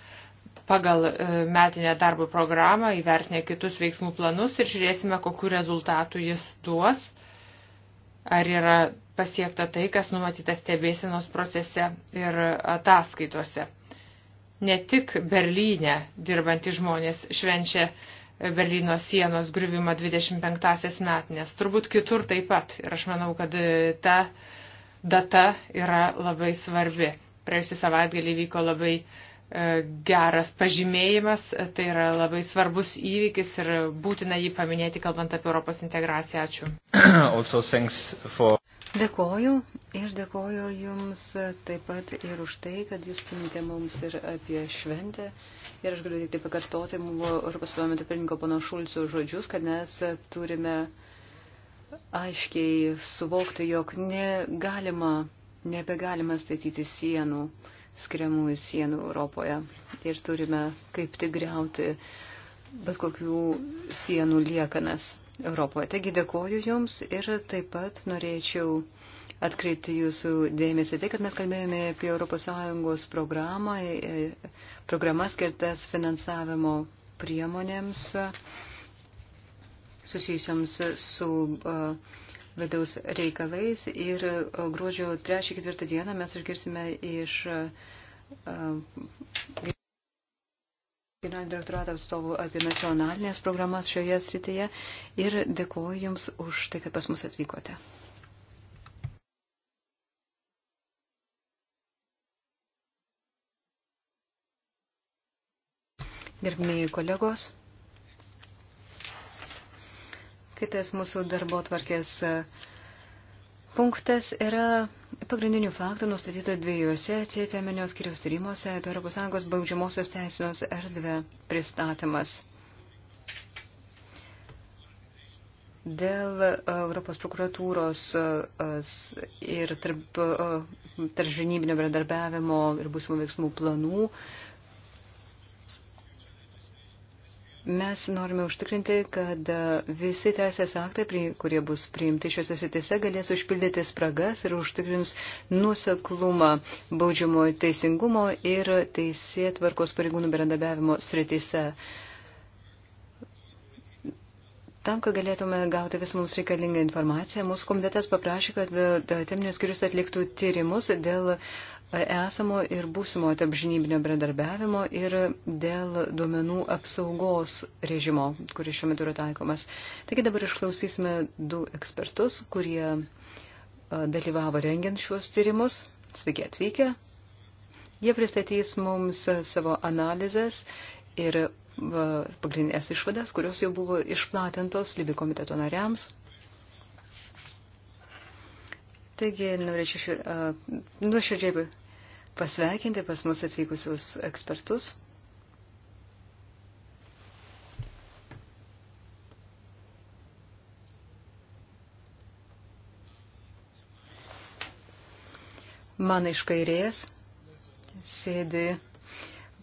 pagal e, metinę darbo programą, įvertinę kitus veiksmų planus ir žiūrėsime, kokiu rezultatu jis duos, ar yra pasiekta tai, kas numatyta stebėsinos procese ir ataskaitose. Ne tik Berlyne dirbantys žmonės švenčia Berlyno sienos griuvimo 25-asias metinės, turbūt kitur taip pat. Ir aš manau, kad ta data yra labai svarbi. Praėjusią savaitgalį vyko labai e, geras pažymėjimas, tai yra labai svarbus įvykis ir būtina jį paminėti, kalbant apie Europos integraciją. Ačiū. Also, for... Dėkoju ir dėkoju Jums taip pat ir už tai, kad Jūs priminėte mums ir apie šventę. Ir aš galiu tik tai pakartoti Europos parlamento pirmininko pono Šulcių žodžius, kad mes turime aiškiai suvokti, jog negalima, nebegalima statyti sienų, skiriamųjų sienų Europoje. Ir turime kaip tik greuti bet kokių sienų liekanas. Europoje. Taigi dėkoju Jums ir taip pat norėčiau atkreipti Jūsų dėmesį tai, kad mes kalbėjome apie ES programą, programas skirtas finansavimo priemonėms susijusiams su vidaus reikalais ir gruodžio 3-4 dieną mes išgirsime iš generalinio direktorato atstovų apie nacionalinės programas šioje srityje ir dėkuoju Jums už tai, kad pas mus atvykote. Gerbėjai kolegos, kitas mūsų darbo tvarkės punktas yra pagrindinių faktų nustatytų dviejose CTMNio skiriaus tyrimuose apie ES baudžiamosios teisinos erdvę pristatymas. Dėl e, Europos prokuratūros e, ir tarp, e, tarp žinybinio bendradarbiavimo ir būsimų veiksmų planų Mes norime užtikrinti, kad visi teisės aktai, kurie bus priimti šiuose sitise, galės užpildyti spragas ir užtikrins nuseklumą baudžiamo teisingumo ir teisėtvarkos pareigūnų bendradarbiavimo sritise. Tam, kad galėtume gauti visą mums reikalingą informaciją, mūsų komitetas paprašė, kad e, teminės skirius atliktų tyrimus dėl e, esamo ir būsimo tarpžinybinio bendradarbiavimo ir dėl duomenų apsaugos režimo, kuris šiuo metu yra taikomas. Taigi dabar išklausysime du ekspertus, kurie e, dalyvavo rengiant šiuos tyrimus. Sveiki atvykę. Jie pristatys mums savo analizės ir pagrindinės išvadas, kurios jau buvo išplatintos Libi komiteto nariams. Taigi, norėčiau uh, nuoširdžiai pasveikinti pas mus atvykusius ekspertus. Man iš kairės sėdi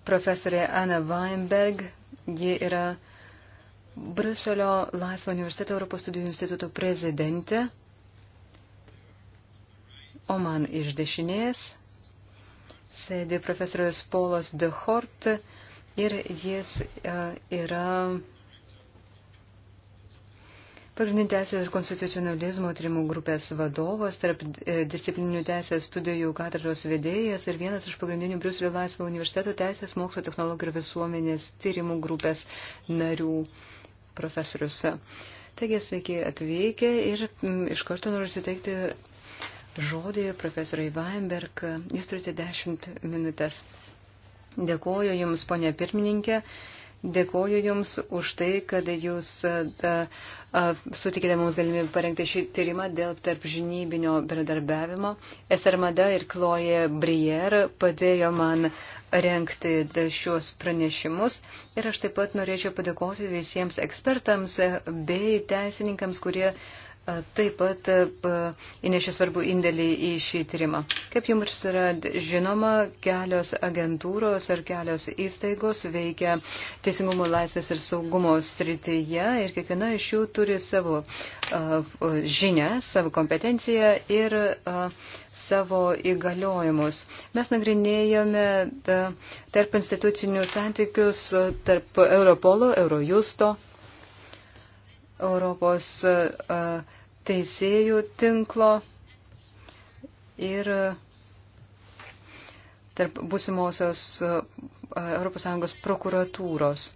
profesorė Ana Weinberg, Ji yra Bruselio Laisvo universiteto Europos studijų instituto prezidentė. O man iš dešinės sėdi profesorius Polas Dehort ir jis e, yra Pagrindinė teisė ir konstitucionalizmo tyrimų grupės vadovas, tarp e, disciplininių teisės studijų katedros vedėjas ir vienas iš pagrindinių Briuselio Laisvo universiteto teisės mokslo technologijų ir visuomenės tyrimų grupės narių profesorius. Taigi sveiki atvykę ir iš karto noriu suteikti žodį profesoriai Weinberg. Jūs turite 10 minutės. Dėkuoju Jums, ponė pirmininkė. Dėkoju Jums už tai, kad Jūs sutikėte mums galimybę parengti šį tyrimą dėl tarpžinybinio bendradarbiavimo. Esarmada ir Kloje Brier padėjo man renkti šios pranešimus ir aš taip pat norėčiau padėkoti visiems ekspertams bei teisininkams, kurie uh, taip pat įnešė svarbu indėlį į šį tyrimą. Kaip jums yra žinoma, kelios agentūros ar kelios įstaigos veikia teisingumo laisvės ir saugumo srityje ir kiekviena iš jų turi savo žinią, savo kompetenciją ir savo įgaliojimus. Mes nagrinėjome tarp institucinių santykius tarp Europolo, Eurojusto Europos e, e, teisėjų tinklo ir e, tarp būsimosios ES prokuratūros.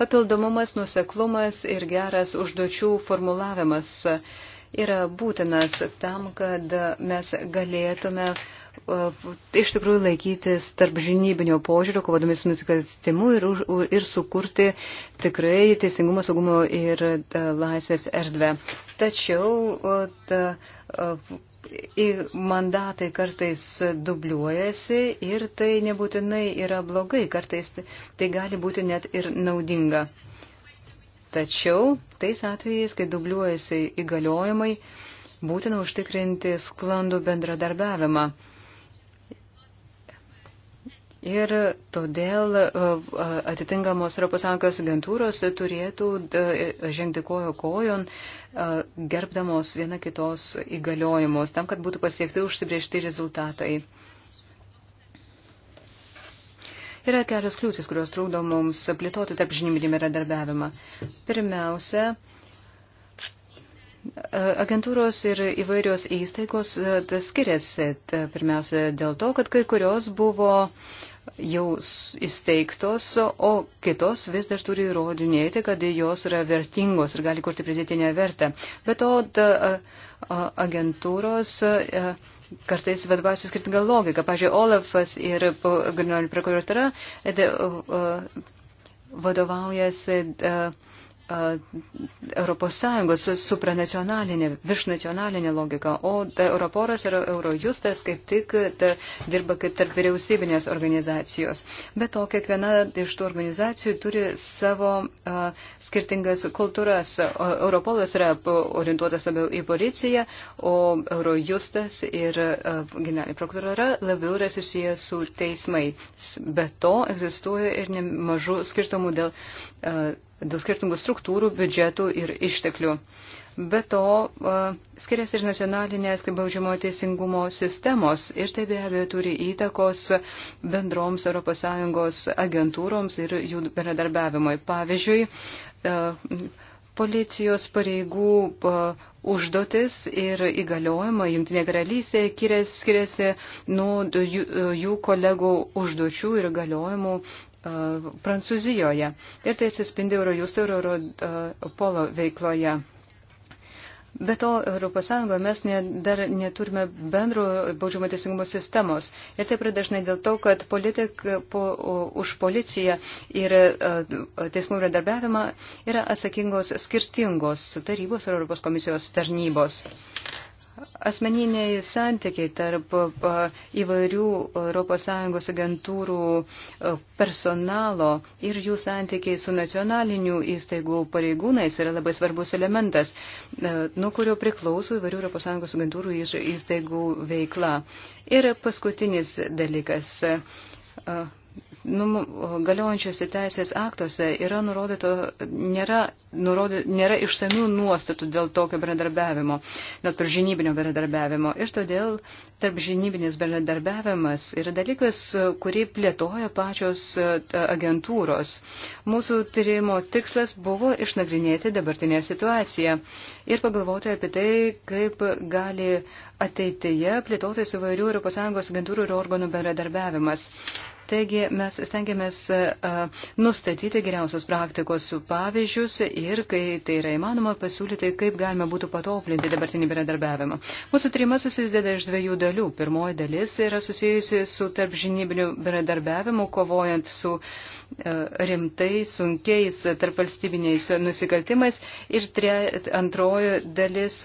Papildomumas, nuseklumas ir geras užduočių formulavimas yra būtinas tam, kad mes galėtume uh, E, iš tikrųjų laikytis tarp žinybinio požiūrio, kovodami su nusikaltimu ir, ir sukurti tikrai teisingumo, saugumo ir da, e, laisvės erdvę. Tačiau da, mandatai kartais dubliuojasi ir tai nebūtinai yra blogai, kartais tai gali būti net ir naudinga. Tačiau tais atvejais, kai dubliuojasi įgaliojimai, būtina užtikrinti sklandų bendradarbiavimą Ir todėl e, atitinkamos ES agentūros turėtų e, žengti kojo kojon, gerbdamos viena kitos įgaliojimus, tam, kad būtų pasiekti užsibriežti rezultatai. Yra kelios kliūtis, kurios trūdo mums plėtoti tarp žinybinį bendradarbiavimą. Pirmiausia, Agentūros ir įvairios įstaigos skiriasi. Pirmiausia, dėl to, kad kai kurios buvo uh, jau įsteigtos, o kitos vis dar turi įrodinėti, kad jos yra vertingos ir gali kurti pridėtinę vertę. Bet to ta, agentūros kartais vadovasi skirtinga logika. Pavyzdžiui, Olafas ir generalinė prokuratūra e, vadovaujasi. Uh, ES supranacionalinė, viršnacionalinė logika, o Europoras ir Eurojustas kaip tik ta, dirba kaip tarp vyriausybinės organizacijos. Be to, kiekviena iš tų organizacijų turi savo a, skirtingas kultūras. O, Europolas yra orientuotas labiau į policiją, o Eurojustas ir generalinė prokuratūra labiau yra susijęs su teismais. Be to, egzistuoja ir nemažų skirtumų dėl. A, dėl skirtingų struktūrų, biudžetų ir išteklių. Be to, e, skiriasi ir nacionalinės baudžiamo teisingumo sistemos ir tai be abejo turi įtakos bendroms ES agentūroms ir jų bendradarbiavimui. Pavyzdžiui, e, policijos pareigų e, užduotis ir įgaliojimai Junktinė karalystė skiriasi nuo jų kolegų užduočių ir įgaliojimų Prancūzijoje. Ir tai atsispindi Eurojusto ir Europolo e, veikloje. Be to, ES mes ne, dar neturime bendro baudžiamo teisingumo sistemos. Ir taip yra dažnai dėl to, kad politik po, už policiją ir e, teismų bendradarbiavimą yra atsakingos skirtingos tarybos ir Europos komisijos tarnybos asmeniniai santykiai tarp įvairių ES agentūrų personalo ir jų santykiai su nacionalinių įstaigų pareigūnais yra labai svarbus elementas, nuo kurio priklauso įvairių ES agentūrų įstaigų veikla. Ir paskutinis dalykas nu, galiojančiuose teisės aktuose yra nurodyto, nėra, nurodyto, nėra išsamių nuostatų dėl tokio bendradarbiavimo, net per žinybinio bendradarbiavimo. Ir todėl tarp žinybinis bendradarbiavimas yra dalykas, kurį plėtoja pačios e, agentūros. Mūsų tyrimo tikslas buvo išnagrinėti dabartinę situaciją ir pagalvoti apie tai, kaip gali ateityje plėtotis įvairių ES agentūrų ir organų bendradarbiavimas. Taigi mes stengiamės e, e, nustatyti geriausios praktikos pavyzdžius ir, kai tai yra įmanoma, pasiūlyti, kaip galima būtų patoplinti dabartinį bendradarbiavimą. Mūsų tyrimas susideda iš dviejų dalių. Pirmoji dalis yra susijusi su tarpžinybiniu bendradarbiavimu, kovojant su e, rimtais, sunkiais tarpvalstybiniais nusikaltimais. Ir tre, antroji dalis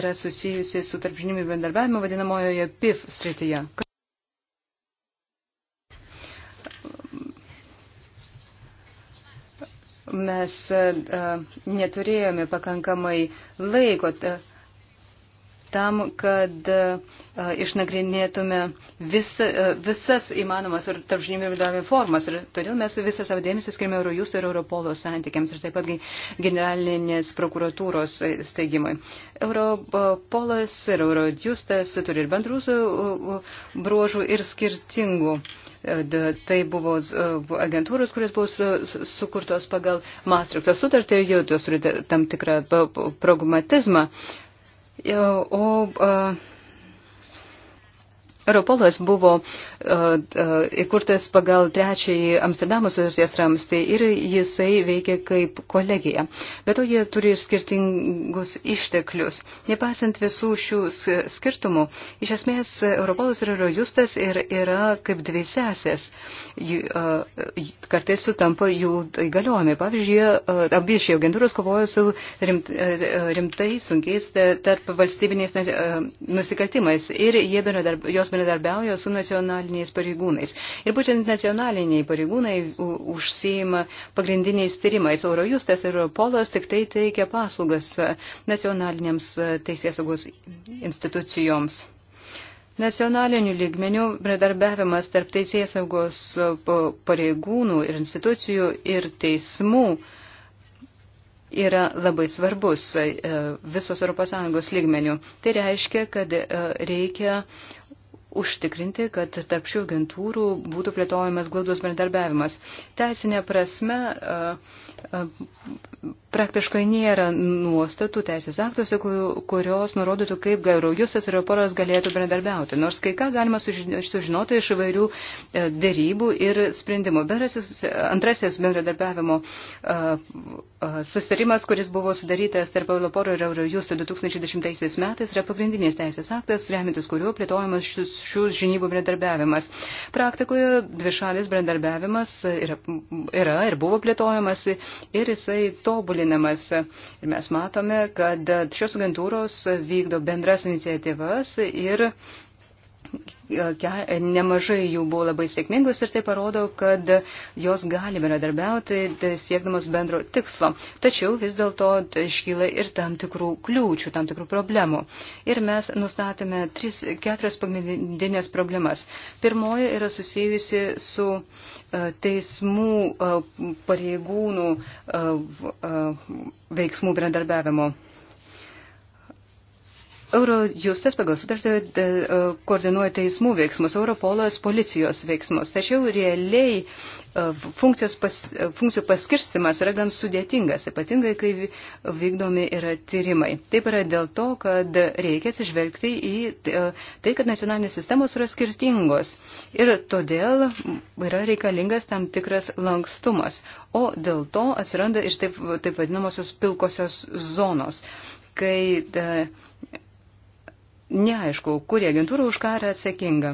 yra susijusi su tarpžinybiniu bendradarbiavimu vadinamojoje PIF srityje. mes e, e, neturėjome pakankamai laiko tam, kad e, išnagrinėtume vis, visas įmanomas ir tarpžinimio bendravimo formas. Ir todėl mes visą savo dėmesį skirime Eurojus ir Europolo santykiams ir taip pat generalinės prokuratūros steigimui. Europolas ir Eurojustas turi ir bendrus bruožų ir skirtingų. Uh, Tai buvo agentūros, kurios buvo sukurtos pagal Maastrichto sutartį ir jau jos turi tam tikrą pragmatizmą. O, o Europolas buvo e, e, įkurtas pagal trečiąjį Amsterdamo sutarties ramstį ir jisai veikia kaip kolegija. Bet to jie turi ir skirtingus išteklius. Nepasant visų šių skirtumų, iš esmės Europolas ir Eurojustas ir yra kaip dvi sesės. E, kartais sutampa jų įgaliojimai. Pavyzdžiui, abi šie agentūros kovojo su rimt, rimtai sunkiais tarp valstybiniais nusikaltimais ir jie bendradarbiavo bendradarbiauja su nacionaliniais pareigūnais. Ir būtent nacionaliniai pareigūnai užsieima pagrindiniais tyrimais. Eurojustas ir Europolas tik tai teikia paslaugas nacionaliniams teisėsaugos institucijoms. Nacionaliniu lygmeniu bendradarbiavimas tarp teisėsaugos pareigūnų ir institucijų ir teismų yra labai svarbus e, visos ES lygmenių. Tai reiškia, kad e, reikia užtikrinti, kad tarp šių agentūrų būtų plėtojamas glaudus bendradarbiavimas. Teisinė prasme praktiškai nėra nuostatų teisės aktuose, kurios nurodytų, kaip Eurojustas ir Europolas galėtų bendradarbiauti. Nors kai ką galima sužinoti iš įvairių e, dėrybų ir sprendimų. Berasis, antrasis bendradarbiavimo sustarimas, kuris buvo sudarytas tarp Europolo ir Eurojusto 2010 metais, yra pagrindinės teisės aktas, remintis kuriuo plėtojamas šis šių žinybų bendradarbiavimas. Praktikoje dvišalis bendradarbiavimas yra, yra ir buvo plėtojamas ir jisai tobulinamas. Ir mes matome, kad šios agentūros vykdo bendras iniciatyvas ir nemažai jų buvo labai sėkmingos ir tai parodo, kad jos gali bendradarbiauti siekdamos bendro tikslo. Tačiau vis dėlto iškyla ir tam tikrų kliūčių, tam tikrų problemų. Ir mes nustatėme tris, keturias pagrindinės problemas. Pirmoji yra susijusi su e, teismų e, pareigūnų e, veiksmų bendradarbiavimo. Eurojustas pagal sutartį e, e, koordinuoja teismų veiksmus, Europolas policijos veiksmus, tačiau realiai e, funkcijos pas, funkcijų paskirstimas yra gan sudėtingas, ypatingai kai vykdomi yra tyrimai. Taip yra dėl to, kad reikia atsižvelgti į tai, kad nacionalinės sistemos yra skirtingos ir todėl yra reikalingas tam tikras lankstumas, o dėl to atsiranda ir taip, taip vadinamosios pilkosios zonos, kai da, neaišku, kuri agentūra už ką yra atsakinga.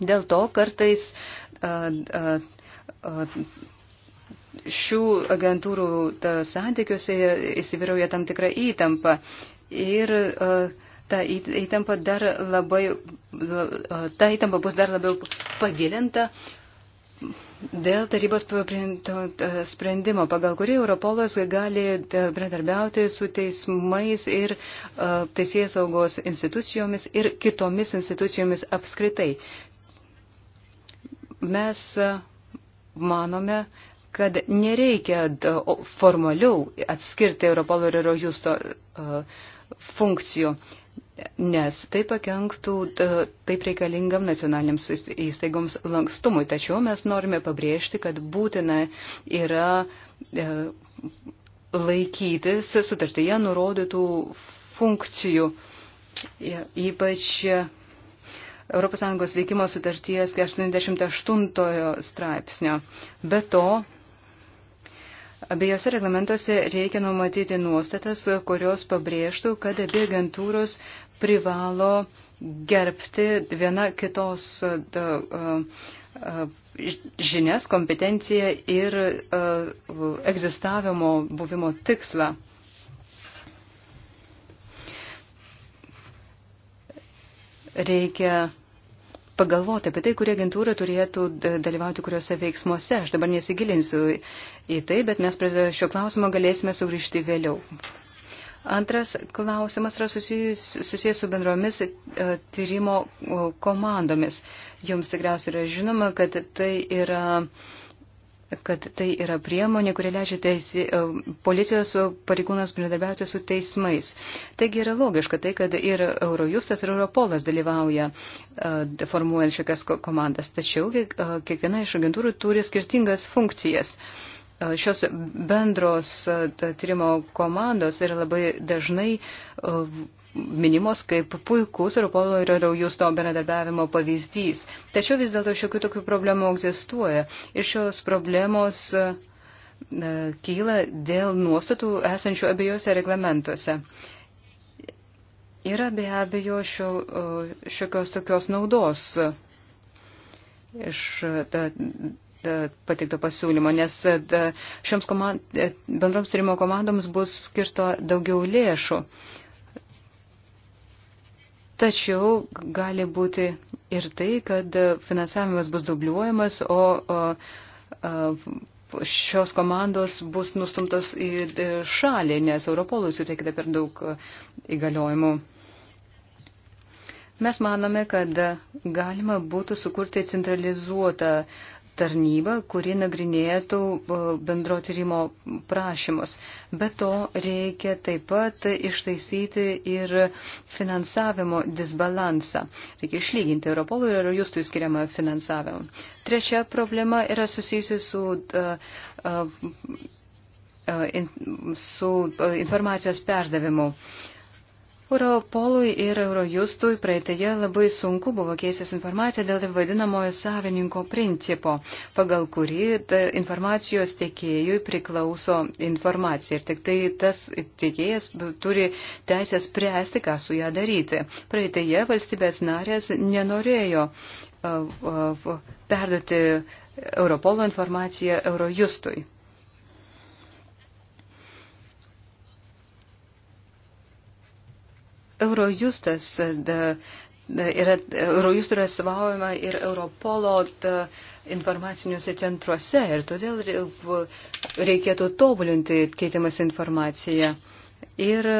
Dėl to kartais a, a, a, šių agentūrų santykiuose įsivyrauja tam tikra įtampa. Ir ta įtampa, dar labai, ta įtampa bus dar labiau pagilinta dėl tarybos priimto e, sprendimo, pagal kurį Europolas gali e, bendarbiauti su teismais ir e, teisės saugos institucijomis ir kitomis institucijomis apskritai. Mes manome, kad nereikia formaliau atskirti Europolo ir Eurojusto funkcijų nes tai pakenktų taip reikalingam nacionaliniams įstaigoms lankstumui. Tačiau mes norime pabrėžti, kad būtina yra e, laikytis sutartyje nurodytų funkcijų, ypač ES veikimo sutarties 88 straipsnio. Be to, abiejose reglamentuose reikia numatyti nuostatas, kurios pabrėžtų, kad abi agentūros privalo gerbti viena kitos žinias, kompetenciją ir egzistavimo buvimo tikslą. Reikia pagalvoti apie tai, kurie agentūra turėtų dalyvauti kuriuose veiksmuose. Aš dabar nesigilinsiu į tai, bet mes prie šio klausimo galėsime sugrįžti vėliau. Antras klausimas yra susijęs, susijęs su bendromis e, tyrimo komandomis. Jums tikriausiai yra žinoma, kad tai yra kad tai yra priemonė, kuri leidžia teisi, e, policijos pareigūnas bendradarbiauti su teismais. Taigi yra logiška tai, kad ir Eurojustas, ir Europolas dalyvauja e, formuojant šiokias komandas, tačiau kiekviena iš agentūrų turi skirtingas funkcijas. Uh, E, šios bendros e, tyrimo komandos yra labai dažnai e, minimos kaip puikus Europolo ir Eurojusto bendradarbiavimo pavyzdys. Tačiau vis dėlto šiokių tokių problemų egzistuoja. Ir šios problemos kyla dėl nuostatų esančių abiejose reglamentuose. Yra be abejo šio, šiokios tokios naudos iš ta, E, pateikto pasiūlymo, nes e, šioms komand, e, bendroms tyrimo komandoms bus skirto daugiau lėšų. Tačiau gali būti ir tai, kad finansavimas bus dubliuojamas, o, o šios komandos bus nustumtos į šalį, nes Europolui suteikite per daug įgaliojimų. Mes manome, kad galima būtų sukurti centralizuotą tarnybą, kuri nagrinėtų bendro tyrimo prašymus. Be to reikia taip pat ištaisyti ir finansavimo disbalansą. Reikia išlyginti Europolų ir Eurojustui skiriamą finansavimą. Trečia problema yra susijusi su. Uh, uh, in, su informacijos perdavimu. Uh, Europolui ir Eurojustui praeitėje labai sunku buvo keistis informacija dėl vadinamojo savininko principo, pagal kurį informacijos tiekėjui priklauso informacija ir tik tai tas tiekėjas turi teisę spręsti, ką su ją daryti. Praeitėje valstybės narės nenorėjo perduoti Europolo informaciją Eurojustui. Eurojustas da, yra, Eurojustų yra atstovaujama ir Europolo da, informaciniuose centruose ir todėl reikėtų tobulinti keitimas informaciją. Ir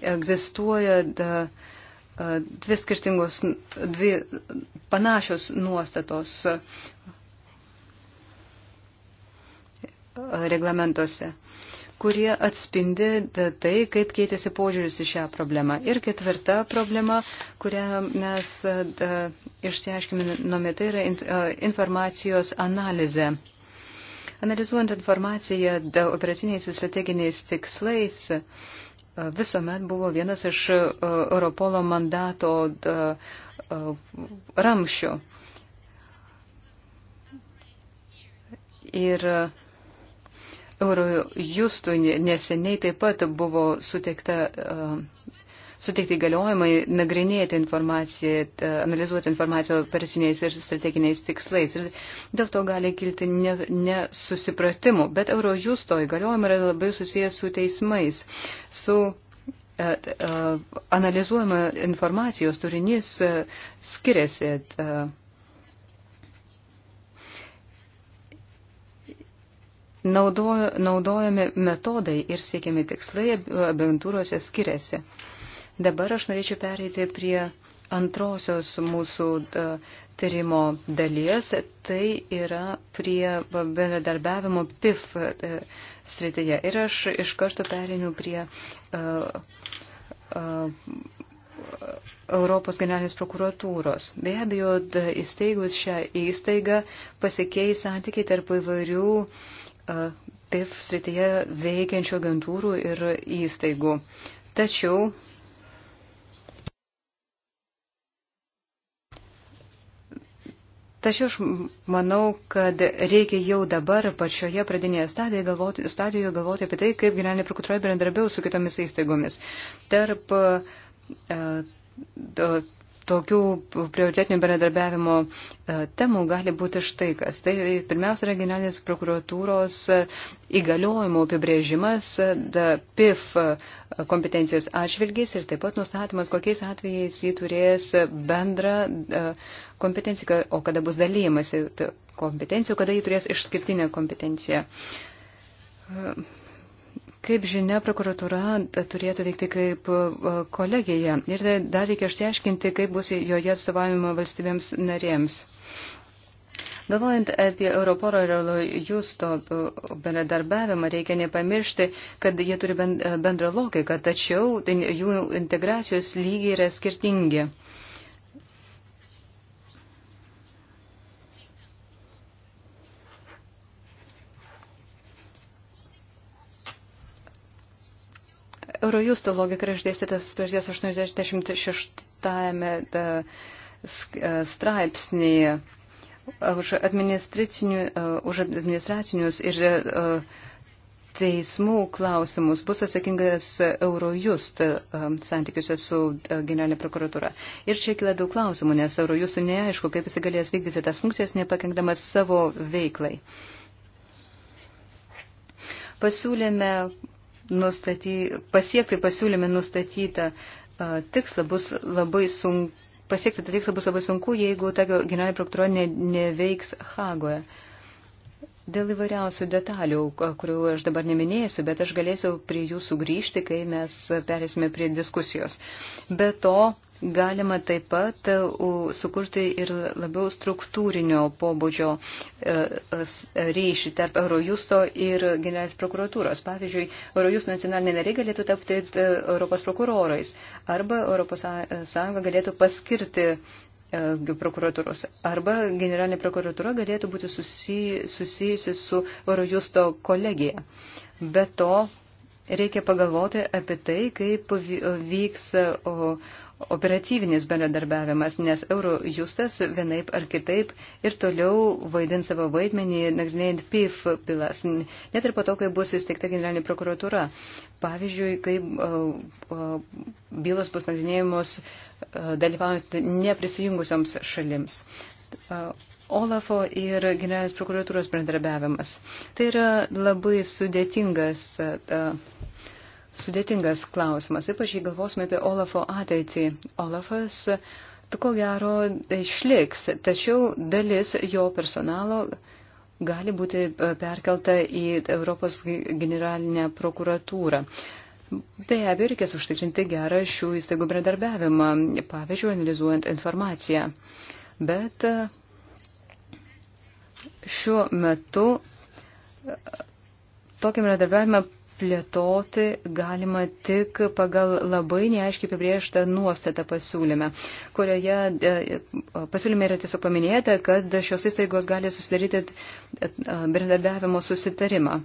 egzistuoja da, dvi skirtingos, dvi panašios nuostatos reglamentuose kurie atspindi tai, kaip keitėsi požiūris į šią problemą. Ir ketvirta problema, kurią mes e, išsiaiškinome, tai yra e, informacijos analizė. Analizuojant informaciją operaciniais ir strateginiais tikslais, e, visuomet buvo vienas iš Europolo mandato ramšių. Ir uh, Eurojustui neseniai taip pat buvo suteikta. Uh, suteikti galiojimai nagrinėti informaciją, e, analizuoti informaciją operaciniais ir strateginiais tikslais. Ir dėl to gali kilti nesusipratimų. Ne Bet Eurojusto įgaliojimai yra labai susijęs su teismais, su e, analizuojama informacijos turinys skiriasi. Ta, naudojo, naudojami metodai ir siekiami tikslai agentūrose skiriasi. Dabar aš norėčiau pereiti prie antrosios mūsų e, tyrimo dalies, tai yra prie bendradarbiavimo PIF e, srityje. Ir aš iš karto pereinu prie uh, uh, Europos generalinės prokuratūros. Be abejo, įsteigus šią įstaigą pasikeis santykiai tarp įvairių uh, PIF srityje veikiančių agentūrų ir įstaigų. Tačiau Tačiau aš manau, kad reikia jau dabar pačioje pradinėje stadijoje galvoti, stadijoje galvoti apie tai, kaip generalinė prokuratūra bendrabiau su kitomis įstaigomis. Tarp uh, tokių prioritetinių bendradarbiavimo e, temų gali būti štai kas. Tai pirmiausia yra generalinės prokuratūros e, įgaliojimų apibrėžimas, e, PIF kompetencijos atžvilgis ir taip pat nustatymas, kokiais atvejais jį turės bendrą kompetenciją, o kada bus dalymasi kompetencijų, kada jį turės išskirtinę kompetenciją. Kaip žinia, prokuratūra turėtų veikti kaip kolegija ir dar reikia išsiaiškinti, kaip bus joje atstovavimo valstybėms narėms. Galvojant apie Europoro ir Justo bendradarbiavimą, reikia nepamiršti, kad jie turi bendrą logiką, tačiau jų integracijos lygiai yra skirtingi. Eurojusto logika yra išdėstytas 86 e, straipsnėje už, e, už administracinius ir e, teismų klausimus bus atsakingas Eurojust santykiuose su generalinė prokuratūra. Ir čia kila daug klausimų, nes Eurojustų neaišku, kaip jis galės vykdyti tas funkcijas, nepakengdamas savo veiklai. Pasiūlėme nustaty, pasiekti pasiūlyme nustatytą tikslą bus labai sunku. Pasiekti tą tikslą bus labai sunku, jeigu ta generalinė prokuratūra ne, neveiks Hagoje. Dėl įvairiausių detalių, kurių aš dabar neminėsiu, bet aš galėsiu prie jų sugrįžti, kai mes perėsime prie diskusijos. Be to, galima taip pat e, sukurti ir labiau struktūrinio pobūdžio e, ryšį tarp Eurojusto ir generalinės prokuratūros. Pavyzdžiui, Eurojust nacionaliniai nariai galėtų tapti e, Europos prokurorais arba Europos Sąjunga galėtų paskirti prokuratūros. Arba generalinė prokuratūra galėtų būti susijusi su Eurojusto kolegija. Be to, Reikia pagalvoti apie tai, kaip vyks operatyvinis bendradarbiavimas, nes Eurojustas vienaip ar kitaip ir toliau vaidins savo vaidmenį, nagrinėjant PIF pilas, net ir po to, kai bus įsteigta generalinė prokuratūra. Pavyzdžiui, kai bylos bus nagrinėjimos e, dalyvaujant neprisijungusioms šalims. O, Olafo ir generalinės prokuratūros bendrabiavimas. Tai yra labai sudėtingas, ta, e, sudėtingas klausimas, ypač jei galvosime apie Olafo ateitį. Olafas, tu ko gero, išliks, tačiau dalis jo personalo gali būti e, perkelta į Europos generalinę prokuratūrą. Be abejo, reikės užtikrinti gerą šių įstaigų bendradarbiavimą, pavyzdžiui, analizuojant informaciją. Bet šiuo metu tokį bendradarbiavimą plėtoti galima tik pagal labai neaiškiai apibriežtą nuostatą pasiūlyme, kurioje e, pasiūlyme yra tiesiog paminėta, kad šios įstaigos gali susidaryti e, bendradarbiavimo susitarimą.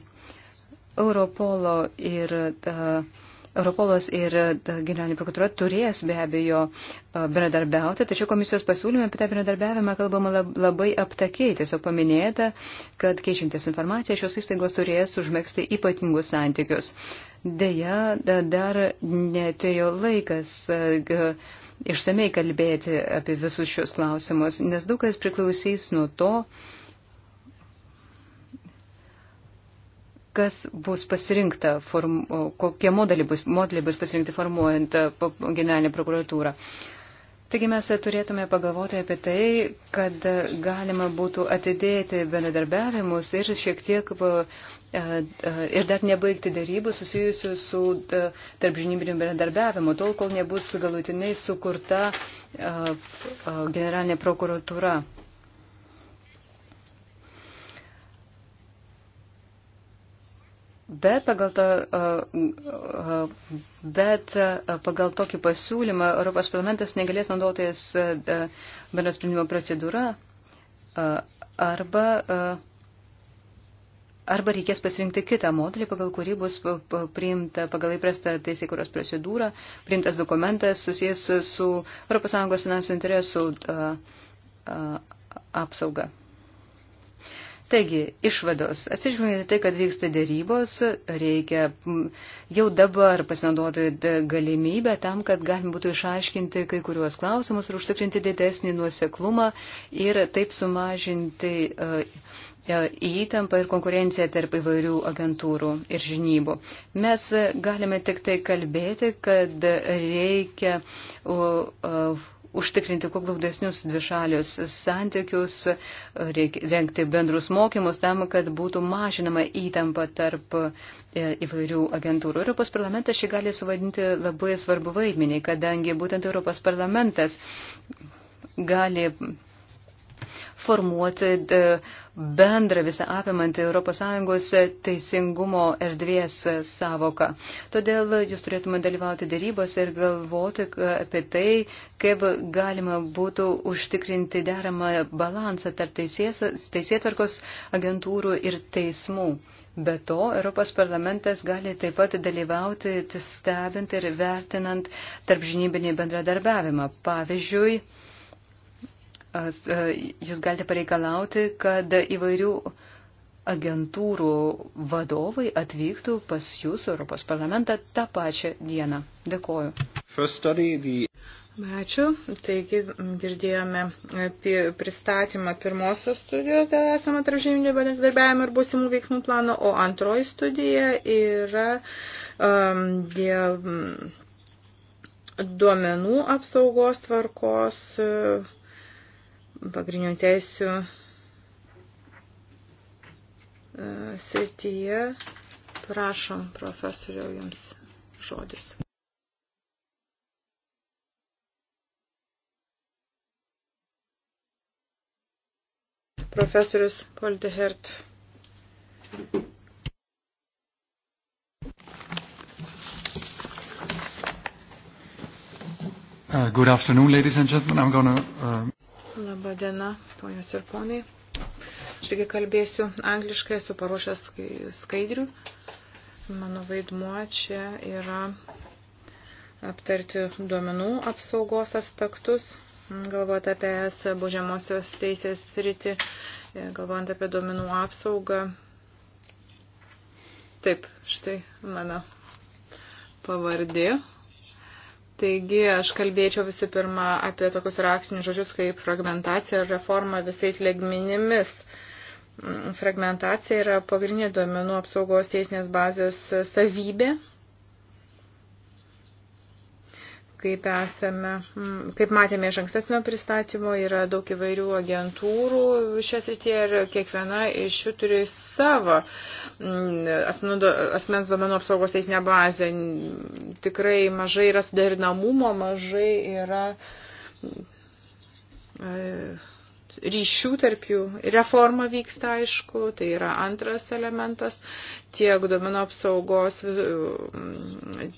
Europolo ir ta, e, uh, Europolas ir e, generalinė prokuratūra turės be abejo e, bendradarbiauti, tačiau komisijos pasiūlyme apie tą bendradarbiavimą kalbama labai aptakiai, tiesiog paminėta, kad keičiantis informaciją šios įstaigos turės užmėgsti ypatingus santykius. Deja, dar netėjo laikas e, išsamei kalbėti apie visus šios klausimus, nes daug kas priklausys nuo to, kas bus pasirinkta, form, kokie modeliai bus, modeliai bus pasirinkti formuojant e, generalinę prokuratūrą. Taigi mes turėtume pagalvoti apie tai, kad galima būtų atidėti bendradarbiavimus ir šiek tiek e, e, ir dar nebaigti darybų susijusių su tarpžinybiniu bendradarbiavimu, tol kol nebus galutinai sukurta generalinė prokuratūra. Bet pagal, to, bet pagal tokį pasiūlymą Europos parlamentas negalės naudotis bendro sprendimo procedūra arba, arba reikės pasirinkti kitą modelį, pagal kurį bus priimta pagal įprastą teisėkuros procedūrą, priimtas dokumentas susijęs su ES finansų interesų apsauga. Taigi, išvados. Atsižvelgiant tai, kad vyksta dėrybos, reikia jau dabar pasinaudoti galimybę tam, kad galima būtų išaiškinti kai kuriuos klausimus ir užtikrinti didesnį nuoseklumą ir taip sumažinti e, e, įtampą ir konkurenciją tarp įvairių agentūrų ir žinybų. Mes galime tik tai kalbėti, kad reikia. Uh, uh, užtikrinti kuo glaudesnius dvišalius santykius, rengti bendrus mokymus tam, kad būtų mažinama įtampa tarp e, įvairių agentūrų. Europos parlamentas šį gali suvadinti labai svarbu vaidmenį, kadangi būtent Europos parlamentas gali formuoti e, bendrą visą apimantį ES teisingumo erdvės savoką. Todėl jūs turėtume dalyvauti dėrybose ir galvoti e, apie tai, kaip galima būtų užtikrinti deramą balansą tarp teisės, teisėtvarkos agentūrų ir teismų. Be to, Europos parlamentas gali taip pat dalyvauti stebint ir vertinant tarpžinybinį bendradarbiavimą. Pavyzdžiui, E, jūs galite pareikalauti, kad įvairių agentūrų vadovai atvyktų pas jūs Europos parlamentą tą pačią dieną. Dėkoju. Ačiū. Taigi girdėjome apie pristatymą pirmosios studijos dėl esamo tarpžyminio bendradarbiavimo ir būsimų veiksmų plano, o antroji studija yra um, dėl mm, duomenų apsaugos tvarkos. Uh, pagrindinių teisių e, srityje. Prašom, profesoriau, jums žodis. Profesorius Poldehert. Uh, good afternoon, ladies and gentlemen. I'm going to. Uh... Labą dieną, ponios ir ponai. Šiaip kalbėsiu angliškai, esu paruošęs skaidrių. Mano vaidmuo čia yra aptarti duomenų apsaugos aspektus, galvojant apie es baudžiamosios teisės sritį, galvojant apie duomenų apsaugą. Taip, štai mano pavardė, Taigi aš kalbėčiau visų pirma apie tokius raktinius žodžius kaip fragmentacija ir reforma visais legminimis. Mm, fragmentacija yra pagrindinė duomenų apsaugos teisinės bazės savybė, Kaip, esame, hmm, kaip matėme iš ankstesnio pristatymo, yra daug įvairių agentūrų šią sritį ir kiekviena iš jų turi savo hmm, asmens duomenų apsaugos teisinę bazę. Tikrai mažai yra suderinamumo, mažai yra. Hmm, e, ryšių tarp jų. Reforma vyksta, aišku, tai yra antras elementas, tiek domino apsaugos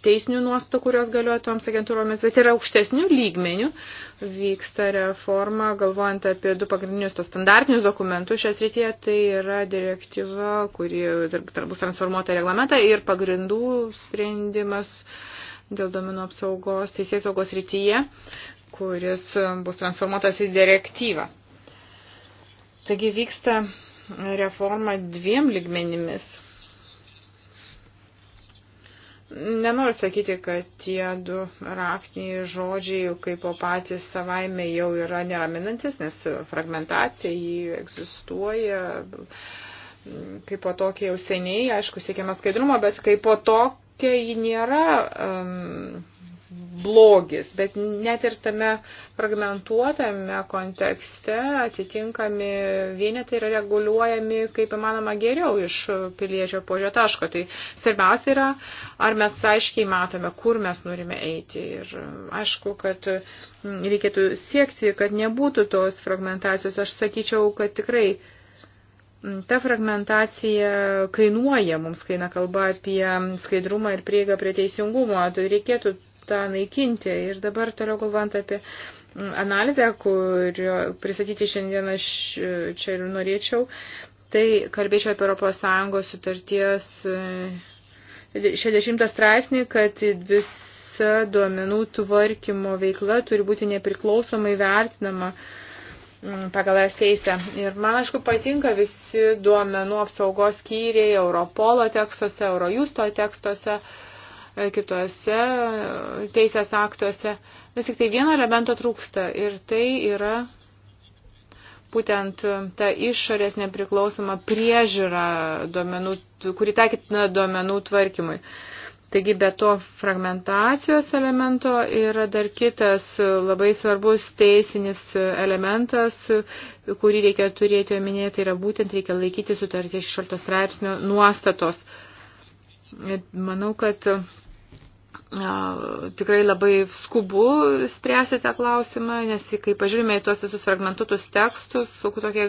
teisinių nuostatų, kurios galioja toms agentūromis, bet yra aukštesnių lygmenių vyksta reforma, galvojant apie du pagrindinius tos standartinius dokumentus šią srityje, tai yra direktyva, kuri bus transformuota reglamentą ir pagrindų sprendimas dėl domino apsaugos teisės saugos rytyje kuris bus transformuotas į direktyvą. Taigi vyksta reforma dviem ligmenimis. Nenoriu sakyti, kad tie du raktiniai žodžiai kaip o patys savaime jau yra neraminantis, nes fragmentacija jį egzistuoja kaip po tokia jau seniai, aišku, siekiama skaidrumo, bet kaip po tokia ji nėra um, blogis, bet net ir tame fragmentuotame kontekste atitinkami vienetai yra reguliuojami kaip įmanoma geriau iš piliečio požio taško. Tai svarbiausia yra, ar mes aiškiai matome, kur mes norime eiti. Ir aišku, kad reikėtų siekti, kad nebūtų tos fragmentacijos. Aš sakyčiau, kad tikrai ta fragmentacija kainuoja mums, kai na kalba apie skaidrumą ir prieigą prie teisingumo. Tai reikėtų tą naikinti. Ir dabar toliau galvant apie mm, analizę, kurio pristatyti šiandien aš e, čia ir norėčiau, tai kalbėčiau apie ES sutarties 60 e, straipsnį, kad visa duomenų tvarkymo veikla turi būti nepriklausomai vertinama mm, pagal es teisę. Ir man, aišku, patinka visi duomenų apsaugos skyriai Europolo tekstuose, Eurojusto tekstuose. Uh, E, kitose teisės aktuose. Vis tik tai vieno elemento trūksta ir tai yra būtent ta išorės nepriklausoma priežiūra duomenų, kuri taikytina duomenų tvarkymui. Taigi be to fragmentacijos elemento yra dar kitas labai svarbus teisinis elementas, kurį reikia turėti omenyje, tai yra būtent reikia laikyti sutarties 16 straipsnio nuostatos. Ir manau, kad tikrai labai skubu spręsti tą klausimą, nes kai pažiūrime į tuos visus fragmentuotus tekstus, tokie,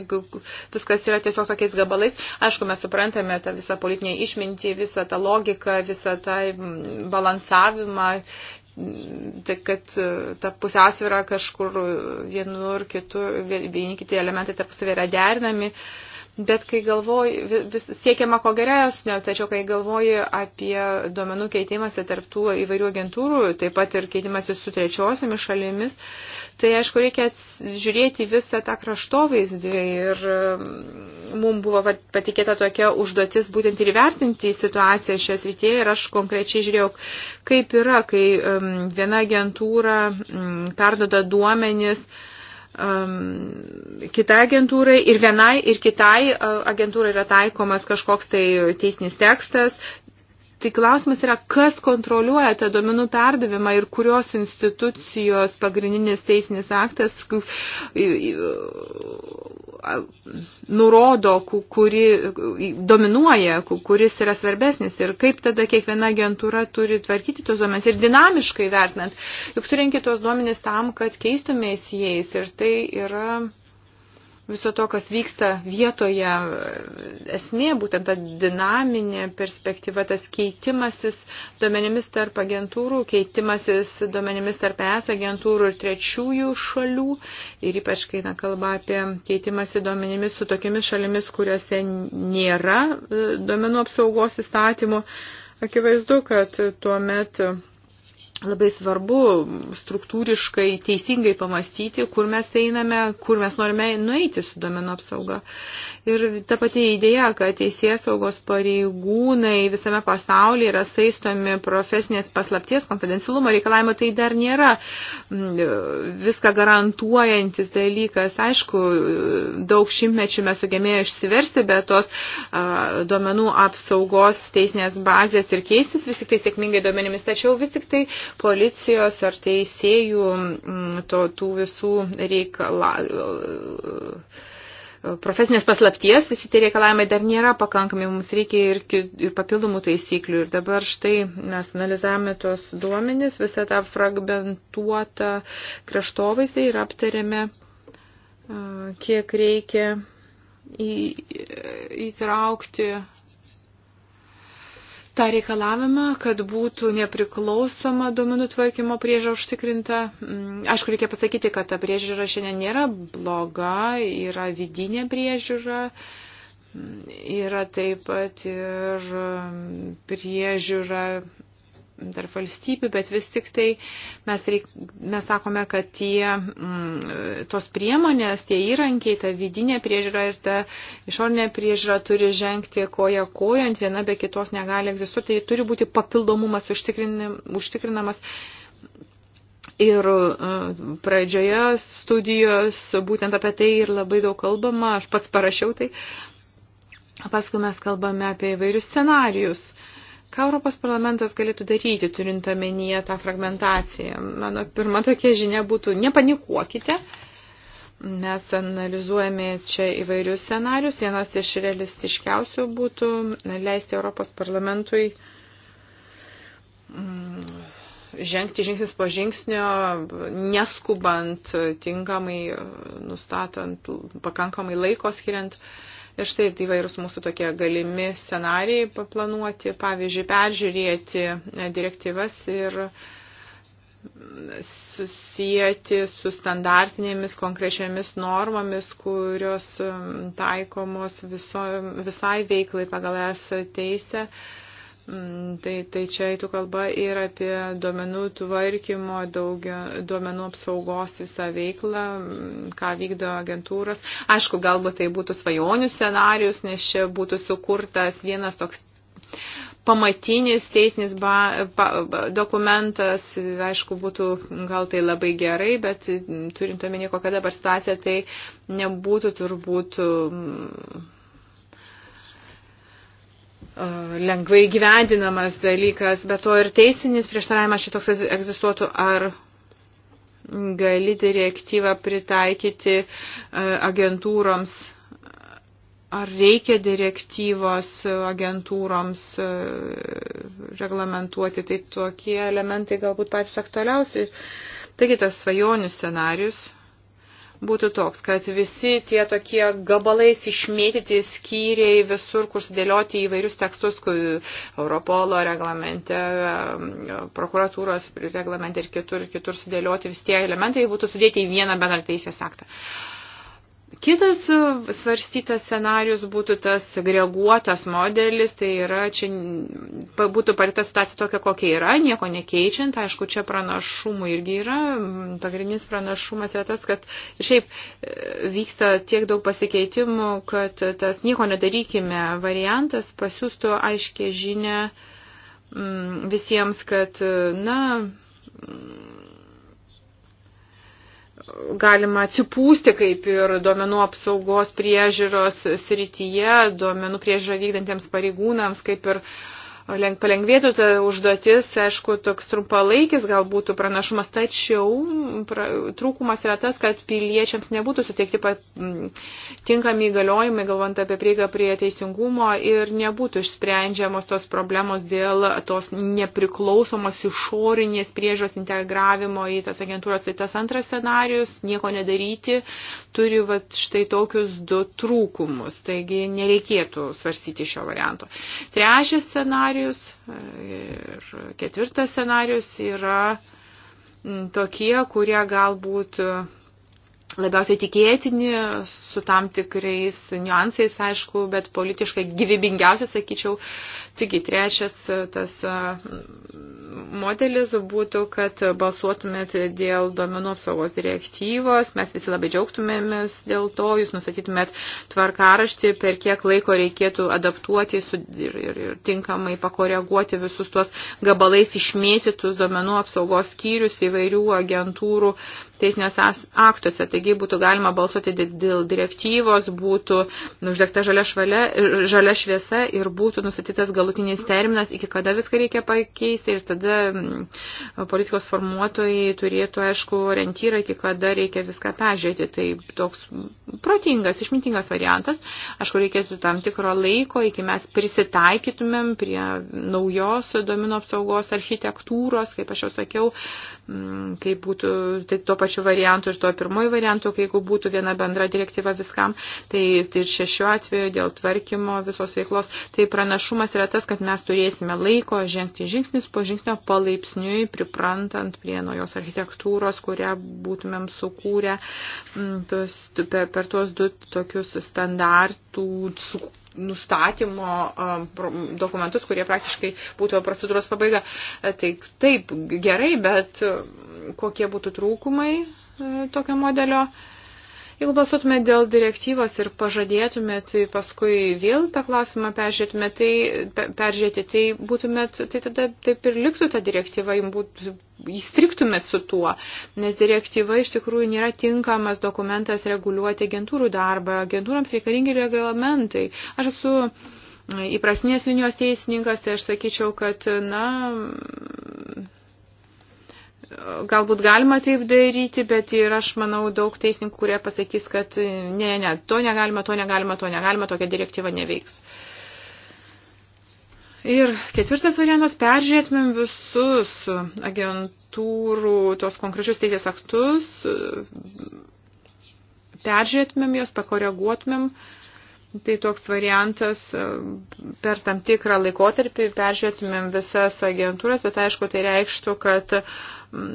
viskas yra tiesiog tokiais gabalais. Aišku, mes suprantame tą visą politinę išmintį, visą tą logiką, visą tą balansavimą, tai kad e, ta pusiausvyrą kažkur vienur, kitur, vieni kiti elementai tarpusavį yra derinami. Uh, Bet kai galvoji, vis, siekiama ko geresnio, tačiau kai galvoji apie duomenų keitimąsi tarp tų įvairių agentūrų, taip pat ir keitimąsi su trečiosiomis šalimis, tai aišku, reikia žiūrėti visą tą kraštovaizdį ir mm, mums buvo patikėta tokia užduotis būtent ir vertinti situaciją šioje srityje ir aš konkrečiai žiūrėjau, kaip yra, kai mm, viena agentūra mm, perdoda duomenis, um, kitai agentūrai ir vienai ir kitai uh, agentūrai yra taikomas kažkoks tai teisnis tekstas. Tai klausimas yra, kas kontroliuoja tą domenų perdavimą ir kurios institucijos pagrindinis teisinis aktas nurodo, kuri dominuoja, kuris yra svarbesnis ir kaip tada kiekviena agentūra turi tvarkyti tos duomenys ir dinamiškai vertinant. Juk turinki tos duomenys tam, kad keistumės jais ir tai yra viso to, kas vyksta vietoje, esmė, būtent ta dinaminė perspektyva, tas keitimasis duomenimis tarp agentūrų, keitimasis duomenimis tarp ES agentūrų ir trečiųjų šalių, ir ypač, kai na, kalba apie keitimasi duomenimis su tokiamis šalimis, kuriuose nėra e, duomenų apsaugos įstatymų, akivaizdu, kad tuo metu labai svarbu struktūriškai teisingai pamastyti, kur mes einame, kur mes norime nueiti su domenų apsauga. Ir ta pati idėja, kad teisės saugos pareigūnai visame pasaulyje yra saistomi profesinės paslapties konfidencialumo reikalavimo, tai dar nėra mm, viską garantuojantis dalykas. Aišku, daug šimtmečių mes sugebėjome išsiversti, bet tos a, domenų apsaugos teisinės bazės ir keistis vis tik tai sėkmingai duomenimis. Tačiau vis tik tai policijos ar teisėjų mm, to, tų visų reikala, profesinės paslapties, visi tie reikalavimai dar nėra pakankami, mums reikia ir, ir papildomų taisyklių. Ir dabar štai mes analizavome tos duomenis, visą tą fragmentuotą kraštovaizdį ir aptarėme, kiek reikia į, įtraukti tą reikalavimą, kad būtų nepriklausoma duomenų tvarkymo prieža užtikrinta. Mm, aišku, reikia pasakyti, kad ta priežiūra šiandien nėra bloga, yra vidinė priežiūra. Mm, yra taip pat ir mm, priežiūra tarp valstybių, bet vis tik tai mes, reik, mes sakome, kad tie, m, mm, tos priemonės, tie įrankiai, ta vidinė priežiūra ir ta išorinė priežiūra turi žengti koja kojant, viena be kitos negali egzistuoti, tai turi būti papildomumas užtikrinamas. Ir e, pradžioje studijos būtent apie tai ir labai daug kalbama, aš pats parašiau tai, paskui mes kalbame apie įvairius scenarius. Uh, Ką Europos parlamentas galėtų daryti, turint omenyje tą fragmentaciją? Mano pirma tokia žinia būtų, nepanikuokite. Mes analizuojame čia įvairius scenarius. Vienas iš realistiškiausių būtų leisti Europos parlamentui mm, žengti žingsnis po žingsnio, neskubant, tinkamai nustatant, pakankamai laiko skiriant uh, Ir štai įvairūs mūsų tokie galimi scenarijai paplanuoti, pavyzdžiui, peržiūrėti e, direktyvas ir susijęti su standartinėmis konkrečiamis normomis, kurios taikomos viso, visai veiklai pagal esą teisę. Uh, Mm, tai, tai čia eitų kalba ir apie duomenų tvarkymo, daugio, duomenų apsaugos visą veiklą, mm, ką vykdo agentūros. Aišku, galbūt tai būtų svajonių scenarius, nes čia būtų sukurtas vienas toks pamatinis teisinis ba, ba, dokumentas, aišku, būtų gal tai labai gerai, bet mm, turint omenyje, kokia dabar situacija, tai nebūtų turbūt. Mm, lengvai gyvendinamas dalykas, bet to ir teisinis prieštaravimas šitoks egzistuotų, ar gali direktyvą pritaikyti agentūroms, ar reikia direktyvos agentūroms reglamentuoti, tai tokie elementai galbūt patys aktualiausi. Taigi tas svajonių scenarius būtų toks, kad visi tie tokie gabalais išmėtyti skyriai visur, kur sudėlioti įvairius tekstus, Europolo reglamente, prokuratūros reglamente ir kitur, kitur sudėlioti, visi tie elementai būtų sudėti į vieną bendrą teisės aktą. Uh, Kitas e, svarstytas scenarius būtų tas agreguotas modelis, tai yra, čia būtų parita situacija tokia, kokia yra, nieko nekeičiant, aišku, čia pranašumų irgi yra, pagrindinis pranašumas yra tas, kad šiaip e, vyksta tiek daug pasikeitimų, kad tas nieko nedarykime variantas pasiūstų aiškiai žinę visiems, kad, e, na, galima atsipūsti kaip ir duomenų apsaugos priežiūros srityje, duomenų priežiūrą vykdantiems pareigūnams, kaip ir uh, palengvėtų ta užduotis, aišku, toks trumpalaikis galbūt pranašumas, tačiau pra, trūkumas yra tas, kad piliečiams nebūtų suteikti pat, tinkami įgaliojimai, galvant apie prieigą prie teisingumo ir nebūtų išsprendžiamos tos problemos dėl tos nepriklausomos išorinės priežos integravimo į tas agentūras. Tai tas antras scenarius, nieko nedaryti, turi va, štai tokius du trūkumus, taigi nereikėtų svarstyti šio varianto. Trečias scenarius scenarius ir ketvirtas scenarius yra tokie, kurie galbūt labiausiai tikėtini, su tam tikrais niuansais, aišku, bet politiškai gyvybingiausias, sakyčiau. Taigi, trečias e, tas e, modelis būtų, kad balsuotumėt dėl domenų apsaugos direktyvos, mes visi labai džiaugtumėmės dėl to, jūs nustatytumėt tvarkaraštį, per kiek laiko reikėtų adaptuoti su, ir, ir, ir tinkamai pakoreguoti visus tuos gabalais išmėtytus domenų apsaugos skyrius įvairių agentūrų teisiniuose aktuose. Taigi būtų galima balsuoti dėl direktyvos, būtų uždegta žalia, švalia, žalia šviesa ir būtų nustatytas galutinis terminas, iki kada viską reikia pakeisti ir tada mm, politikos formuotojai turėtų, aišku, orientyrą, iki kada reikia viską peržiūrėti. Tai toks protingas, išmintingas variantas. Aišku, reikėtų tam tikro laiko, iki mes prisitaikytumėm prie naujos domino apsaugos architektūros, kaip aš jau sakiau, Mm, kaip būtų tai tuo pačiu variantu ir tuo pirmoju variantu, jeigu būtų viena bendra direktyva viskam, tai, tai ir šešiu atveju dėl tvarkymo visos veiklos, tai pranašumas yra tas, kad mes turėsime laiko žengti žingsnis po žingsnio palaipsniui, priprantant prie naujos architektūros, kurią būtumėm sukūrę mm, tos, per, per tuos du tokius standartų nustatymo dokumentus, kurie praktiškai būtų procedūros pabaiga. Tai taip, gerai, bet kokie būtų trūkumai tokio modelio? Jeigu balsuotume dėl direktyvos ir pažadėtumėt tai paskui vėl tą klausimą peržiūrėtumėt, tai, pe, peržiūrėti, tai būtumėt, tai tada taip ir liktų ta direktyva, jums būtų įstriktumėt su tuo, nes direktyva iš tikrųjų nėra tinkamas dokumentas reguliuoti agentūrų darbą. Agentūrams reikalingi reglamentai. Aš esu įprasnės linijos teisininkas, tai aš sakyčiau, kad, na, galbūt galima taip daryti, bet ir aš manau daug teisininkų, kurie pasakys, kad ne, ne, to negalima, to negalima, to negalima, tokia direktyva neveiks. Ir ketvirtas variantas, peržiūrėtumėm visus agentūrų, tos konkrečius teisės aktus, peržiūrėtumėm juos, pakoreguotumėm. Tai toks variantas per tam tikrą laikotarpį peržiūrėtumėm visas agentūras, bet aišku, tai reikštų, kad uh,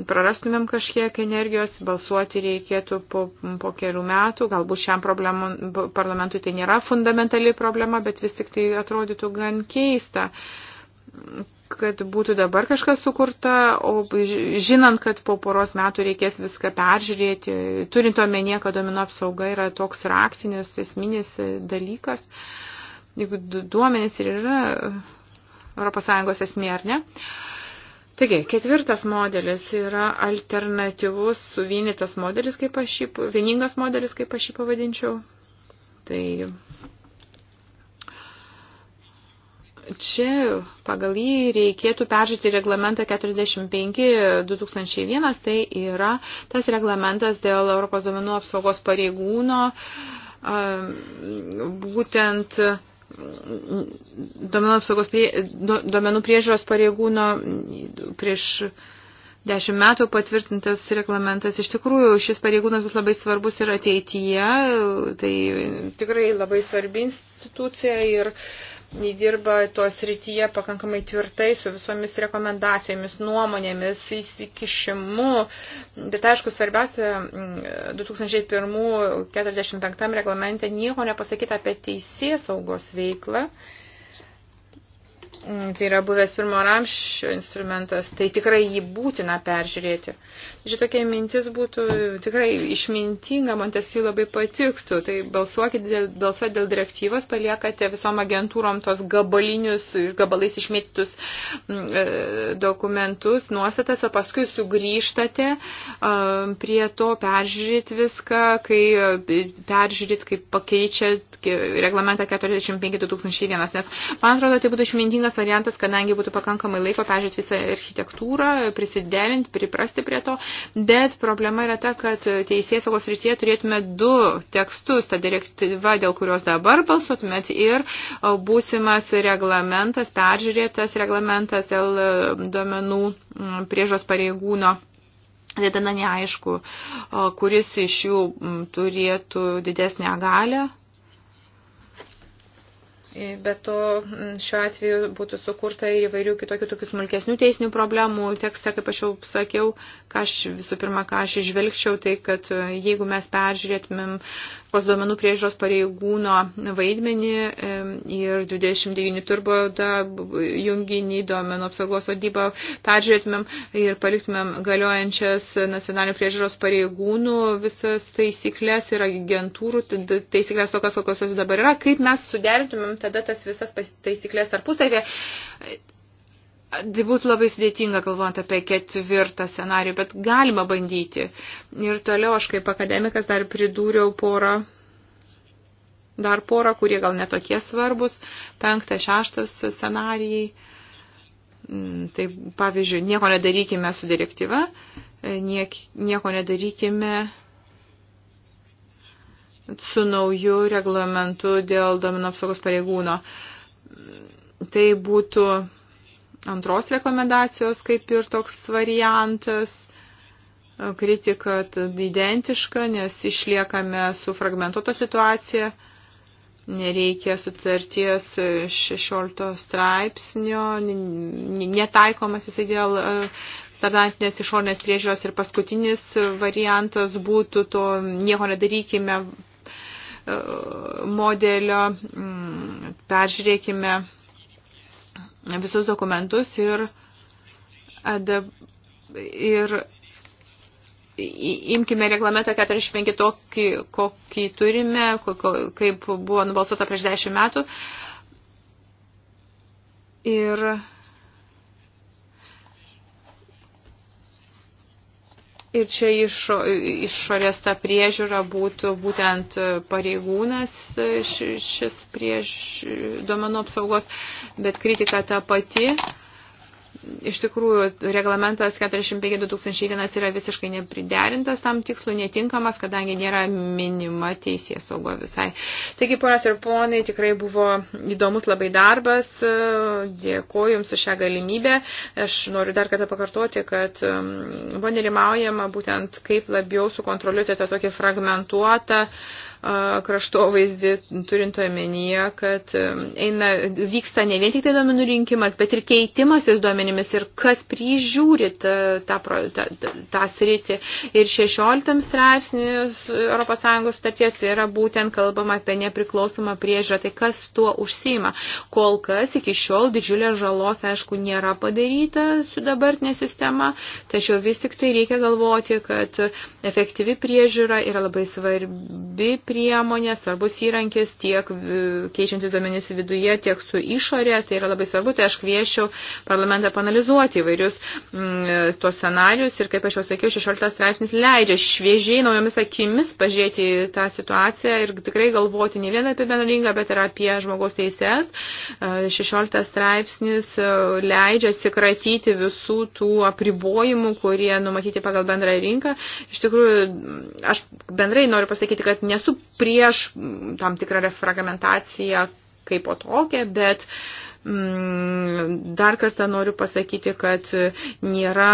prarastumėm kažkiek energijos, balsuoti reikėtų po, po kelių metų. Galbūt šiam problemu, parlamentui tai nėra fundamentali problema, bet vis tik tai atrodytų gan keista kad būtų dabar kažkas sukurta, o žinant, kad po poros metų reikės viską peržiūrėti, turint omenyje, kad domino apsauga yra toks raktinis, esminis dalykas, jeigu duomenys ir yra ES esmė, ar ne? Uh, Taigi, ketvirtas modelis yra alternatyvus, suvienytas modelis, kaip aš jį, vieningas modelis, kaip aš jį pavadinčiau. Tai čia pagal jį reikėtų peržiūrėti reglamentą 45-2001, tai yra tas reglamentas dėl Europos duomenų apsaugos pareigūno, būtent duomenų apsaugos prie, duomenų priežiūros pareigūno prieš dešimt metų patvirtintas reglamentas. Iš tikrųjų, šis pareigūnas bus labai svarbus ir ateityje. Tai tikrai labai svarbi institucija ir uh, dirba tos rytyje pakankamai tvirtai su visomis rekomendacijomis, nuomonėmis, įsikišimu. Bet aišku, svarbiausia, 2001-45 mm, reglamente nieko nepasakyta apie teisės saugos veiklą. Mm, tai yra buvęs pirmo ramščio instrumentas, tai tikrai jį būtina peržiūrėti. Šitokia mintis būtų tikrai išmintinga, man tiesiog labai patiktų. Tai balsuokit dėl, balsuot dėl direktyvos, paliekate visom agentūrom tos gabalinius ir gabalais išmėtytus mm, e, dokumentus, nuostatas, o paskui sugrįžtate prie to, peržiūrit viską, kai e, peržiūrit, kaip pakeičiat reglamentą 45.2001. Nes man atrodo, tai būtų išmintingas geras variantas, kadangi būtų pakankamai laiko peržiūrėti visą architektūrą, prisiderinti, priprasti prie to, bet problema yra ta, kad teisės saugos rytyje turėtume du tekstus, ta direktyva, dėl kurios dabar balsuotumėt ir būsimas reglamentas, peržiūrėtas reglamentas dėl duomenų priežos pareigūno. Tai tada neaišku, kuris iš jų turėtų didesnę galę Bet to šiuo atveju būtų sukurta ir įvairių kitokių tokių smulkesnių teisinių problemų. Tekste, kaip aš jau sakiau, ką aš visų pirma, ką aš išvelgčiau, tai kad e, jeigu mes peržiūrėtumėm pas duomenų priežiūros pareigūno vaidmenį ir 29 turbo junginį duomenų apsaugos vadybą peržiūrėtumėm ir paliktumėm galiojančias nacionalinio priežiūros pareigūnų visas taisyklės ir agentūrų taisyklės tokios, kokios jos dabar yra, kaip mes suderintumėm tada tas visas taisyklės tarpusavė Tai būtų labai sudėtinga, galvojant apie ketvirtą scenarių, bet galima bandyti. Ir toliau aš kaip akademikas dar pridūriau porą, dar porą, kurie gal netokie svarbus, penktas, šeštas scenarijai. Mm, tai pavyzdžiui, nieko nedarykime su direktyva, niek, nieko nedarykime su nauju reglamentu dėl domino apsaugos pareigūno. Tai būtų antros rekomendacijos kaip ir toks variantas. Kritika identiška, nes išliekame su fragmentuota situacija. Nereikia sutarties 16 straipsnio, netaikomas jisai dėl e, standartinės išorinės priežiūros ir paskutinis variantas būtų to nieko nedarykime e, modelio, peržiūrėkime visus dokumentus ir, ir imkime reglamentą 45 tokį, kokį turime, kaip buvo nubalsuota prieš 10 metų. Ir Ir čia iš, išorės ta priežiūra būtų būtent pareigūnas e, šis prieš duomenų apsaugos, bet kritika ta pati. Uh, iš tikrųjų reglamentas 45.2001 yra visiškai nepriderintas tam tikslu, netinkamas, kadangi nėra minima teisės saugo visai. Taigi, ponas ir ponai, tikrai buvo įdomus labai darbas. Dėkuoju Jums už šią galimybę. Aš noriu dar kartą pakartoti, kad um, buvo nerimaujama būtent kaip labiau sukontroliuoti tą tokį fragmentuotą uh, kraštovaizdį, turint omenyje, kad eina, vyksta ne vien tik tai duomenų rinkimas, bet ir keitimasis duomenimis ir kas prižiūri tą, tą, tą, tą sritį. Ir 16 straipsnis ES sutarties tai yra būtent kalbama apie nepriklausomą priežiūrą, tai kas tuo užsima. Kol kas iki šiol didžiulės žalos, aišku, nėra padaryta su dabartinė sistema, tačiau vis tik tai reikia galvoti, kad efektyvi priežiūra yra labai svarbi priemonė, svarbus įrankis tiek keičiantis duomenys viduje, tiek su išorė. Tai yra labai svarbu, tai aš kviešiu parlamentą panalizuoti įvairius m, mm, tuos scenarius ir, kaip aš jau sakiau, 16 straipsnis leidžia šviežiai naujomis akimis pažiūrėti tą situaciją ir tikrai galvoti ne vien apie bendringą, bet ir apie žmogaus teises. 16 straipsnis leidžia atsikratyti visų tų apribojimų, kurie numatyti pagal bendrą rinką. Iš tikrųjų, aš bendrai noriu pasakyti, kad nesu prieš mm, tam tikrą refragmentaciją kaip po tokią, bet mm, dar kartą noriu pasakyti, kad nėra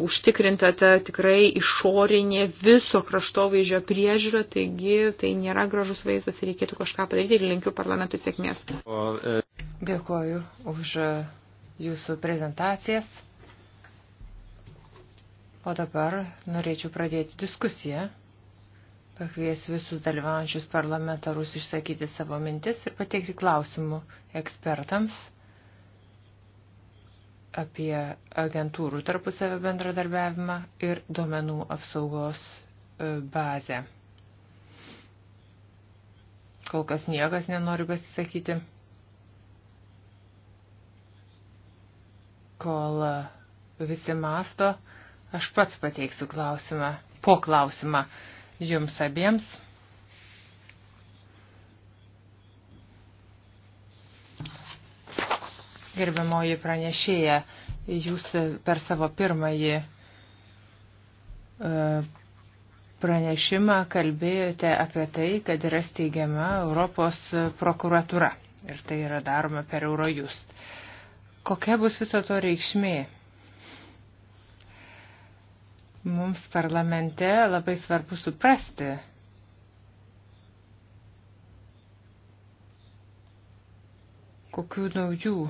užtikrinta ta tikrai išorinė viso kraštovaizdžio priežiūra, taigi tai nėra gražus vaizdas ir reikėtų kažką padaryti ir linkiu parlamentui sėkmės. E, Dėkuoju už e, jūsų prezentacijas. O dabar norėčiau pradėti diskusiją pakvies visus dalyvaujančius parlamentarus išsakyti savo mintis ir pateikti klausimų ekspertams apie agentūrų tarpusavio bendradarbiavimą ir duomenų apsaugos e, bazę. Kol kas niekas nenori pasisakyti, kol e, visi masto, aš pats pateiksiu klausimą, po klausimą jums abiems. Gerbiamoji pranešėja, jūs per savo pirmąjį e, pranešimą kalbėjote apie tai, kad yra steigiama Europos prokuratura ir tai yra daroma per Eurojust. Kokia bus viso to reikšmė? Mums parlamente labai svarbu suprasti, kokių naujų e,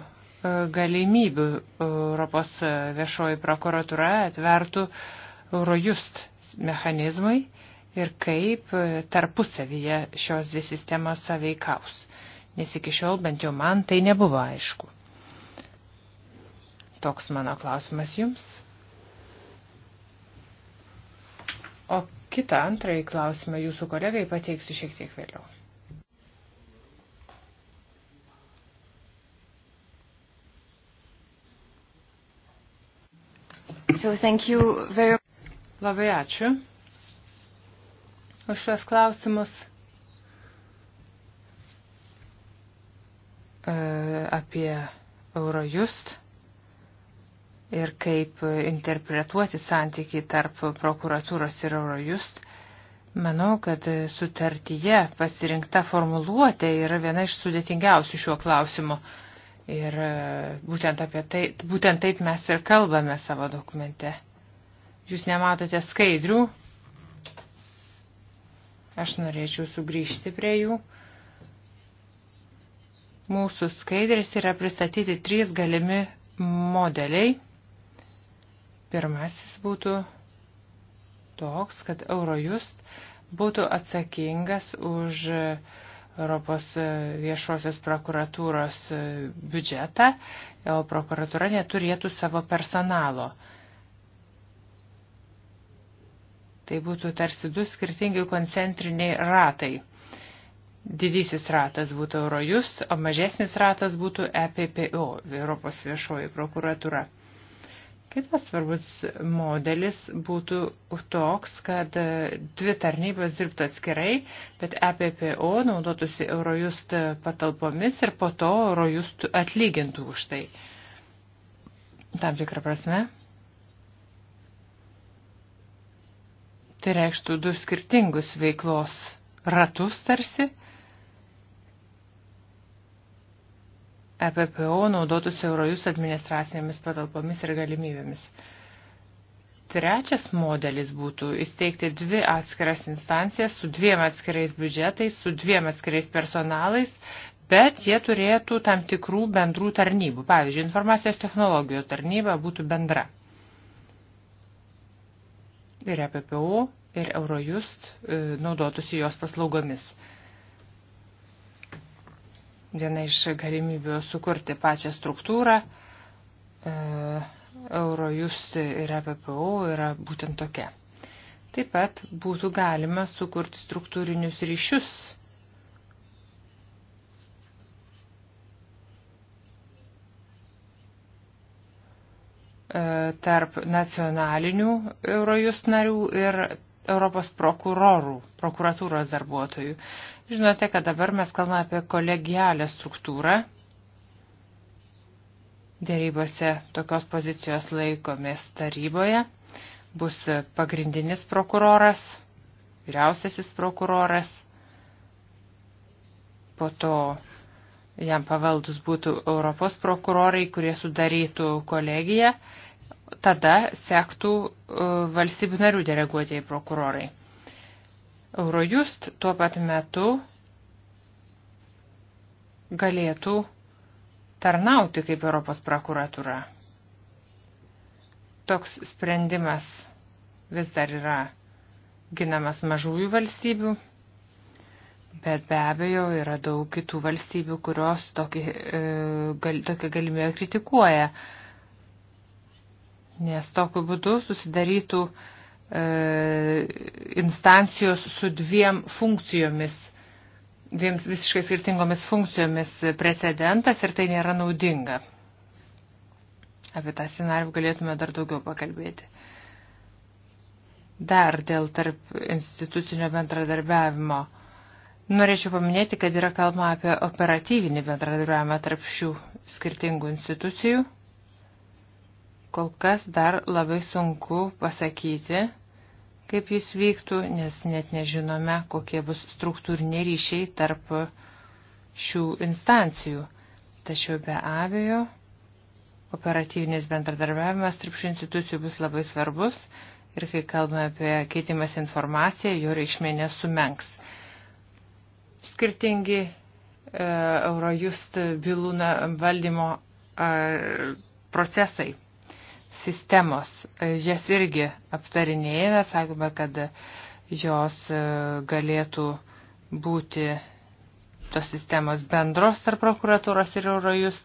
galimybių e, Europos viešoji prokuratura atvertų Eurojust mechanizmui ir kaip e, tarpusavyje šios dvi sistemos saveikaus, nes iki šiol bent jau man tai nebuvo aišku. Toks mano klausimas jums. O kitą antrąjį klausimą jūsų kolegai pateiksiu šiek tiek vėliau. So thank you very... Labai ačiū už šios klausimus e, apie Eurojust ir kaip interpretuoti santykį tarp prokuratūros ir Eurojust, manau, kad sutartyje pasirinkta formuluotė yra viena iš sudėtingiausių šiuo klausimu. Ir e, būtent, tai, būtent taip mes ir kalbame savo dokumente. Jūs nematote skaidrių. Aš norėčiau sugrįžti prie jų. Mūsų skaidrės yra pristatyti trys galimi modeliai Pirmasis būtų toks, kad Eurojust būtų atsakingas už Europos viešosios prokuratūros biudžetą, o prokuratūra neturėtų savo personalo. Tai būtų tarsi du skirtingi koncentriniai ratai. Didysis ratas būtų Eurojus, o mažesnis ratas būtų EPPO, Europos viešoji prokuratūra. Kitas svarbus modelis būtų toks, kad e, dvi tarnybos dirbtų atskirai, bet EPPO naudotųsi Eurojust patalpomis ir po to Eurojust atlygintų už tai. Tam tikrą prasme. Tai reikštų du skirtingus veiklos ratus tarsi. EPPO naudotųsi Eurojus administracinėmis patalpomis ir galimybėmis. Trečias modelis būtų įsteigti dvi atskiras instancijas su dviem atskirais biudžetais, su dviem atskirais personalais, bet jie turėtų tam tikrų bendrų tarnybų. Pavyzdžiui, informacijos technologijos tarnyba būtų bendra. Ir EPPO, ir Eurojust e, naudotųsi jos paslaugomis. Viena iš galimybių sukurti pačią struktūrą e, Eurojust ir EPPO yra būtent tokia. Taip pat būtų galima sukurti struktūrinius ryšius e, tarp nacionalinių Eurojust narių ir Europos prokurorų, prokuratūros darbuotojų. Žinote, kad dabar mes kalbame apie kolegialę struktūrą. Dėrybose tokios pozicijos laikomės taryboje. Bus pagrindinis prokuroras, vyriausiasis prokuroras, po to jam pavaldus būtų Europos prokurorai, kurie sudarytų kolegiją tada sektų e, valstybių narių deleguotieji prokurorai. Eurojust tuo pat metu galėtų tarnauti kaip Europos prokuratura. Toks sprendimas vis dar yra ginamas mažųjų valstybių, bet be abejo yra daug kitų valstybių, kurios tokį, e, gal, tokią galimybę kritikuoja. E, nes tokiu būdu susidarytų e, instancijos su dviem funkcijomis, dviem visiškai skirtingomis funkcijomis precedentas ir tai nėra naudinga. Apie tą scenarių galėtume dar daugiau pakalbėti. Dar dėl tarp institucinio bendradarbiavimo. Norėčiau paminėti, kad yra kalba apie operatyvinį bendradarbiavimą tarp šių skirtingų institucijų Kol kas dar labai sunku pasakyti, kaip jis vyktų, nes net nežinome, kokie bus struktūriniai ryšiai tarp šių instancijų. Tačiau be abejo, operatyvinis bendradarbiavimas tarp šių institucijų bus labai svarbus ir kai kalbame apie keitimas informaciją, jo reikšmė nesumenks. Skirtingi e, Eurojust bylų valdymo e, procesai sistemos. E, jas irgi aptarinėjame, sakome, kad jos e, galėtų būti tos sistemos bendros tarp prokuratūros ir Eurojus.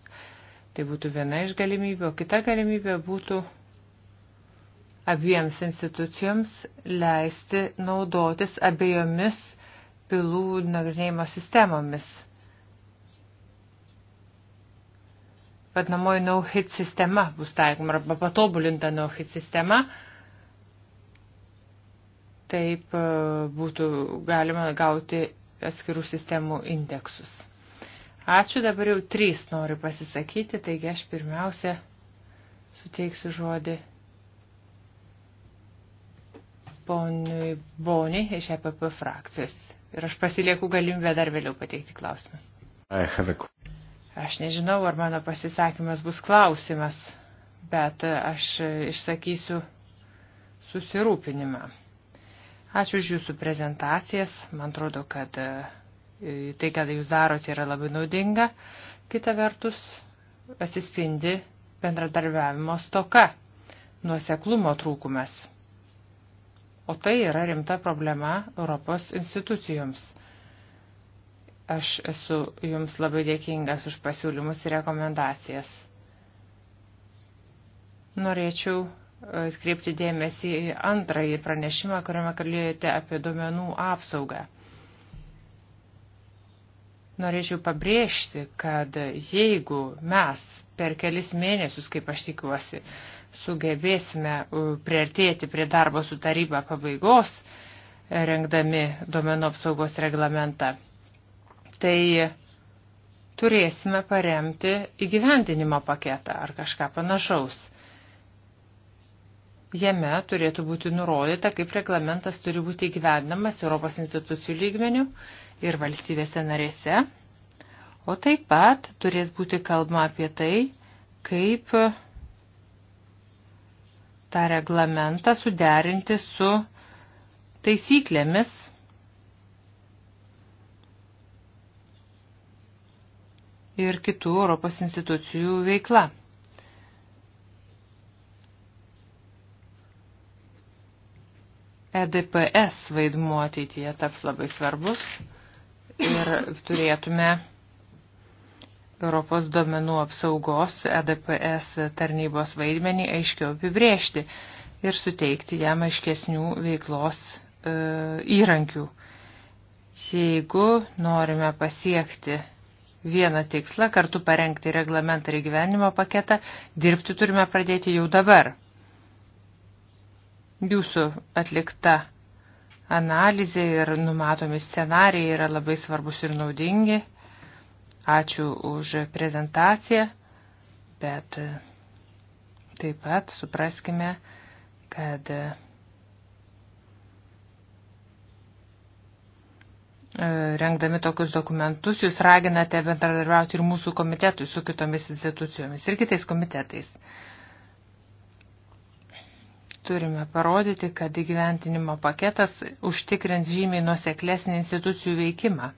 Tai būtų viena iš galimybių. Kita galimybė būtų abiems institucijoms leisti naudotis abiejomis bylų nagrinėjimo sistemomis. vadinamoji no-hit sistema bus taikoma arba patobulinta no-hit sistema. Taip e, būtų galima gauti atskirų sistemų indeksus. Ačiū, dabar jau trys noriu pasisakyti, taigi aš pirmiausia suteiksiu žodį ponui Boni iš EPP frakcijos. Ir aš pasilieku galimybę dar vėliau pateikti klausimą. Aš nežinau, ar mano pasisakymas bus klausimas, bet aš išsakysiu susirūpinimą. Ačiū už Jūsų prezentacijas. Man atrodo, kad e, tai, ką Jūs darote, yra labai naudinga. Kita vertus, atsispindi bendradarbiavimo stoka, nuoseklumo trūkumas. O tai yra rimta problema Europos institucijoms – Aš esu Jums labai dėkingas už pasiūlymus ir rekomendacijas. Norėčiau atkreipti e, dėmesį į antrąjį pranešimą, kuriame kalbėjote apie duomenų apsaugą. Norėčiau pabrėžti, kad jeigu mes per kelis mėnesius, kaip aš tikiuosi, sugebėsime priartėti prie darbo su taryba pabaigos, rengdami duomenų apsaugos reglamentą, tai turėsime paremti įgyvendinimo paketą ar kažką panašaus. Jame turėtų būti nurodyta, kaip reglamentas turi būti įgyvendinamas Europos institucijų lygmenių ir valstybėse narėse, o taip pat turės būti kalbama apie tai, kaip tą reglamentą suderinti su taisyklėmis ir kitų Europos institucijų veikla. EDPS vaidmuo ateityje taps labai svarbus ir turėtume Europos domenų apsaugos EDPS tarnybos vaidmenį aiškiau apibriežti ir suteikti jam aiškesnių veiklos e, įrankių. Jeigu norime pasiekti vieną tikslą - kartu parengti reglamentą ir gyvenimo paketą, dirbti turime pradėti jau dabar. Jūsų atlikta analizė ir numatomi scenarijai yra labai svarbus ir naudingi. Ačiū už prezentaciją, bet taip pat supraskime, kad E, rengdami tokius dokumentus, jūs raginate bendradarbiauti ir mūsų komitetui su kitomis institucijomis ir kitais komitetais. Turime parodyti, kad įgyventinimo paketas užtikrins žymiai nuoseklesnį institucijų veikimą.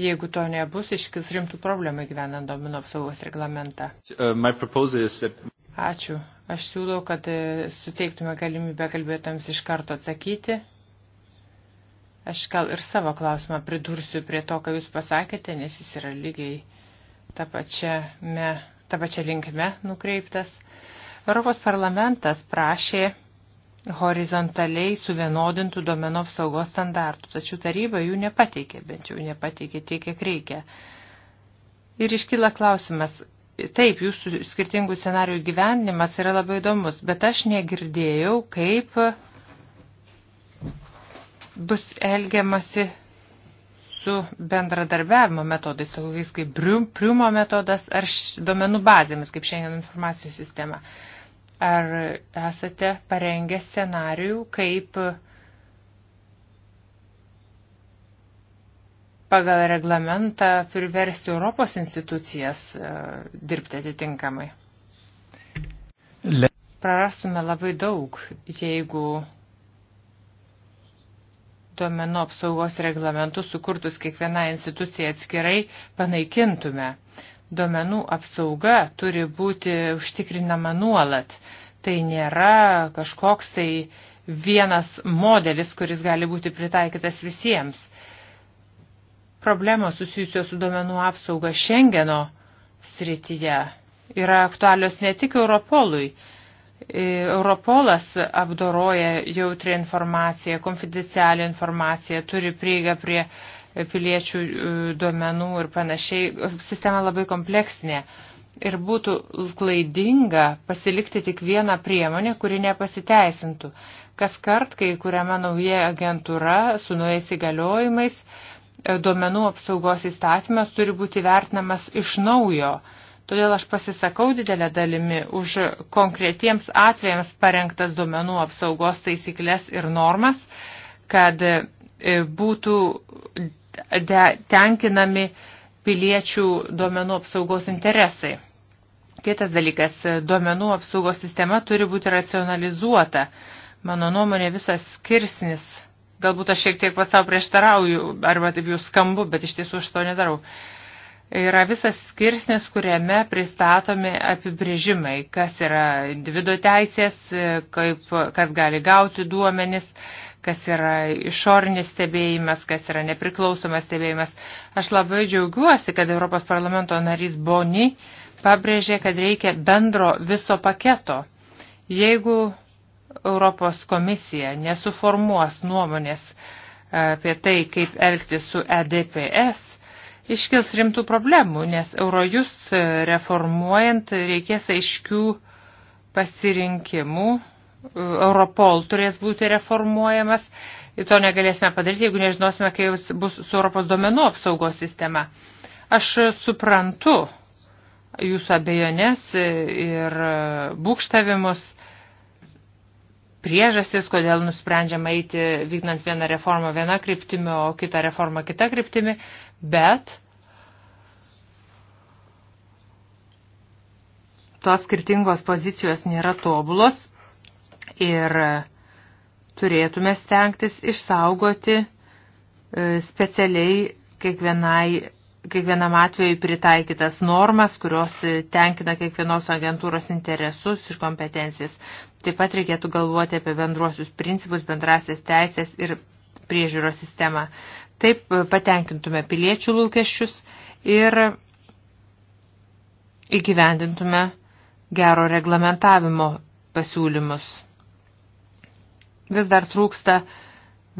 Jeigu to nebus, iškils rimtų problemų gyvenant domino apsaugos reglamentą. Uh, Ačiū. Aš siūlau, kad e, suteiktume galimybę kalbėtams iš karto atsakyti Aš gal ir savo klausimą pridursiu prie to, ką jūs pasakėte, nes jis yra lygiai tą pačią, me, tą pačią linkme nukreiptas. Europos parlamentas prašė horizontaliai suvienodintų duomenų apsaugos standartų, tačiau taryba jų nepateikė, bent jau nepateikė tiek, kiek reikia. Ir iškyla klausimas, taip, jūsų skirtingų scenarių gyvenimas yra labai įdomus, bet aš negirdėjau, kaip bus elgiamasi su bendradarbiavimo metodais, tokiais kaip priumo metodas ar domenų bazėmis, kaip šiandien informacijos sistema. Ar esate parengę scenarijų, kaip pagal reglamentą priversti Europos institucijas e, dirbti atitinkamai? Prarastume labai daug, jeigu duomenų apsaugos reglamentus sukurtus kiekvieną instituciją atskirai panaikintume. Duomenų apsauga turi būti užtikrinama nuolat. Tai nėra kažkoks tai vienas modelis, kuris gali būti pritaikytas visiems. Problemos susijusios su duomenų apsauga Šengeno srityje yra aktualios ne tik Europolui, E, Europolas apdoroja jautrią informaciją, konfidencialią informaciją, turi prieigą prie piliečių e, duomenų ir panašiai. Sistema labai kompleksinė. Ir būtų klaidinga pasilikti tik vieną priemonę, kuri nepasiteisintų. Kas kart, kai kuriama nauja agentūra su naujais įgaliojimais, e, duomenų apsaugos įstatymas turi būti vertinamas iš naujo Todėl aš pasisakau didelę dalimi už konkretiems atvejams parengtas duomenų apsaugos taisyklės ir normas, kad e, būtų tenkinami piliečių duomenų apsaugos interesai. Kitas dalykas - duomenų apsaugos sistema turi būti racionalizuota. Mano nuomonė visas skirsnis, galbūt aš šiek tiek pats savo prieštarauju, arba taip jau skambu, bet iš tiesų aš to nedarau. Uh, yra visas skirsnis, kuriame pristatomi apibrėžimai, kas yra individuo teisės, kaip, kas gali gauti duomenis, kas yra išorinis stebėjimas, kas yra nepriklausomas stebėjimas. Aš labai džiaugiuosi, kad Europos parlamento narys Boni pabrėžė, kad reikia bendro viso paketo. Jeigu Europos komisija nesuformuos nuomonės e, apie tai, kaip elgtis su EDPS, iškils rimtų problemų, nes Eurojus reformuojant reikės aiškių pasirinkimų. Europol turės būti reformuojamas ir to negalėsime padaryti, jeigu nežinosime, kaip bus su Europos domenų apsaugos sistema. Aš suprantu jūsų abejonės ir būkštavimus priežastis, kodėl nusprendžiama eiti vykdant vieną reformą vieną kryptimį, o kitą reformą kitą kryptimį, bet tos skirtingos pozicijos nėra tobulos ir turėtume stengtis išsaugoti e, specialiai kiekvienai, kiekvienam atveju pritaikytas normas, kurios tenkina kiekvienos agentūros interesus ir kompetencijas. Taip pat reikėtų galvoti apie bendruosius principus, bendrasias teisės ir priežiūros sistemą. Taip e, patenkintume piliečių lūkesčius ir įgyvendintume gero reglamentavimo pasiūlymus. Vis dar trūksta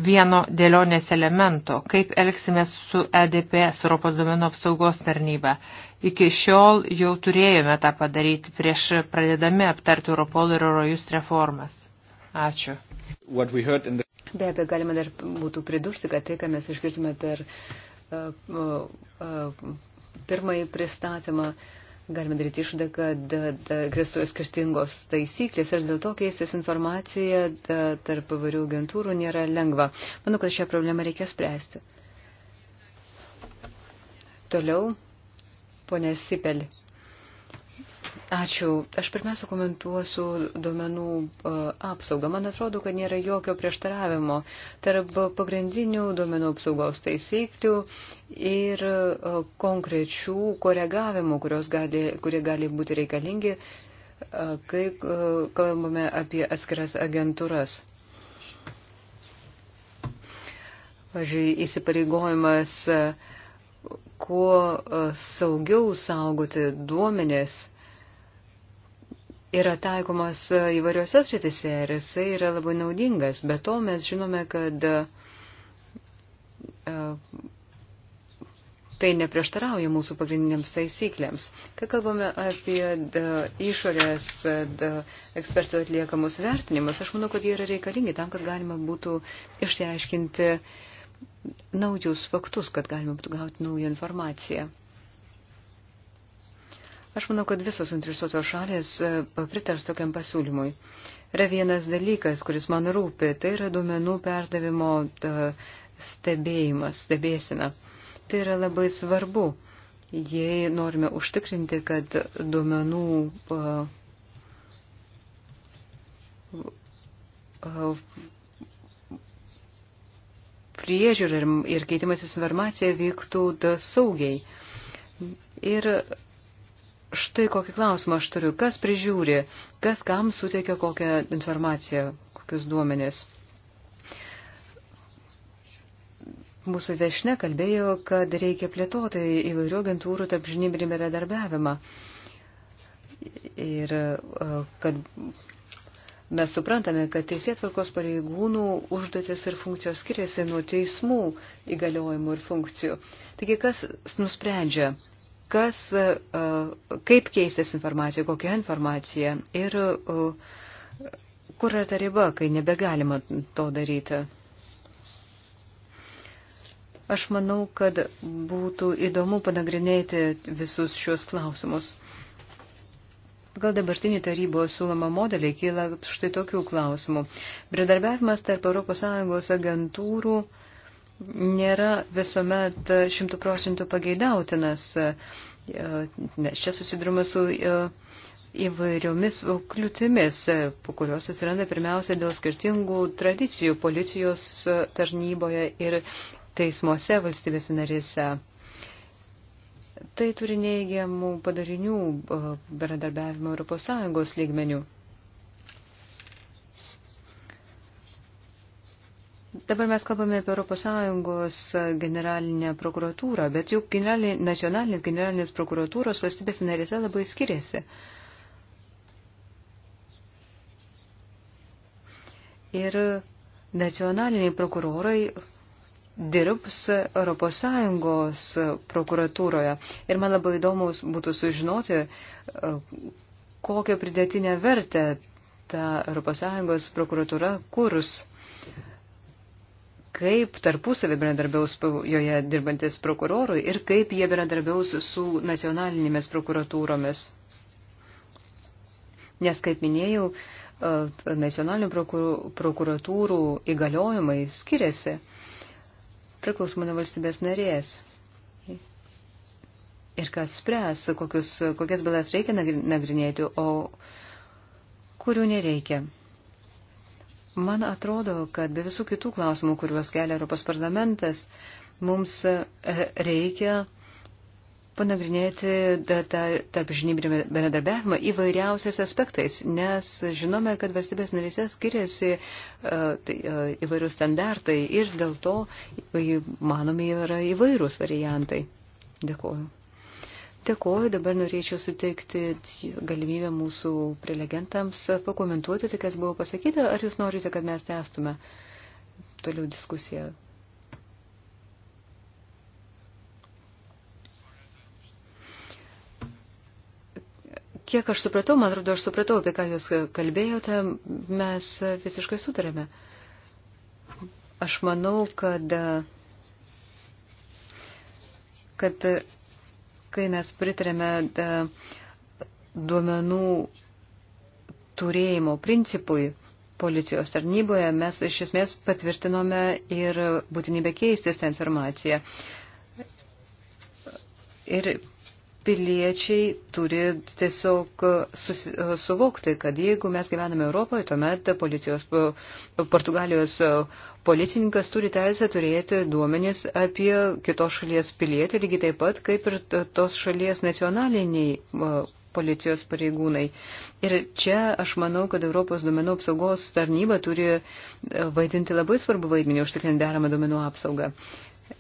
vieno dėlionės elemento, kaip elgsimės su EDPS, Europos duomenų apsaugos tarnyba. Iki šiol jau turėjome tą padaryti prieš pradėdami aptarti Europol ir Eurojust reformas. Ačiū. The... Be abejo, galima dar būtų pridurti, kad tai, ką mes išgirdome per e, e, pirmąjį pristatymą, galime daryti išvadą, kad egzistuoja skirtingos taisyklės ir dėl to keistis informacija da, tarp įvairių agentūrų nėra lengva. Manau, kad šią problemą reikia spręsti. Toliau, ponė Sipelė. Ačiū. Aš pirmiausia komentuosiu duomenų e, apsaugą. Man atrodo, kad nėra jokio prieštaravimo tarp pagrindinių duomenų apsaugos taisyklių ir e, konkrečių koregavimų, gali, kurie gali būti reikalingi, e, kai kalbame apie atskiras agentūras. Pavyzdžiui, įsipareigojimas kuo saugiau saugoti duomenės yra taikomas įvairiuose sritise ir jisai yra labai naudingas. Be to mes žinome, kad e, tai neprieštarauja mūsų pagrindiniams taisyklėms. Kai kalbame apie e, išorės e, ekspertų atliekamus vertinimus, aš manau, kad jie yra reikalingi tam, kad galima būtų išsiaiškinti naujus faktus, kad galima būtų gauti naują informaciją. Aš manau, kad visos interesuotos šalės e, pritars tokiam pasiūlymui. Yra vienas dalykas, kuris man rūpi, tai yra duomenų perdavimo stebėjimas, stebėsina. Tai yra labai svarbu, jei norime užtikrinti, kad duomenų e, e, priežiūra ir keitimasis informacija vyktų saugiai. Ir Štai kokį klausimą aš turiu. Kas prižiūri, kas kam suteikia kokią informaciją, kokius duomenės? Mūsų viešne kalbėjo, kad reikia plėtoti įvairių agentūrų tarp žinybinį bendradarbiavimą. Ir e, kad Mes suprantame, kad teisėtvarkos pareigūnų užduotis ir funkcijos skiriasi nuo teismų įgaliojimų ir funkcijų. Taigi, kas nusprendžia, kas, e, kaip keistis informacija, kokia informacija ir e, kur yra ta riba, kai nebegalima to daryti. Aš manau, kad būtų įdomu panagrinėti visus šios klausimus. Pagal dabartinį tarybos siūlomą modelį kyla štai tokių klausimų. Bredarbiavimas tarp ES agentūrų uh, nėra visuomet e, šimtų procentų pageidautinas, e, nes čia susidurima su e, įvairiomis kliūtimis, po kurios atsiranda pirmiausia dėl skirtingų tradicijų policijos tarnyboje ir teismuose valstybės narėse. Tai turi neigiamų padarinių bendradarbiavimo ES lygmenių. Dabar mes kalbame apie ES generalinę prokuratūrą, bet juk generalinė, nacionalinės generalinės prokuratūros valstybės narėse labai skiriasi. Ir nacionaliniai prokurorai dirbs ES prokuratūroje. Ir man labai įdomu būtų sužinoti, kokią pridėtinę vertę ta ES prokuratūra kurs kaip tarpusavį bendradarbiaus joje dirbantis prokurorui ir kaip jie bendradarbiaus su nacionalinėmis prokuratūromis. Nes, kaip minėjau, e, nacionalinių prokuratūrų įgaliojimai skiriasi priklausomai nuo valstybės narės. Ir kas spręs, kokius, kokias bylas reikia nagrinėti, o kurių nereikia. Man atrodo, kad be visų kitų klausimų, kuriuos kelia Europos parlamentas, mums e, reikia panagrinėti tą tarp žinybinį bendradarbiavimą įvairiausiais aspektais, nes žinome, kad valstybės narysės skiriasi e, tai, e, įvairių standartai ir dėl to manomi yra įvairūs variantai. Dėkuoju. Dėkuoju, dabar norėčiau suteikti galimybę mūsų prelegentams pakomentuoti tai, kas buvo pasakyta, ar jūs norite, kad mes tęstume toliau diskusiją. Kiek aš supratau, man atrodo, aš supratau, apie ką jūs kalbėjote, mes visiškai sutarėme. Aš manau, kad, kad kai mes pritarėme e, duomenų turėjimo principui policijos tarnyboje, mes iš esmės patvirtinome ir būtinybę keistis tą informaciją. Ir piliečiai turi tiesiog uh, susi, uh, suvokti, kad jeigu mes gyvename Europoje, tuomet policijos, uh, Portugalijos policininkas turi teisę turėti duomenis apie kitos šalies pilietį, lygiai taip pat kaip ir tos šalies nacionaliniai policijos pareigūnai. Ir čia aš manau, kad Europos duomenų apsaugos tarnyba turi vaidinti labai svarbu vaidmenį užtikrinti deramą duomenų apsaugą.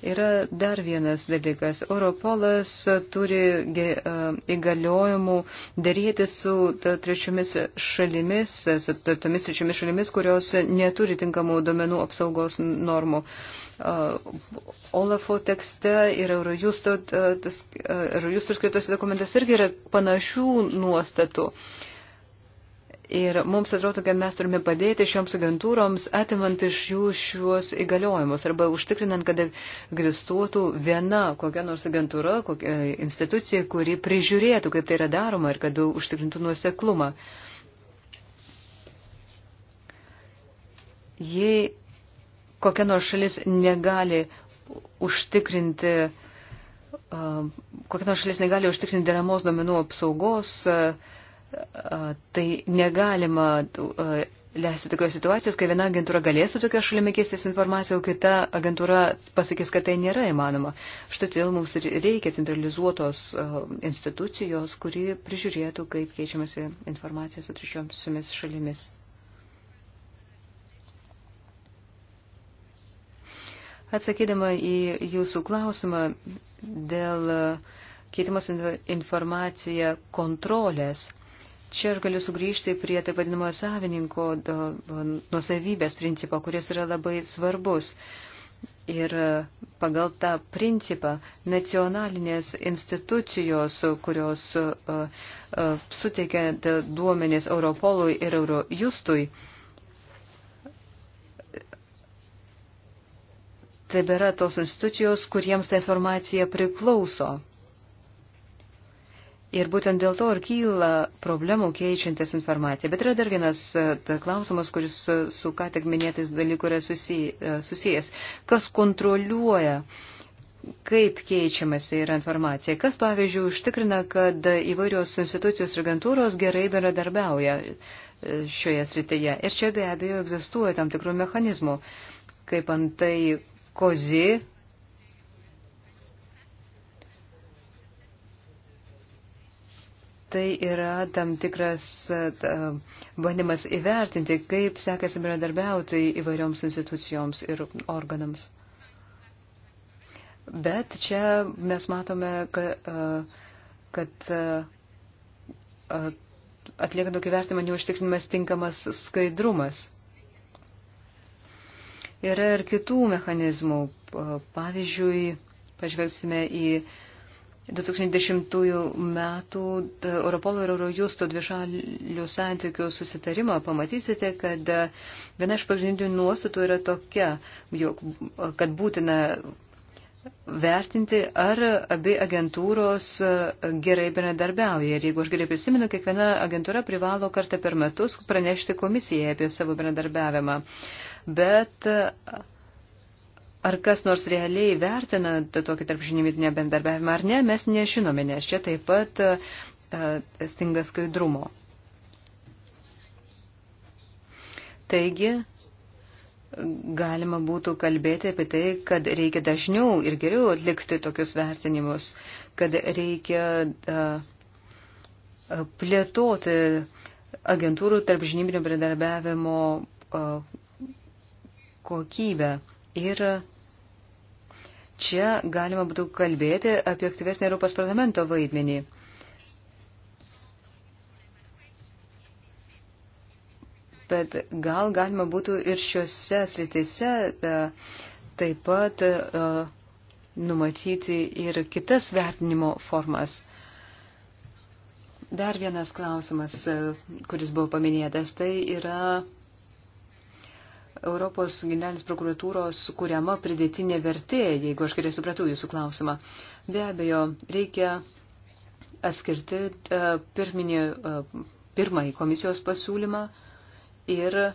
Yra dar vienas dalykas. Europolas turi įgaliojimų dėrėti su trečiomis šalimis, su tomis trečiomis šalimis, kurios neturi tinkamų duomenų apsaugos normų. Olafo tekste ir Eurojusto skirtose dokumentuose irgi yra panašių nuostatų. Uh, Ir mums atrodo, kad mes turime padėti šioms agentūroms, atimant iš jų šiuos įgaliojimus arba užtikrinant, kad egzistuotų viena kokia nors agentūra, kokia institucija, kuri prižiūrėtų, kaip tai yra daroma ir kad užtikrintų nuoseklumą. Jei kokia nors šalis negali užtikrinti, kokia nors šalis negali užtikrinti deramos domenų apsaugos, uh, tai negalima leisti tokios situacijos, kai viena agentūra galės su tokia šalimi keistis informacija, o kita agentūra pasakys, kad tai nėra įmanoma. Štai todėl mums reikia centralizuotos institucijos, kuri prižiūrėtų, kaip keičiamasi informacija su trečiosiomis šalimis. Atsakydama į jūsų klausimą dėl keitimas informacija kontrolės. Čia aš galiu sugrįžti prie taip vadinamojo savininko nusavybės principo, kuris yra labai svarbus. Ir e, pagal tą principą nacionalinės institucijos, kurios uh, uh, suteikia duomenis Europolui ir Eurojustui, tebėra tos institucijos, kuriems ta informacija priklauso. Ir būtent dėl to ir kyla problemų keičiantis informaciją. Bet yra dar vienas e, klausimas, kuris su ką tik minėtais dalyku yra e, susijęs. Kas kontroliuoja? kaip keičiamasi yra informacija, kas pavyzdžiui užtikrina, kad įvairios institucijos ir agentūros gerai bendradarbiauja e, šioje srityje. Ir čia be abejo egzistuoja tam tikrų mechanizmų, kaip antai kozi tai yra tam tikras e, bandymas įvertinti, kaip sekasi bendradarbiauti įvairioms institucijoms ir organams. Bet čia mes matome, e, kad, kad e, atliekant tokį vertimą neužtikrinimas tinkamas skaidrumas. Yra ir kitų mechanizmų. Pavyzdžiui, pažvelgsime į uh, 2010 metų e, Europolo ir Eurojusto dvišalių santykių susitarimą pamatysite, kad e, viena iš pagrindinių nuostatų yra tokia, jog, e, kad būtina vertinti, ar abi agentūros gerai bendradarbiauja. Ir jeigu aš gerai prisimenu, kiekviena agentūra privalo kartą per metus pranešti komisijai apie savo bendradarbiavimą. Bet Ar kas nors realiai vertina tokį tarpžinimidinę bendarbiavimą ar ne, mes nežinome, nes čia taip pat e, stinga skaidrumo. Taigi, galima būtų kalbėti apie tai, kad reikia dažniau ir geriau atlikti tokius vertinimus, kad reikia e, plėtoti agentūrų tarpžinybinio bendradarbiavimo e, kokybę. Ir čia galima būtų kalbėti apie aktyvesnį Europos parlamento vaidmenį. Bet gal galima būtų ir šiuose sritise e, taip pat e, numatyti ir kitas vertinimo formas. Dar vienas klausimas, e, kuris buvo paminėtas, tai yra Europos generalinės prokuratūros sukūriama pridėtinė vertė, jeigu aš gerai supratau jūsų klausimą. Be abejo, reikia atskirti e, pirminį, e, pirmąjį komisijos pasiūlymą ir e,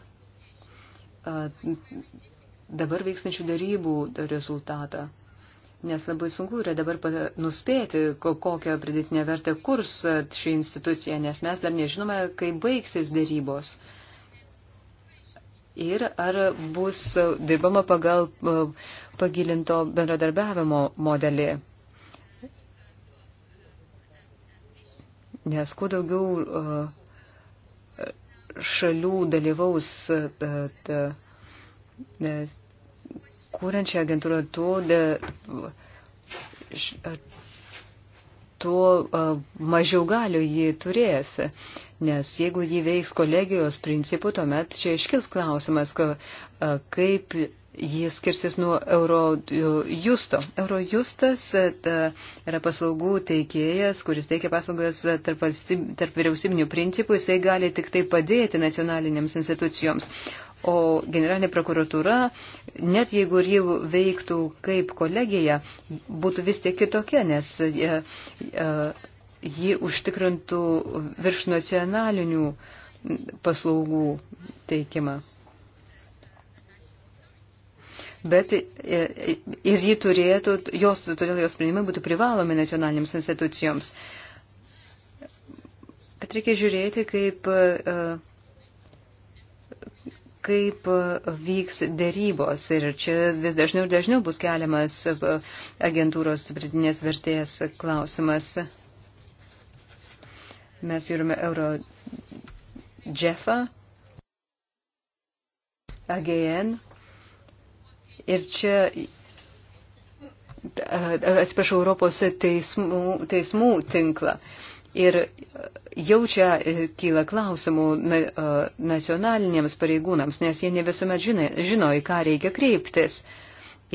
dabar veiksnačių darybų rezultatą. Nes labai sunku yra dabar nuspėti, kokią pridėtinę vertę kurs ši institucija, nes mes dar nežinome, kai baigsis darybos. Uh, ir ar bus dirbama pagal e, pagilinto bendradarbiavimo modelį. Nes kuo daugiau e, šalių dalyvaus e, kūrenčią agentūrą, tuo, tuo mažiau galių jį turės nes jeigu jį veiks kolegijos principų, tuomet čia iškils klausimas, kaip jis skirsis nuo Eurojusto. Eurojustas yra paslaugų teikėjas, kuris teikia paslaugas tarp, tarp vyriausybinių principų, jisai gali tik tai padėti nacionalinėms institucijoms. O generalinė prokuratūra, net jeigu ir jau veiktų kaip kolegija, būtų vis tiek kitokia, nes jį užtikrintų virš nacionalinių paslaugų teikimą. Bet ir jį turėtų, jos, todėl jos sprendimai būtų privalomi nacionalinėms institucijoms. Bet reikia žiūrėti, kaip, e, kaip e, vyks dėrybos. Ir čia vis dažniau ir dažniau bus keliamas e, agentūros pridinės vertės klausimas. Mes žiūrime Euro Jeffą, AGN. Ir čia, atsiprašau, Europos teismų, teismų tinklą. Ir jau čia e, kyla klausimų nacionalinėms pareigūnams, nes jie ne visuomet žino, žino, į ką reikia kreiptis.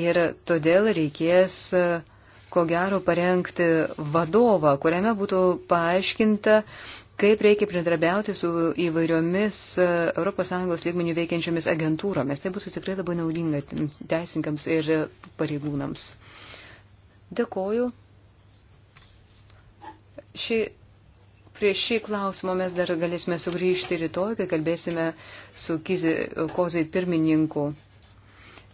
Ir todėl reikės uh, ko gero, parengti vadovą, kuriame būtų paaiškinta, kaip reikia pridarbiauti su įvairiomis e, ES lygmenių veikiančiomis agentūromis. Tai būtų tikrai labai naudinga teisinkams ir pareigūnams. Dėkoju. Ši, prie šį klausimą mes dar galėsime sugrįžti rytoj, kai kalbėsime su Kizi, Kozai pirmininku.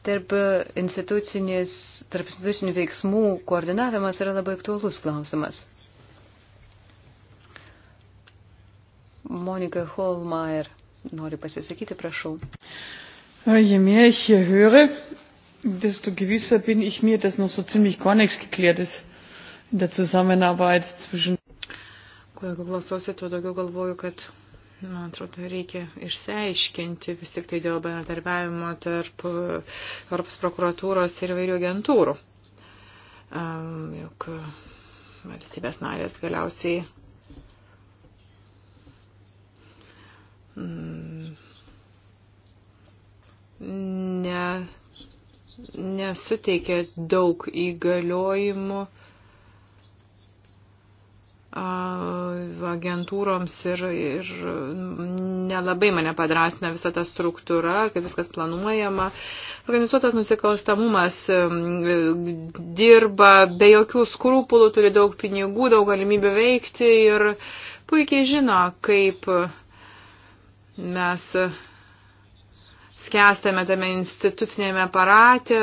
Tarp, tarp institucinių veiksmų koordinavimas yra labai aktuolus klausimas. Monika Holmeier nori pasisakyti, prašau. Äh, je mehr ich hier höre, desto gewisser bin ich mir, dass noch so ziemlich gar nichts geklärt ist in der Zusammenarbeit zwischen. Kuo daugiau klausosi, tuo daugiau galvoju, kad Man atrodo, reikia išsiaiškinti vis tik tai dėl bendradarbiavimo tarp uh, Europos prokuratūros ir vairių agentūrų. Um, juk uh, valstybės narės galiausiai mm, ne, nesuteikia daug įgaliojimų agentūroms ir, ir nelabai mane padrasina visa ta struktūra, kaip viskas planuojama. Organizuotas nusikalstamumas dirba be jokių skrupulų, turi daug pinigų, daug galimybių veikti ir puikiai žino, kaip mes skęstame tame institucinėme aparate,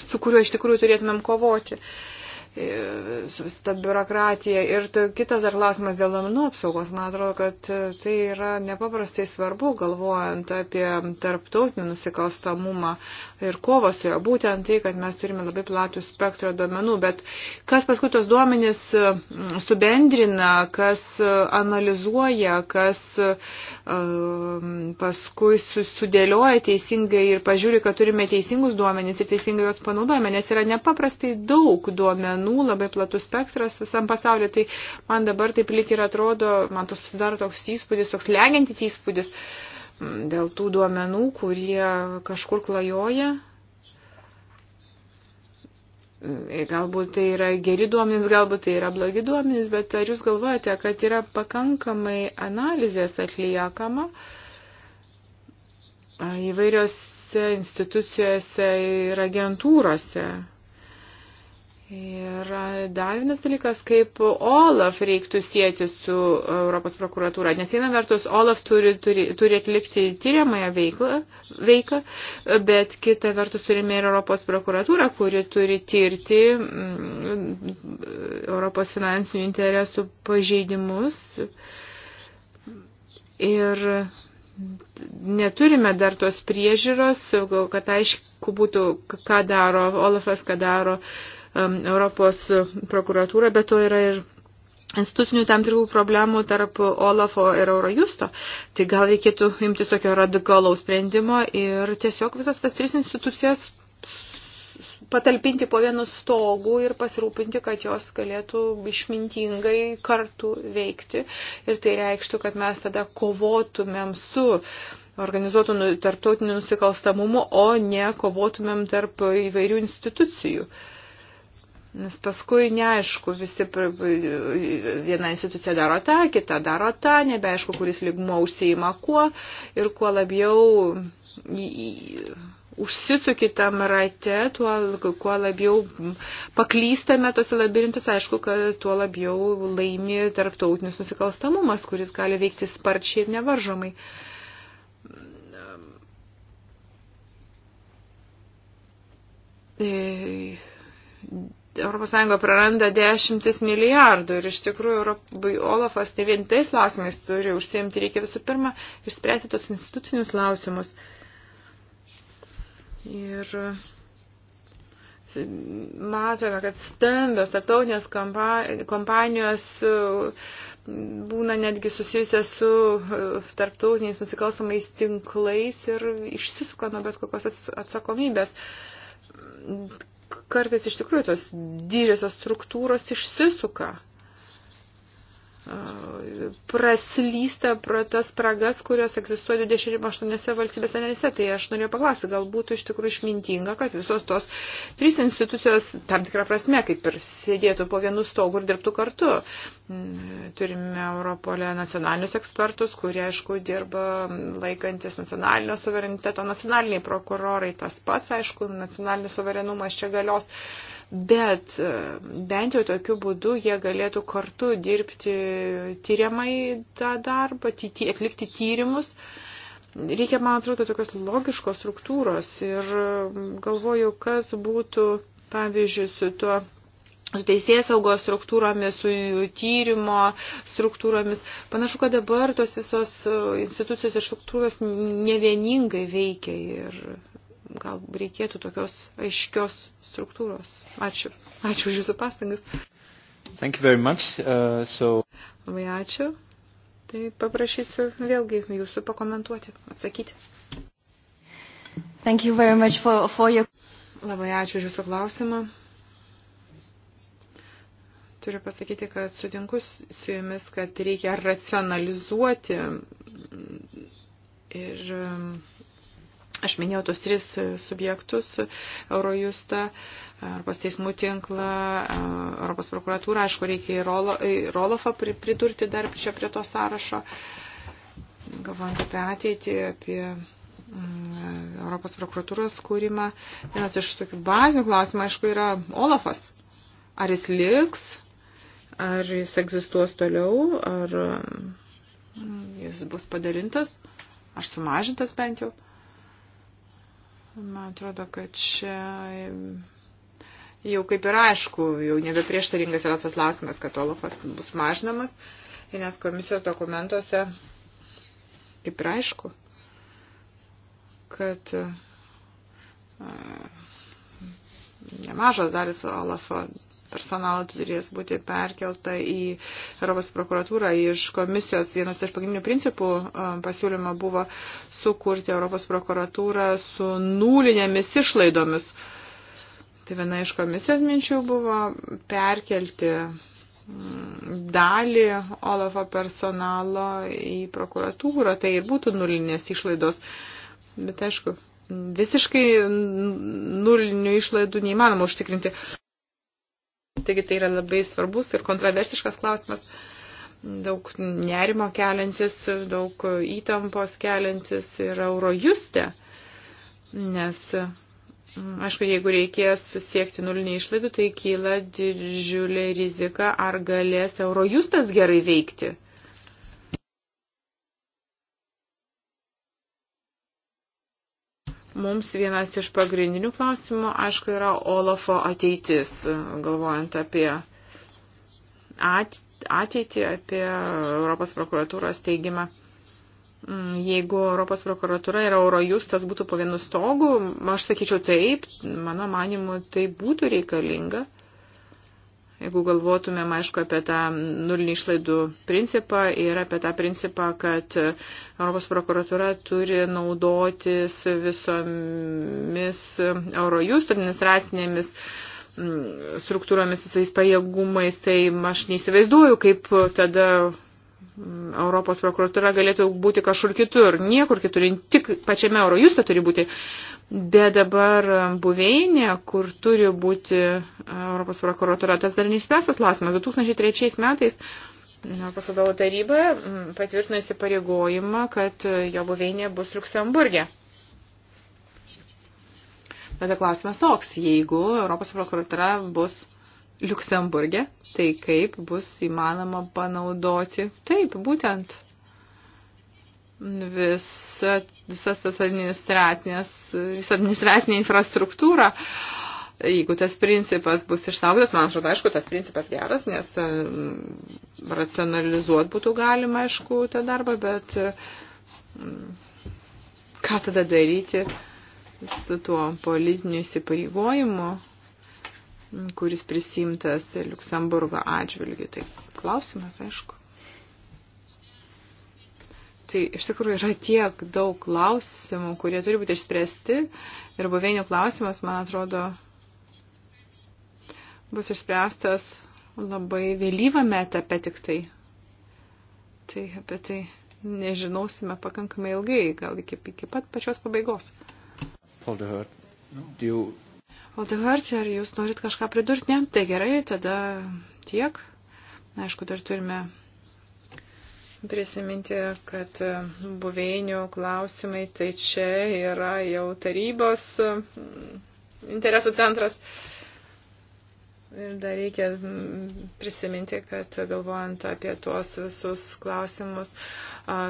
su kuriuo iš tikrųjų turėtumėm kovoti. Uh, E, su visą tą biurokratiją. Ir kitas dar klausimas dėl domenų apsaugos. Man atrodo, kad e, tai yra nepaprastai svarbu, galvojant apie tarptautinį nusikalstamumą ir kovą su jo. Būtent tai, kad mes turime labai platų spektrą domenų. Bet kas paskui tos duomenys e, subendrina, kas analizuoja, kas paskui sudėlioja teisingai ir pažiūri, kad turime teisingus duomenys ir teisingai juos panaudojame, nes yra nepaprastai daug duomenų duomenų, labai platus spektras visam pasauliu. Tai man dabar taip lik ir atrodo, man to susidaro toks įspūdis, toks legiantis įspūdis mm, dėl tų duomenų, kurie kažkur klajoja. Galbūt tai yra geri duomenys, galbūt tai yra blogi duomenys, bet ar jūs galvojate, kad yra pakankamai analizės atliekama įvairios institucijose ir agentūrose? Ir dar vienas dalykas, kaip Olaf reiktų sieti su Europos prokuratūra, nes viena vertus Olaf turi, turi, turi atlikti tyriamąją veiklą, veiką, bet kita vertus turime ir Europos prokuratūrą, kuri turi tirti mm, Europos finansinių interesų pažeidimus. Ir neturime dar tos priežiūros, kad aišku būtų, ką daro Olafas, ką daro uh, Um, Europos prokuratūrą, bet to yra ir institucinių tam tikrų problemų tarp Olafo ir Eurojusto. Tai gal reikėtų imtis tokio radikalaus sprendimo ir tiesiog visas tas tris institucijas patalpinti po vienu stogu ir pasirūpinti, kad jos galėtų išmintingai kartu veikti. Ir tai reikštų, kad mes tada kovotumėm su organizuotų nu, tarptautiniu nusikalstamumu, o ne kovotumėm tarp įvairių institucijų. Uh, Nes paskui neaišku, visi viena institucija daro tą, kita daro tą, nebeaišku, kuris lygmo užsieima kuo ir kuo labiau užsisuki tam rate, tuo, kuo labiau paklystame tose labirintus, aišku, kad tuo labiau laimi tarptautinis nusikalstamumas, kuris gali veikti sparčiai ir nevaržomai. E, ES praranda dešimtis milijardų ir iš tikrųjų Olafas ne vien tais klausimais turi užsiimti, reikia visų pirma išspręsti tos institucinius klausimus. Ir e, matome, kad stambios tarptautinės kompanijos e, būna netgi susijusios su e, tarptautiniais nusikalsamais tinklais ir išsisuka nuo bet kokios atsakomybės kartais iš tikrųjų tos didžiosios struktūros išsisuka praslysta pro tas spragas, kurios egzistuoja 28 valstybėse narėse. Tai aš norėjau paklausti, gal būtų iš tikrųjų išmintinga, kad visos tos trys institucijos tam tikrą prasme kaip ir sėdėtų po vienu stogu ir dirbtų kartu. Mm, turime Europolė nacionalinius ekspertus, kurie, aišku, dirba laikantis nacionalinio suvereniteto, nacionaliniai prokurorai tas pats, aišku, nacionalinis suverenumas čia galios. Uh, bet e, bent jau tokiu būdu jie galėtų kartu dirbti tyriamai tą darbą, atlikti tyrimus. Reikia, man atrodo, tokios logiškos struktūros ir galvoju, kas būtų, pavyzdžiui, su tuo teisės saugos struktūromis, su tyrimo struktūromis. Panašu, kad dabar tos visos institucijos ir struktūros nevieningai veikia ir gal reikėtų tokios aiškios struktūros. Ačiū. Ačiū už jūsų pastangas. Thank you very much. Uh, so... Labai ačiū. Tai paprašysiu vėlgi jūsų pakomentuoti, atsakyti. Thank you very much for, for your... Labai ačiū už jūsų klausimą. Turiu pasakyti, kad sutinku su jumis, kad reikia racionalizuoti ir Aš minėjau tos tris e, subjektus e, - Eurojustą, e, Europos teismų tinklą, Europos prokuratūrą. Aišku, reikia ir Rolofą pridurti dar čia prie to sąrašo, galvojant apie ateitį, apie mm, Europos prokuratūros kūrimą. Vienas iš tokių bazinių klausimų, aišku, yra Olafas. Ar jis liks, ar jis egzistuos toliau, ar mm, jis bus padalintas, ar sumažintas bent jau. Man atrodo, kad čia jau kaip ir aišku, jau nebeprieštaringas yra tas klausimas, kad Olafas bus mažinamas ir net komisijos dokumentuose kaip ir aišku, kad e, nemažos dalis Olafo personalo turės būti perkelta į Europos prokuratūrą iš komisijos. Vienas iš pagrindinių principų e, pasiūlymo buvo sukurti Europos prokuratūrą su nulinėmis išlaidomis. Tai viena iš komisijos minčių buvo perkelti mm, dalį Olafo personalo į prokuratūrą, tai ir būtų nulinės išlaidos. Bet aišku, visiškai nulinių išlaidų neįmanoma užtikrinti. Taigi tai yra labai svarbus ir kontroversiškas klausimas, daug nerimo keliantis, daug įtampos keliantis ir eurojuste, nes Aišku, jeigu reikės siekti nulinį išlaidų, tai kyla didžiulė rizika, ar galės Eurojustas gerai veikti. Mums vienas iš pagrindinių klausimų, aišku, yra Olafo ateitis, galvojant apie ateitį, apie Europos prokuratūros teigimą. Mm, jeigu Europos prokuratūra ir Eurojustas būtų po vienu stogu, aš sakyčiau taip, mano manimu, tai būtų reikalinga jeigu galvotumėm, aišku, apie tą nulinį išlaidų principą ir apie tą principą, kad Europos prokuratura turi naudotis visomis Eurojust administracinėmis mm, struktūromis, visais pajėgumais, tai aš neįsivaizduoju, kaip tada mm, Europos prokuratura galėtų būti kažkur kitur, niekur kitur, tik pačiame Eurojuste turi būti Bet dabar buveinė, kur turi būti e, Europos prokuratura, tas dar neišspręstas klausimas. 2003 metais mm, Europos vadovų taryba mm, patvirtino įsipareigojimą, kad e, jo buveinė bus Luksemburgė. Tada klausimas toks, jeigu Europos prokuratura bus Luksemburgė, tai kaip bus įmanoma panaudoti? Taip, būtent visa, visas tas administracinės, visą administracinę infrastruktūrą. Jeigu tas principas bus išnaudotas, man atrodo, aišku, tas principas geras, nes mm, racionalizuot būtų galima, aišku, tą darbą, bet mm, ką tada daryti su tuo politiniu įsipareigojimu, mm, kuris prisimtas Luksemburgo atžvilgiu. Tai klausimas, aišku. Tai iš tikrųjų yra tiek daug klausimų, kurie turi būti išspręsti ir buveinių klausimas, man atrodo, bus išspręstas labai vėlyvame etape tik tai. Tai apie tai nežinosime pakankamai ilgai, gal iki, iki pat pačios pabaigos. Valdehart, you... ar jūs norit kažką pridurti? Ne, tai gerai, tada tiek. Aišku, dar turime prisiminti, kad buveinių klausimai tai čia yra jau tarybos mm, interesų centras. Ir dar reikia mm, prisiminti, kad galvojant apie tuos visus klausimus,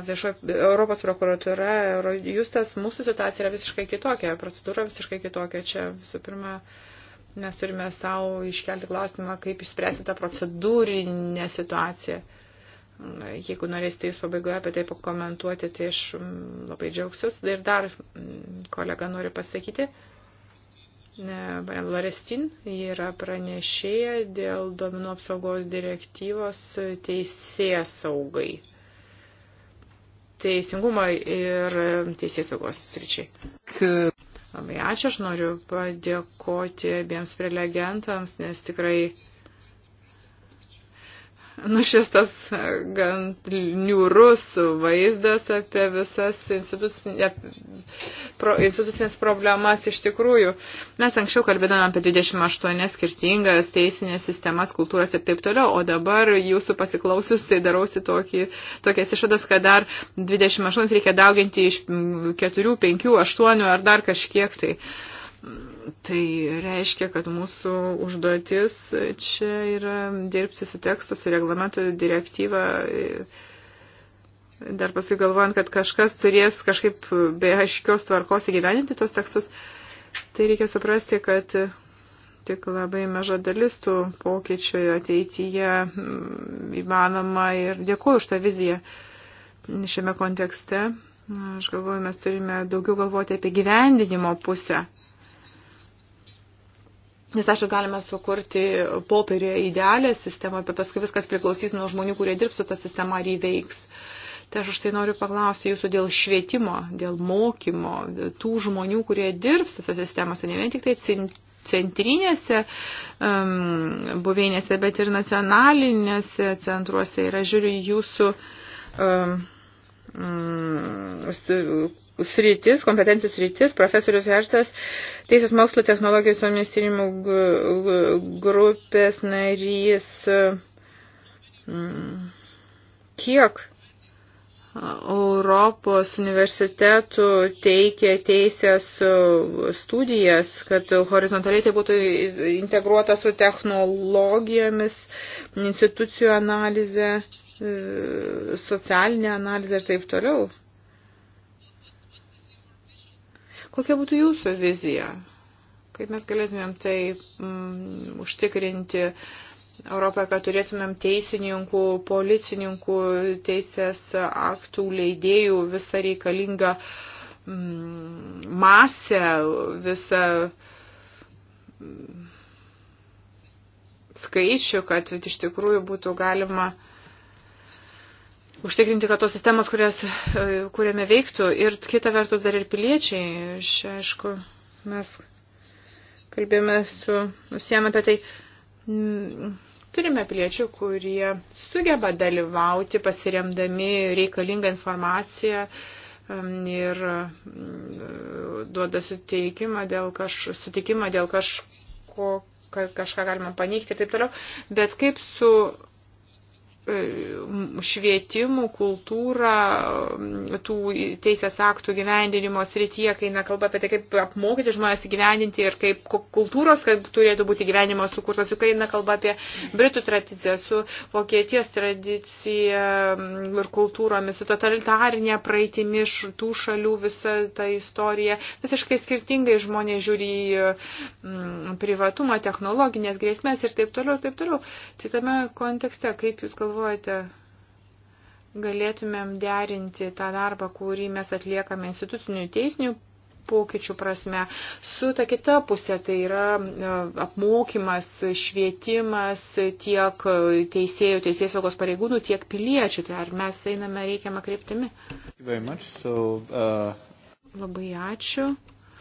viešo, Europos prokuratura, Eurojustas, mūsų situacija yra visiškai kitokia, procedūra visiškai kitokia. Čia visų pirma, mes turime savo iškelti klausimą, kaip išspręsti tą procedūrinę situaciją. Jeigu norėsite jūs pabaigoje apie tai pakomentuoti, tai aš mm, labai džiaugsiuos. Ir dar mm, kolega nori pasakyti. Larestin yra pranešėja dėl duomenų apsaugos direktyvos teisės saugai. Teisingumo ir teisės saugos sričiai. Labai ačiū, aš noriu padėkoti abiems prelegentams, nes tikrai nušviestas e, gan niūrus vaizdas apie visas institucinė, pro, institucinės problemas iš tikrųjų. Mes anksčiau kalbėdame apie 28 skirtingas teisinės sistemas, kultūras ir taip toliau, o dabar jūsų pasiklausius, tai darausi tokį, tokias išvadas, kad dar 28 reikia dauginti iš 4, 5, 8 ar dar kažkiek tai. Uh, Tai reiškia, kad mūsų užduotis čia yra dirbti su tekstu, su reglamentu direktyva. Dar paskui galvojant, kad kažkas turės kažkaip be aiškios tvarkos įgyveninti tos tekstus, tai reikia suprasti, kad tik labai maža dalis tų pokyčių ateityje mm, įmanoma ir dėkuoju už tą viziją šiame kontekste. Aš galvoju, mes turime daugiau galvoti apie gyvendinimo pusę Nes aišku, galime sukurti popierioje idealią sistemą, bet paskui viskas priklausys nuo žmonių, kurie dirbs su tą sistemą ar įveiks. Tai aš už tai noriu paklausti jūsų dėl švietimo, dėl mokymo, tų žmonių, kurie dirbs tose sistemose, ne vien tik tai centrinėse um, buveinėse, bet ir nacionalinėse centruose. Ir aš žiūriu jūsų um, Mm, sritis, kompetencijų sritis, profesorius Hertas, Teisės mokslo technologijos suomės tyrimų grupės narys. Mm, kiek Europos universitetų teikia teisės studijas, kad horizontaliai tai būtų integruota su technologijomis, institucijų analizė. E, socialinę analizę ir taip toliau. Kokia būtų jūsų vizija? Kaip mes galėtumėm tai mm, užtikrinti Europoje, kad turėtumėm teisininkų, policininkų, teisės aktų leidėjų visą reikalingą mm, masę, visą mm, skaičių, kad iš tikrųjų būtų galima mm, užtikrinti, kad tos sistemos, kurias e, kuriame veiktų ir kita vertus dar ir piliečiai, aš aišku, mes kalbėjome su Nusienu apie tai, turime piliečių, kurie sugeba dalyvauti pasiremdami reikalingą informaciją ir duoda suteikimą dėl kaž, sutikimą dėl kažko, kažką galima paneigti ir taip toliau. Bet kaip su švietimų, kultūrą, tų teisės aktų gyvendinimo srityje, kai na, kalba apie tai, kaip apmokyti žmonės gyvendinti ir kaip kultūros, kad turėtų būti gyvenimo sukurtas, juk kai na, kalba apie Britų tradiciją, su Vokietijos tradicija ir kultūromis, su totalitarinė praeitimi tų šalių visa ta istorija, visiškai skirtingai žmonės žiūri į privatumą, technologinės grėsmės ir taip toliau, ir taip toliau. Tai tame kontekste, kaip jūs galvojate, galvojate, galėtumėm derinti tą darbą, kurį mes atliekame institucinių teisinių pokyčių prasme, su ta kita pusė, tai yra e, apmokymas, švietimas tiek teisėjų, teisės saugos pareigūnų, tiek piliečių. Tai ar mes einame reikiamą kryptimį? So, uh... Labai ačiū.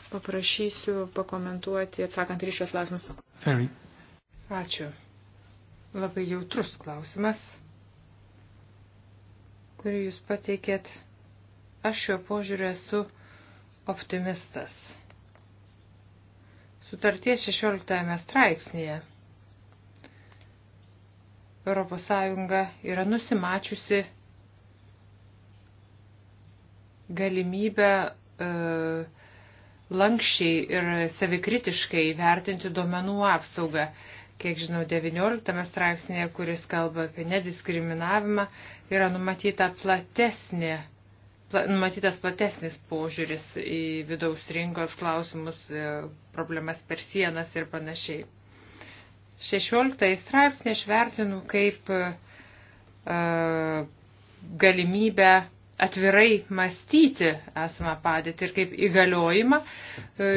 Paprašysiu pakomentuoti, atsakant ir šios klausimus. Ačiū. Labai jautrus klausimas kurį jūs pateikėt, aš šiuo požiūriu esu optimistas. Sutarties 16 straipsnėje ES yra nusimačiusi galimybę e, lankščiai ir savikritiškai vertinti duomenų apsaugą. E, kiek žinau, 19 straipsnėje, kuris kalba apie nediskriminavimą, yra numatyta platesnė, pla, numatytas platesnis požiūris į vidaus rinkos klausimus, e, problemas per sienas ir panašiai. 16 straipsnį aš vertinu kaip e, galimybę atvirai mąstyti esamą padėtį ir kaip įgaliojimą e,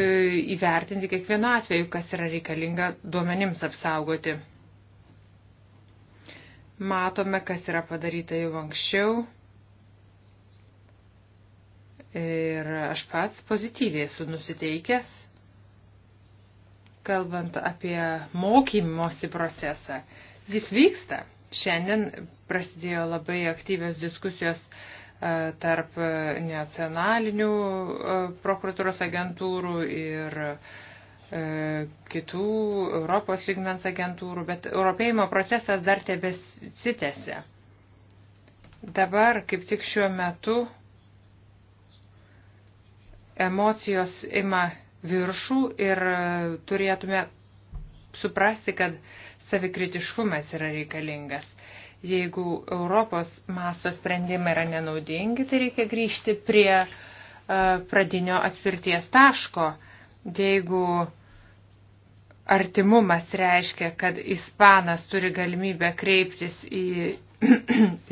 įvertinti kiekvieną atveju, kas yra reikalinga duomenims apsaugoti. Matome, kas yra padaryta jau anksčiau. Ir aš pats pozityviai esu nusiteikęs, kalbant apie mokymosi procesą. Jis vyksta. Šiandien prasidėjo labai aktyvios diskusijos uh, E, tarp nacionalinių e, prokuratūros agentūrų ir e, kitų Europos lygmens agentūrų, bet europėjimo procesas dar tebesitėse. Dabar kaip tik šiuo metu emocijos ima viršų ir turėtume suprasti, kad savikritiškumas yra reikalingas. Jeigu Europos masto sprendimai yra nenaudingi, tai reikia grįžti prie e, pradinio atspirties taško. Jeigu artimumas reiškia, kad Ispanas turi galimybę kreiptis į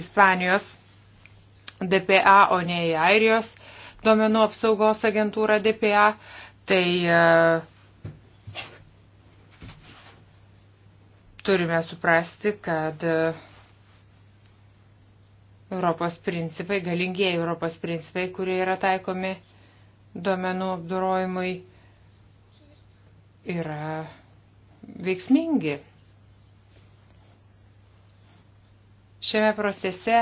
Ispanijos DPA, o ne į Airijos duomenų apsaugos agentūrą DPA, tai uh, turime suprasti, kad uh, Europos principai, galingieji Europos principai, kurie yra taikomi duomenų apdorojimui, yra veiksmingi. Šiame procese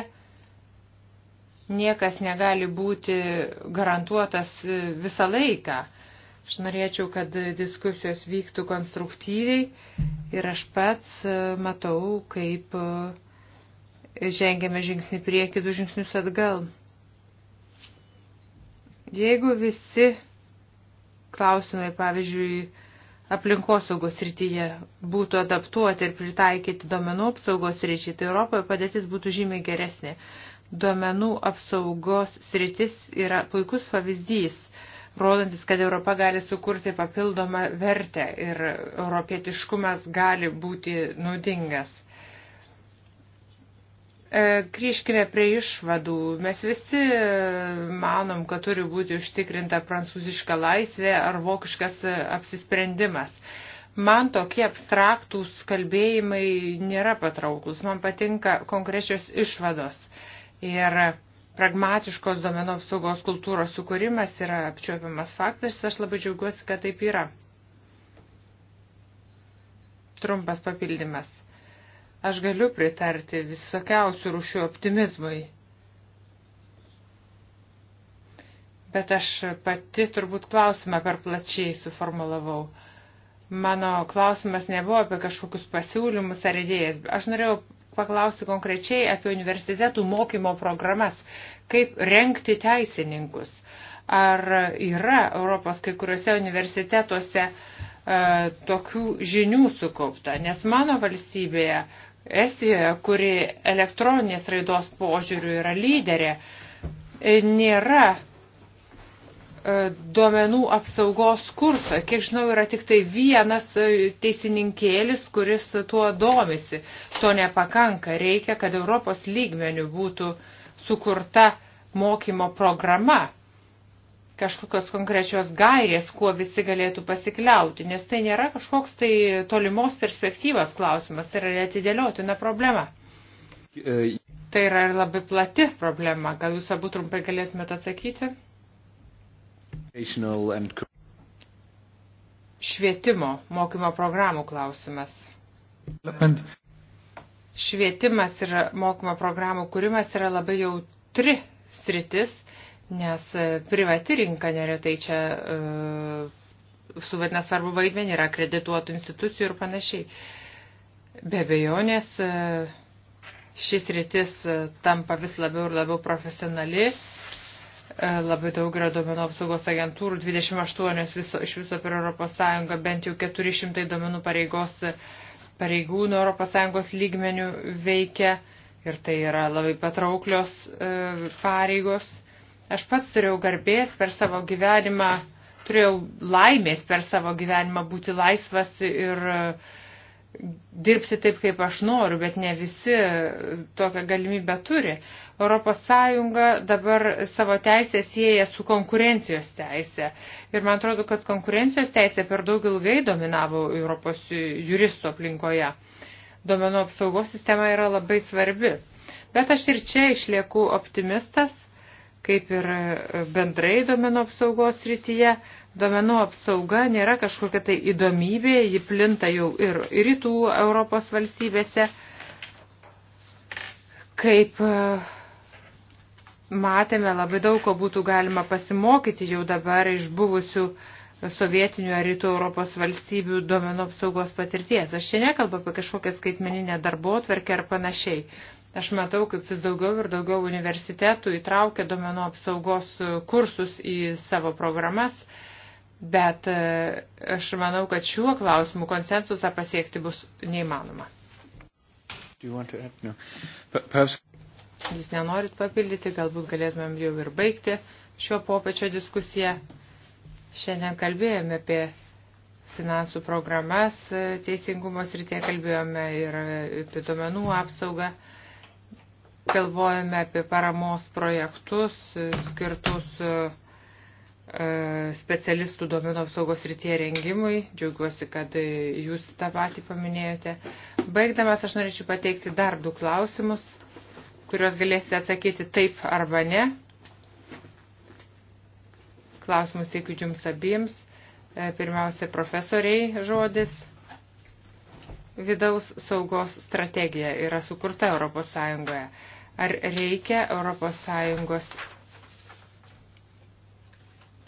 niekas negali būti garantuotas visą laiką. Aš norėčiau, kad diskusijos vyktų konstruktyviai ir aš pats matau, kaip uh, žengėme žingsnį priekį, du žingsnius atgal. Jeigu visi klausimai, pavyzdžiui, aplinkosaugos rytyje būtų adaptuoti ir pritaikyti domenų apsaugos ryčiai, tai Europoje padėtis būtų žymiai geresnė. Domenų apsaugos sritis yra puikus pavyzdys, rodantis, kad Europa gali sukurti papildomą vertę ir europietiškumas gali būti naudingas. E, grįžkime prie išvadų. Mes visi e, manom, kad turi būti užtikrinta prancūziška laisvė ar vokiškas e, apsisprendimas. Man tokie abstraktūs kalbėjimai nėra patrauklus. Man patinka konkrečios išvados. Ir pragmatiškos domenų apsaugos kultūros sukūrimas yra apčiuopiamas faktas. Aš labai džiaugiuosi, kad taip yra. Trumpas papildymas Aš galiu pritarti visokiausių rušių optimizmui. Bet aš pati turbūt klausimą per plačiai suformulavau. Mano klausimas nebuvo apie kažkokius pasiūlymus ar idėjas. Aš norėjau paklausti konkrečiai apie universitetų mokymo programas, kaip renkti teisininkus. Ar yra Europos kai kuriuose universitetuose e, tokių žinių sukaupta? Nes mano valstybėje Estijoje, kuri elektroninės raidos požiūrių yra lyderė, e, nėra e, duomenų apsaugos kursą. Kiek žinau, yra tik tai vienas e, teisininkėlis, kuris tuo domisi. To nepakanka. Reikia, kad Europos lygmenių būtų sukurta mokymo programa kažkokios konkrečios gairės, kuo visi galėtų pasikliauti, nes tai nėra kažkoks tai tolimos perspektyvos klausimas, tai yra atidėliotina problema. Tai yra ir labai plati problema, gal jūs abu trumpai galėtumėte atsakyti? Švietimo mokymo programų klausimas. Švietimas ir mokymo programų kūrimas yra labai jautri sritis nes e, privati rinka neretai čia e, suvadina svarbu vaidmenį, yra kredituotų institucijų ir panašiai. Be bejonės e, šis rytis tampa vis labiau ir labiau profesionali. Labai daug yra domenų apsaugos agentūrų, 28 viso, iš viso per Europos Sąjungą, bent jau 400 domenų pareigos pareigūnų Europos Sąjungos lygmenių veikia ir tai yra labai patrauklios pareigos Aš pats turėjau garbės per savo gyvenimą, turėjau laimės per savo gyvenimą būti laisvas ir e, dirbti taip, kaip aš noriu, bet ne visi e, tokią galimybę turi. Europos Sąjunga dabar savo teisę sieja su konkurencijos teisė. Ir man atrodo, kad konkurencijos teisė per daug ilgai dominavo Europos juristo aplinkoje. Domenų apsaugos sistema yra labai svarbi. Bet aš ir čia išlieku optimistas kaip ir bendrai domenų apsaugos rytyje. Domenų apsauga nėra kažkokia tai įdomybė, ji plinta jau ir rytų Europos valstybėse. Kaip e, matėme, labai daug ko būtų galima pasimokyti jau dabar iš buvusių sovietinių ar rytų Europos valstybių domenų apsaugos patirties. Aš čia nekalbu apie kažkokią skaitmeninę darbo tvarkę ar panašiai. Aš matau, kaip vis daugiau ir daugiau universitetų įtraukia domenų apsaugos kursus į savo programas, bet e, aš manau, kad šiuo klausimu konsensusą pasiekti bus neįmanoma. No. Perhaps... Jūs nenorit papildyti, galbūt galėtumėm jau ir baigti šio popiečio diskusiją. Šiandien kalbėjome apie finansų programas e, teisingumo srityje, kalbėjome ir e, apie domenų apsaugą. Galvojame apie paramos projektus skirtus e, e, specialistų duomenų apsaugos rytie rengimui. Džiaugiuosi, kad e, jūs tą patį paminėjote. Baigdamas aš norėčiau pateikti dar du klausimus, kuriuos galėsite atsakyti taip arba ne. Klausimus sėkiu jums abiems. Pirmiausia, profesoriai žodis. Vidaus saugos strategija yra sukurta Europos Sąjungoje Ar reikia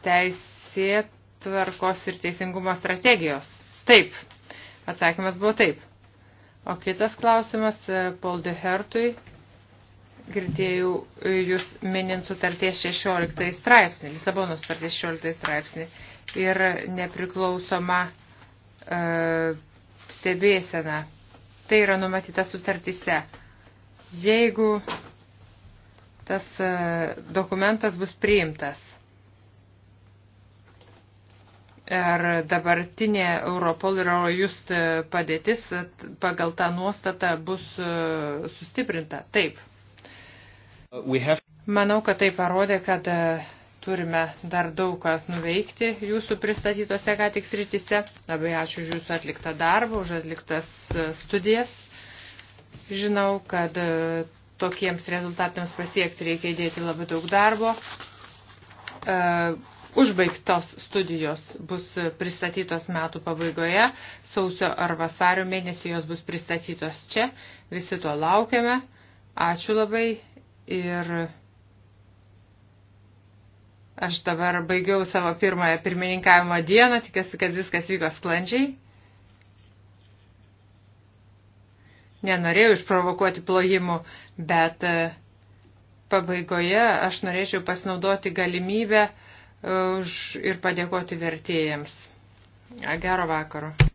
ES teisėtvarkos ir teisingumo strategijos? Taip. Atsakymas buvo taip. O kitas klausimas e, Paul de Hertui. Girdėjau e, jūs minint sutarties 16 straipsnį, Lisabono sutarties 16 straipsnį ir nepriklausoma e, stebėsena. Tai yra numatyta sutartise. Jeigu tas e, dokumentas bus priimtas, ar dabartinė Europol ir Eurojust e, padėtis e, pagal tą nuostatą bus sustiprinta? Taip. Have... Manau, kad tai parodė, kad turime dar daug ką nuveikti jūsų pristatytose ką tik sritise. Labai ačiū už jūsų atliktą darbą, už atliktas studijas. Žinau, kad e, tokiems rezultatams pasiekti reikia įdėti labai daug darbo. E, užbaigtos studijos bus pristatytos metų pabaigoje, sausio ar vasario mėnesį jos bus pristatytos čia. Visi to laukiame. Ačiū labai ir aš dabar baigiau savo pirmąją pirmininkavimo dieną, tikiuosi, kad viskas vyko sklandžiai. nenorėjau išprovokuoti plojimų, bet e, pabaigoje aš norėčiau pasinaudoti galimybę e, ir padėkoti vertėjams. Gero vakaro.